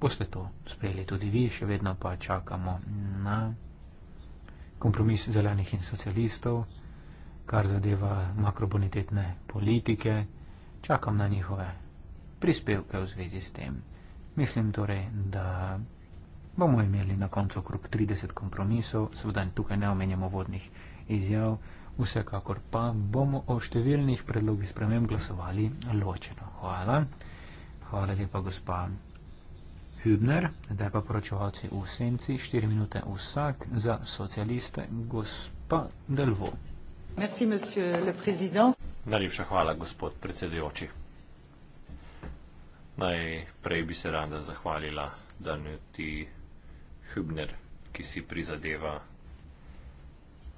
boste to sprejeli tudi vi, še vedno pa čakamo na kompromis zelenih in socialistov, kar zadeva makrobonitetne politike. Čakam na njihove prispevke v zvezi s tem. Mislim torej, da bomo imeli na koncu okrog 30 kompromisov, seveda tukaj ne omenjamo vodnih izjav, vsekakor pa bomo o številnih predlogih sprememb glasovali ločeno. Hvala. Hvala lepa, gospa Hübner. Zdaj pa poročevalci v senci, 4 minute vsak za socialiste, gospa Delvo. Merci, monsieur le président. Najlepša hvala, gospod predsedujoči. Najprej bi se rada zahvalila Danuti Hübner, ki si prizadeva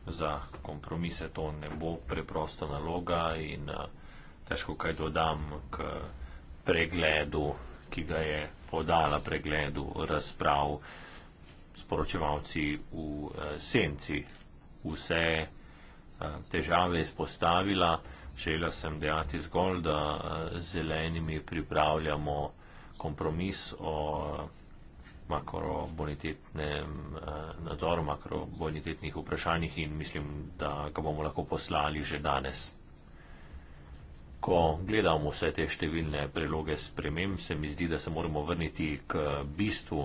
za kompromise. To ne bo preprosta naloga in eh, težko kaj dodam k pregledu, ki ga je podala pregledu razprav sporočevalci v eh, senci. Vse eh, težave izpostavila, želela sem dejati zgolj, da zelenimi pripravljamo kompromis o makrobonitetnem eh, nadzoru, makrobonitetnih vprašanjih in mislim, da ga bomo lahko poslali že danes. Ko gledamo vse te številne preloge sprememb, se mi zdi, da se moramo vrniti k bistvu,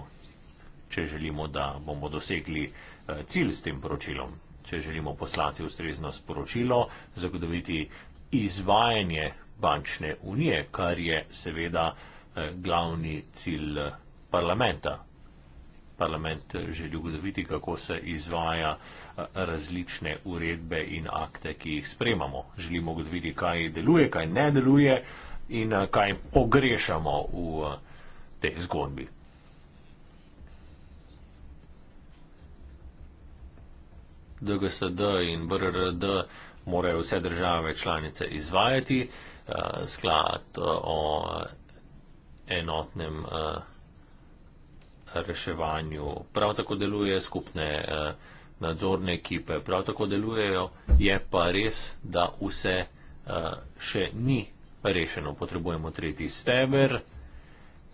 če želimo, da bomo dosegli eh, cilj s tem poročilom, če želimo poslati ustrezno sporočilo, zagotoviti izvajanje bančne unije, kar je seveda eh, glavni cilj parlamenta, parlament želi ugotoviti, kako se izvaja eh, različne uredbe in akte, ki jih spremamo. Želimo ugotoviti, kaj deluje, kaj ne deluje in eh, kaj pogrešamo v eh, tej zgodbi. DGSD in BRRD morajo vse države članice izvajati sklad o enotnem reševanju, prav tako deluje skupne eh, nadzorne ekipe, prav tako delujejo, je pa res, da vse eh, še ni rešeno. Potrebujemo tretji steber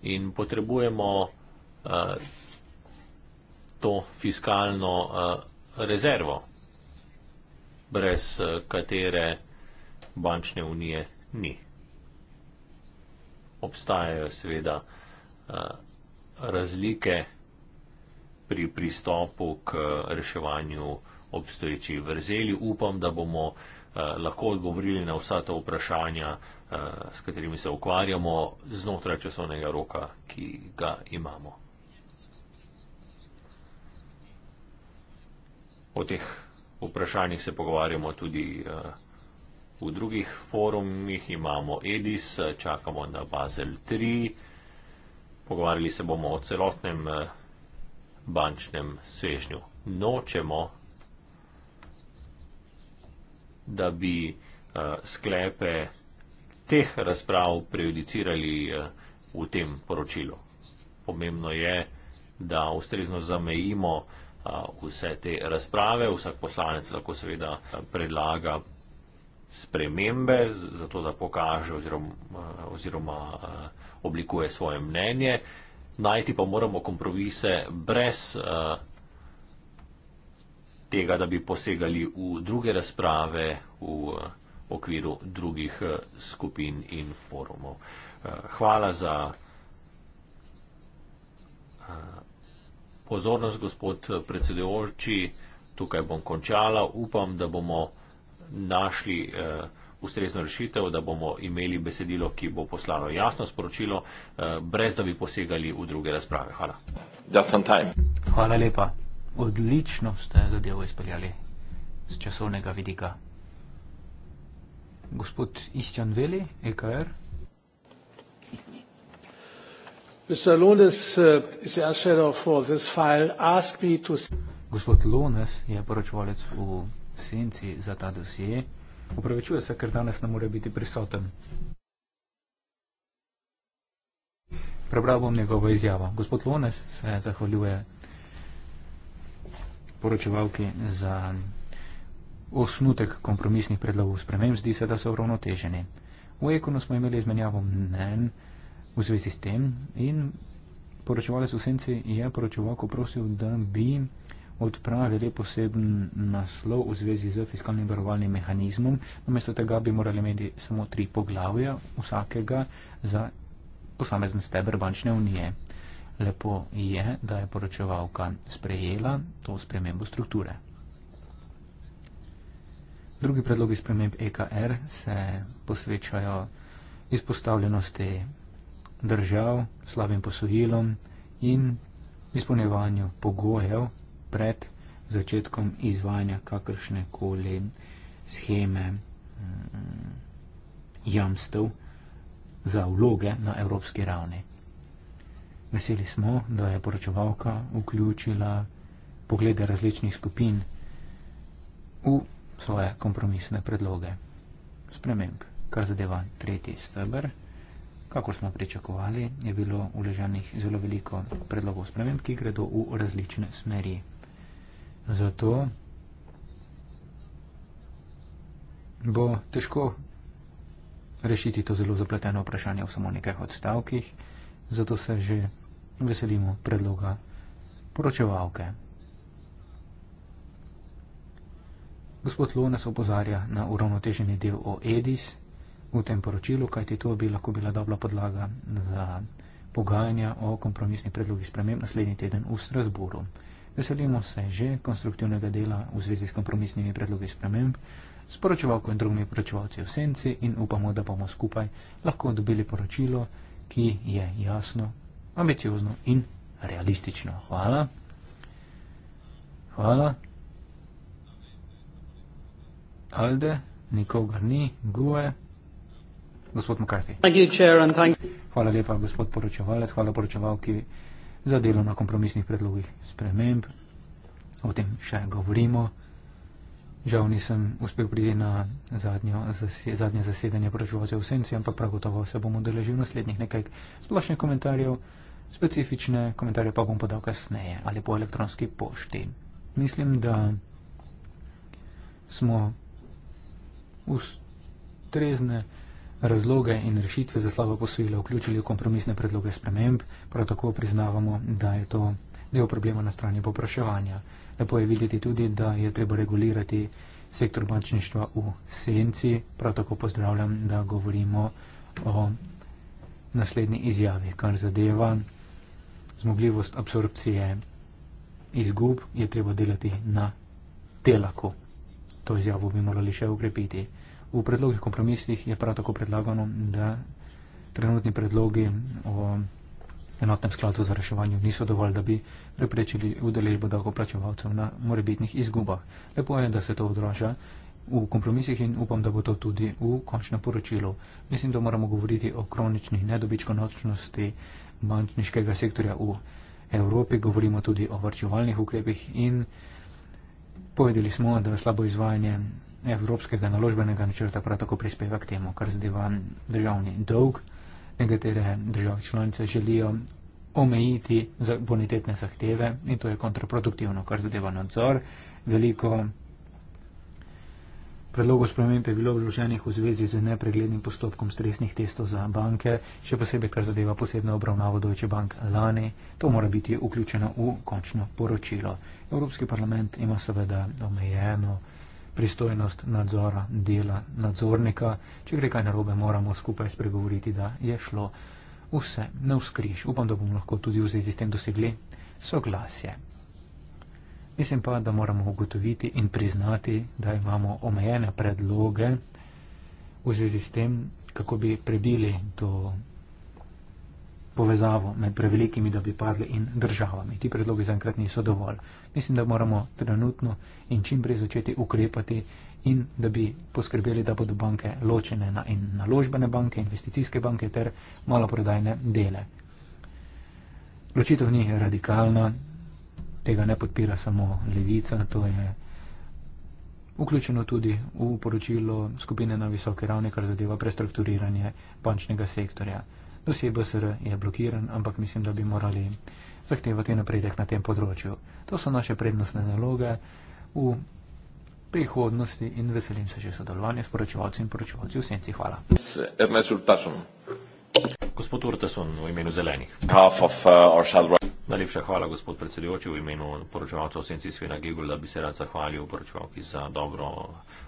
in potrebujemo eh, to fiskalno rezervo, brez katere bančne unije ni. Obstajajo seveda razlike pri pristopu k reševanju obstoječih vrzeli. Upam, da bomo eh, lahko odgovorili na vsa ta vprašanja, eh, s katerimi se ukvarjamo znotraj časovnega roka, ki ga imamo. O teh vprašanjih se pogovarjamo tudi eh, v drugih forumih. Imamo EDIS, čakamo na Basel 3. Pogovarjali se bomo o celotnem eh, bančnem svežnju. Nočemo, da bi eh, sklepe teh razprav prejudicirali eh, v tem poročilu. Pomembno je, da ustrezno zamejimo vse te razprave. Vsak poslanec lahko seveda predlaga spremembe, zato da pokaže oziroma, eh, oziroma eh, oblikuje svoje mnenje. Najti pa moramo kompromise brez eh, tega, da bi posegali v druge razprave v okviru drugih skupin in forumov. Hvala za pozornost, gospod predsedujoči. Tukaj bom končala. Upam, da bomo našli eh, ustrezno rešitev, da bomo imeli besedilo, ki bo poslalo jasno sporočilo, eh, brez da bi posegali v druge razprave. Hvala. Ja, Hvala lepa. Odlično ste zadevo izpeljali z časovnega vidika. Gospod Istjan Veli, EKR. Lones, uh, Gospod Lones je poročevalec v senci za ta dosje. Upravičuje se, ker danes ne more biti prisoten. Prebral bom njegovo izjavo. Gospod Lones se zahvaljuje poročevalki za osnutek kompromisnih predlogov sprememb, zdi se, da so uravnoteženi. V Ekonu smo imeli izmenjavo mnen v zvezi s tem in poročevalec v senci je poročevalko prosil, da bi odprave le poseben naslov v zvezi z fiskalnim varovalnim mehanizmom. Namesto tega bi morali imeti samo tri poglavja vsakega za posamezen steber bančne unije. Lepo je, da je poročevalka sprejela to spremembo strukture. Drugi predlogi sprememb EKR se posvečajo izpostavljenosti držav, slabim posojilom in izpolnjevanju pogojev pred začetkom izvajanja kakršne koli scheme mm, jamstev za vloge na evropski ravni. Veseli smo, da je poročevalka vključila poglede različnih skupin v svoje kompromisne predloge sprememb, kar zadeva tretji stebr. Kako smo pričakovali, je bilo uleženih zelo veliko predlogov sprememb, ki gredo v različne smeri. Zato bo težko rešiti to zelo zapleteno vprašanje v samo nekaj odstavkih, zato se že veselimo predloga poročevalke. Gospod Lones opozarja na uravnoteženi del o Edis v tem poročilu, kajti to bi lahko bila dobra podlaga za pogajanja o kompromisni predlogi sprememb naslednji teden v Strasburu. Veselimo se že konstruktivnega dela v zvezi s kompromisnimi predlogi sprememb, sporočevalko in drugimi poročevalci v senci in upamo, da bomo skupaj lahko dobili poročilo, ki je jasno, ambiciozno in realistično. Hvala. Hvala. Alde, nikogar ni, Gue. Gospod McCarthy. Hvala lepa, gospod poročevalec, hvala poročevalki za delo na kompromisnih predlogih sprememb. O tem še govorimo. Žal nisem uspel priti na zadnjo, zase, zadnje zasedanje proračunavcev v senci, ampak prav gotovo se bom udeležil naslednjih nekaj splošnih komentarjev, specifične komentarje pa bom podal kasneje ali po elektronski pošti. Mislim, da smo ustrezne razloge in rešitve za slabo posojilo vključili v kompromisne predloge sprememb, prav tako priznavamo, da je to del problema na strani popraševanja. Lepo je videti tudi, da je treba regulirati sektor bančništva v senci, prav tako pozdravljam, da govorimo o naslednji izjavi, kar zadeva zmogljivost absorpcije izgub, je treba delati na telaku. To izjavo bi morali še ukrepiti. V predlogih kompromisih je prav tako predlagano, da trenutni predlogi o enotnem skladu za reševanje niso dovolj, da bi preprečili udeležbo davkoplačevalcev na morebitnih izgubah. Lepo je, da se to odraža v kompromisih in upam, da bo to tudi v končnem poročilu. Mislim, da moramo govoriti o kronični nedobičkonočnosti bančniškega sektorja v Evropi, govorimo tudi o varčevalnih ukrepih in povedali smo, da slabo izvajanje evropskega naložbenega načrta prav tako prispeva k temu, kar zadeva državni dolg. Nekatere države članice želijo omejiti za bonitetne zahteve in to je kontraproduktivno, kar zadeva nadzor. Veliko predlogov sprememb je bilo vloženih v zvezi z nepreglednim postopkom stresnih testov za banke, še posebej kar zadeva posebno obravnavo Deutsche Bank lani. To mora biti vključeno v končno poročilo. Evropski parlament ima seveda omejeno pristojnost nadzora, dela nadzornika. Če gre kaj narobe, moramo skupaj spregovoriti, da je šlo vse na vzkriž. Upam, da bomo lahko tudi v zvezi s tem dosegli soglasje. Mislim pa, da moramo ugotoviti in priznati, da imamo omejene predloge v zvezi s tem, kako bi prebili to povezavo med prevelikimi, da bi padli in državami. Ti predlogi zaenkrat niso dovolj. Mislim, da moramo trenutno in čim prej začeti ukrepati in da bi poskrbeli, da bodo banke ločene na in naložbene banke, investicijske banke ter maloprodajne dele. Ločitev ni radikalna, tega ne podpira samo levica, to je vključeno tudi v poročilo skupine na visoke ravni, kar zadeva prestrukturiranje bančnega sektorja. Dosje BSR je blokiran, ampak mislim, da bi morali zahtevati napredek na tem področju. To so naše prednostne naloge v prihodnosti in veselim se že sodelovanja s poročevalci in poročevalci v senci. Hvala. Gospod Urteson, v imenu zelenih. Uh, Najlepša hvala, gospod predsedujoči, v imenu poročevalcev Senci Svena Gigula, da bi se rad zahvalil poročevalki za dobro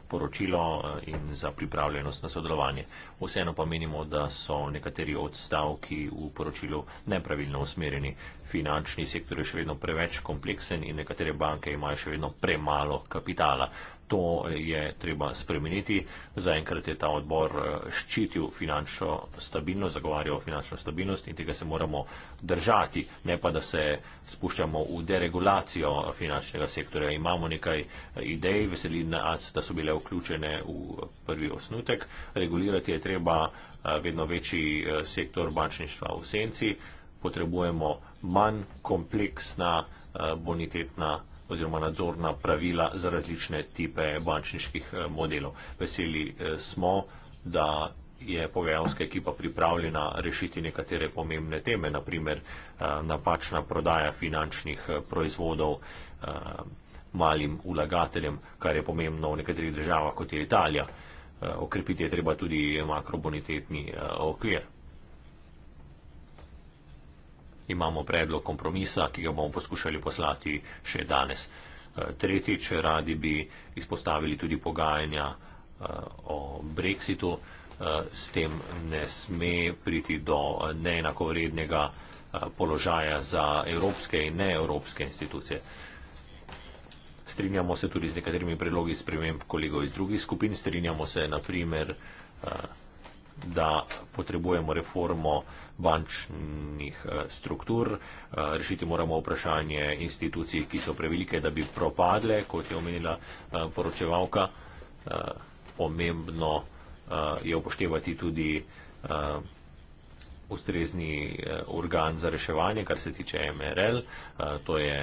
poročilo uh, in za pripravljenost na sodelovanje. Vseeno pa menimo, da so nekateri odstavki v poročilu nepravilno usmerjeni. Finančni sektor je še vedno preveč kompleksen in nekatere banke imajo še vedno premalo kapitala to je treba spremeniti. Zaenkrat je ta odbor eh, ščitil finančno stabilnost, zagovarjal finančno stabilnost in tega se moramo držati, ne pa da se spuščamo v deregulacijo finančnega sektorja. Imamo nekaj eh, idej, veseli nas, da so bile vključene v prvi osnutek. Regulirati je treba eh, vedno večji sektor bančništva v senci. Potrebujemo manj kompleksna bonitetna oziroma nadzorna pravila za različne tipe bančniških eh, modelov. Veseli eh, smo, da je pogajalska ekipa pripravljena rešiti nekatere pomembne teme, naprimer eh, napačna prodaja finančnih proizvodov malim ulagateljem, kar je pomembno v nekaterih državah, kot je Italija. Okrepiti je treba tudi makrobonitetni okvir imamo predlog kompromisa, ki ga bomo poskušali poslati še danes. E, tretjič, radi bi izpostavili tudi pogajanja e, o brexitu. E, s tem ne sme priti do neenakovrednega položaja za evropske in neevropske institucije. Strinjamo se tudi z nekaterimi predlogi sprememb kolegov iz drugih skupin. Strinjamo se, naprimer, da potrebujemo reformo bančnih eh, struktur. Eh, rešiti moramo vprašanje institucij, ki so prevelike, da bi propadle, kot je omenila eh, poročevalka. Pomembno je upoštevati tudi ustrezni organ za reševanje, kar se tiče MRL. To je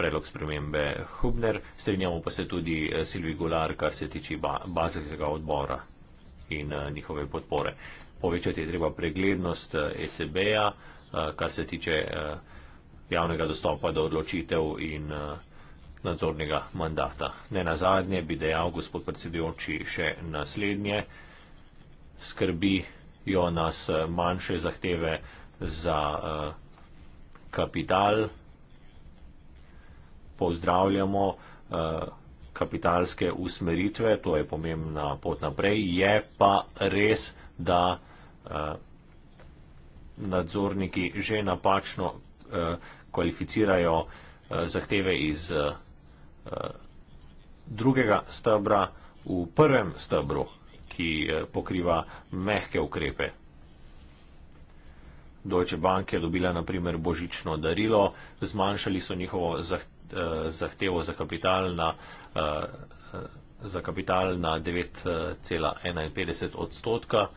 predlog spremembe Hubner. Strenjamo pa se tudi Silvi Gular, kar se tiče bazenskega odbora in uh, njihove podpore. Povečati je treba preglednost uh, eh, ECB-ja, uh, eh, kar se tiče uh, javnega dostopa do odločitev in uh, nadzornega mandata. Ne na zadnje bi dejal gospod predsedujoči še naslednje. Skrbi jo nas manjše zahteve za uh, kapital. Pozdravljamo. Uh, kapitalske usmeritve, to je pomembna pot naprej, je pa res, da eh, nadzorniki že napačno eh, kvalificirajo eh, zahteve iz drugega stebra v prvem stebru, ki pokriva mehke ukrepe. Deutsche Bank je dobila naprimer božično darilo, zmanjšali so njihovo zahtevo za kapital na Eh, za kapital na 9,51 eh, odstotka.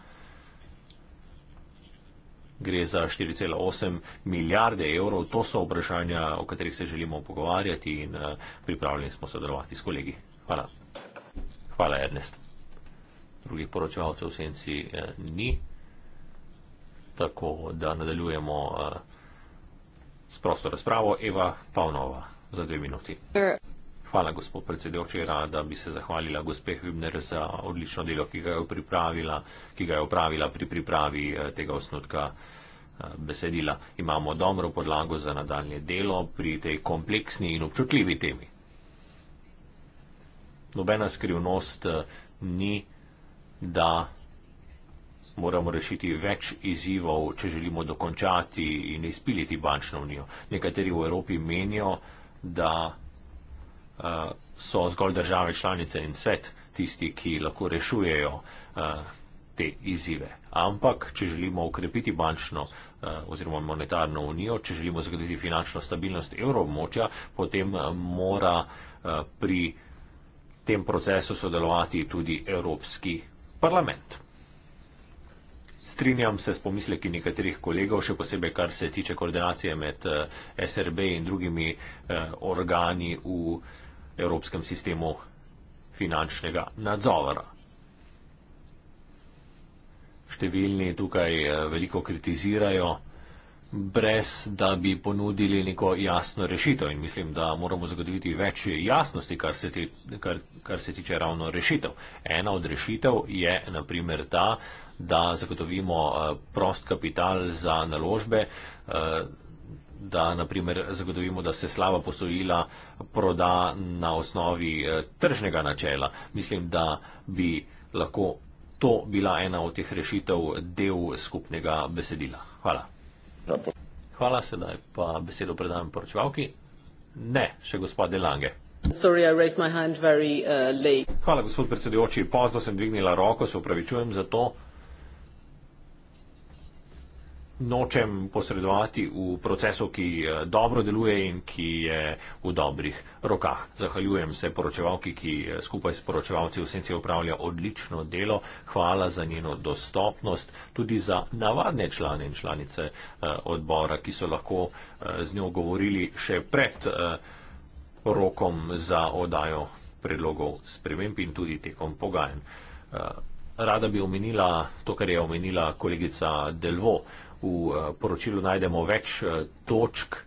Gre za 4,8 milijarde evrov. To so vprašanja, o katerih se želimo pogovarjati in eh, pripravljeni smo sodelovati s kolegi. Hvala. Hvala, Ernest. Drugih poročevalcev v senci ni. Tako da nadaljujemo s prosto razpravo. Eva Pavnova za dve minuti. Sure. Hvala, gospod predsedujoči. Rada bi se zahvalila gospe Hübner za odlično delo, ki ga je pripravila, ki ga je opravila pri pripravi eh, tega osnotka eh, besedila. Imamo dobro podlago za nadaljne delo pri tej kompleksni in občutljivi temi. Nobena skrivnost eh, ni, da moramo rešiti več izzivov, če želimo dokončati in izpiliti bančno unijo. Nekateri v Evropi menijo, da Eh, so zgolj države članice in svet tisti, ki lahko rešujejo eh, te izzive. Ampak, če želimo ukrepiti bančno eh, oziroma monetarno unijo, če želimo zagrediti finančno stabilnost evroobmočja, potem mora pri tem procesu sodelovati tudi Evropski parlament. Strinjam se s pomisleki nekaterih kolegov, še posebej kar se tiče koordinacije med SRB in drugimi organi v Evropi evropskem sistemu finančnega nadzora. Številni tukaj eh, veliko kritizirajo, brez da bi ponudili neko jasno rešitev in mislim, da moramo zagotoviti več jasnosti, kar se, ti, kar, kar se tiče ravno rešitev. Ena od rešitev je naprimer ta, da zagotovimo eh, prost kapital za naložbe eh, da naprimer zagotovimo, da se slaba posojila proda na osnovi eh, tržnega načela. Mislim, da bi lahko to bila ena od teh rešitev del skupnega besedila. Hvala. Hvala, sedaj pa besedo predajam poročevalki. Ne, še gospode Lange. Sorry, eh, Hvala, gospod predsedujoči. Pozno sem dvignila roko, se upravičujem za to nočem posredovati v procesu, ki eh, dobro deluje in ki je v dobrih rokah. Zahvaljujem se poročevalki, ki eh, skupaj s poročevalci v senci upravlja odlično delo. Hvala za njeno dostopnost, tudi za navadne člane in članice eh, odbora, ki so lahko z njo govorili še pred rokom za odajo predlogov sprememb in tudi tekom pogajanj. Rada bi omenila to, kar je omenila kolegica Delvo v eh, poročilu najdemo več eh, točk,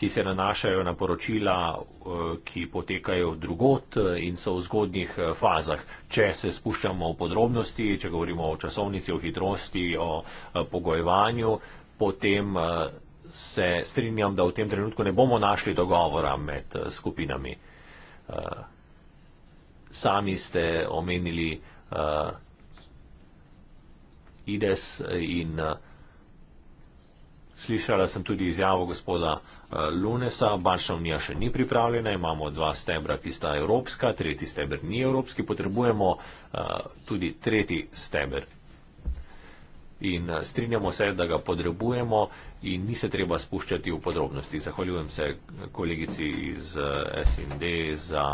ki se nanašajo na poročila, eh, ki potekajo drugot in so v zgodnjih fazah. Če se spuščamo v podrobnosti, če govorimo o časovnici, o hitrosti, o pogojevanju, potem se strinjam, da v tem trenutku ne bomo našli dogovora med skupinami. Sami ste omenili uh, IDES in uh, Slišala sem tudi izjavo gospoda eh, Lunesa, bančna unija še ni pripravljena, imamo dva stebra, ki sta evropska, tretji steber ni evropski, potrebujemo uh, tudi tretji steber. In eh, strinjamo se, da ga potrebujemo in ni se treba spuščati v podrobnosti. Zahvaljujem se kolegici iz SND za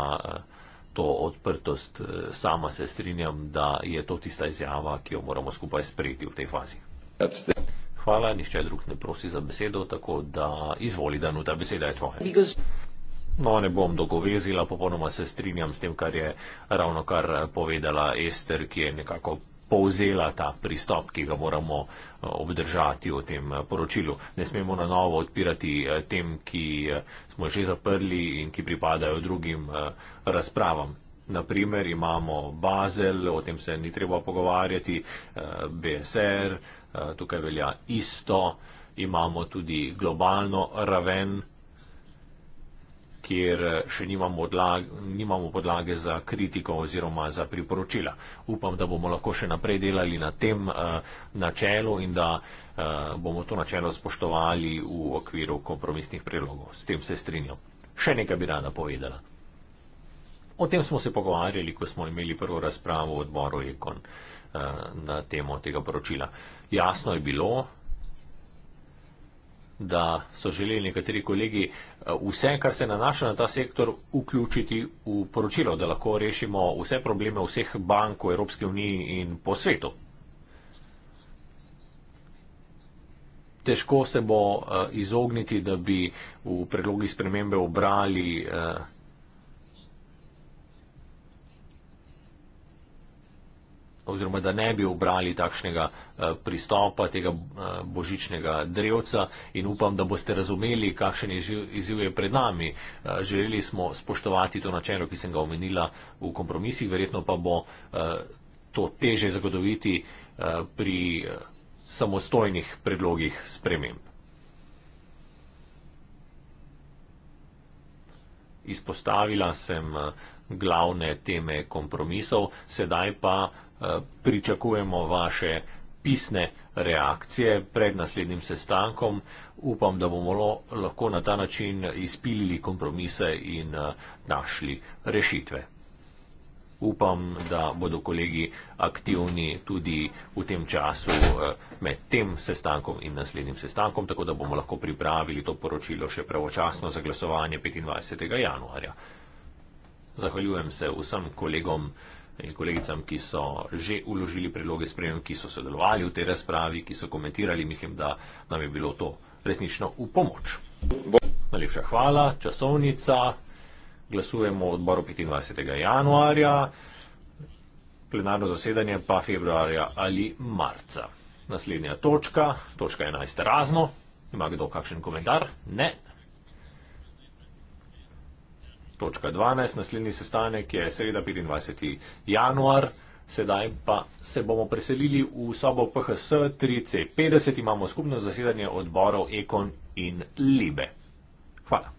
to odprtost. Sama se strinjam, da je to tista izjava, ki jo moramo skupaj sprejeti v tej fazi. Absolutely. Hvala, nišče drug ne prosi za besedo, tako da izvoli, da nota beseda je tvoja. Because... No, ne bom dogovezila, popolnoma se strinjam s tem, kar je ravno kar povedala Ester, ki je nekako povzela ta pristop, ki ga moramo eh, obdržati v tem eh, poročilu. Ne smemo na novo odpirati eh, tem, ki smo že zaprli in ki pripadajo drugim razpravam. Naprimer imamo Bazel, o tem se ni treba pogovarjati, BSR. Eh, tukaj velja isto, imamo tudi globalno raven, kjer eh, še nimamo, odlag, nimamo podlage za kritiko oziroma za priporočila. Upam, da bomo lahko še naprej delali na tem eh, načelu in da bomo to načelo spoštovali v okviru kompromisnih predlogov. S tem se strinjam. Še nekaj bi rada povedala. O tem smo se pogovarjali, ko smo imeli prvo razpravo v odboru Ekon na temo tega poročila. Uh, jasno je bilo, da so želeli nekateri kolegi eh, vse, kar se nanaša na ta sektor, vključiti v poročilo, da lahko rešimo vse probleme vseh bank v Evropski uniji in po svetu. Težko se bo eh, izogniti, da bi v predlogi spremembe obrali eh, oziroma da ne bi obrali takšnega eh, pristopa, tega eh, božičnega drevca in upam, da boste razumeli, kakšen izziv je pred nami. Eh, želeli smo spoštovati to načelo, ki sem ga omenila v kompromisih, verjetno pa bo to teže zagotoviti pri samostojnih predlogih sprememb. Izpostavila sem glavne teme kompromisov, sedaj pa pričakujemo vaše pisne reakcije pred naslednjim sestankom. Upam, da bomo lahko na ta način izpilili kompromise in eh, našli rešitve. Upam, da bodo kolegi aktivni tudi v tem času eh, med tem sestankom in naslednjim sestankom, tako da bomo lahko pripravili to poročilo še pravočasno za glasovanje 25. januarja. Zahvaljujem se vsem kolegom in kolegicam, ki so že uložili predloge sprejem, ki so sodelovali v tej razpravi, ki so komentirali. Mislim, da nam je bilo to resnično v pomoč. Najlepša hvala. Časovnica. Glasujemo odboru 25. januarja, plenarno zasedanje pa februarja ali marca. Naslednja točka, točka 11. razno. Ima kdo kakšen komentar? Ne. Točka 12, naslednji sestanek je sreda 25. januar, sedaj pa se bomo preselili v sobo PHS 3C50, imamo skupno zasedanje odborov Ekon in Libe. Hvala.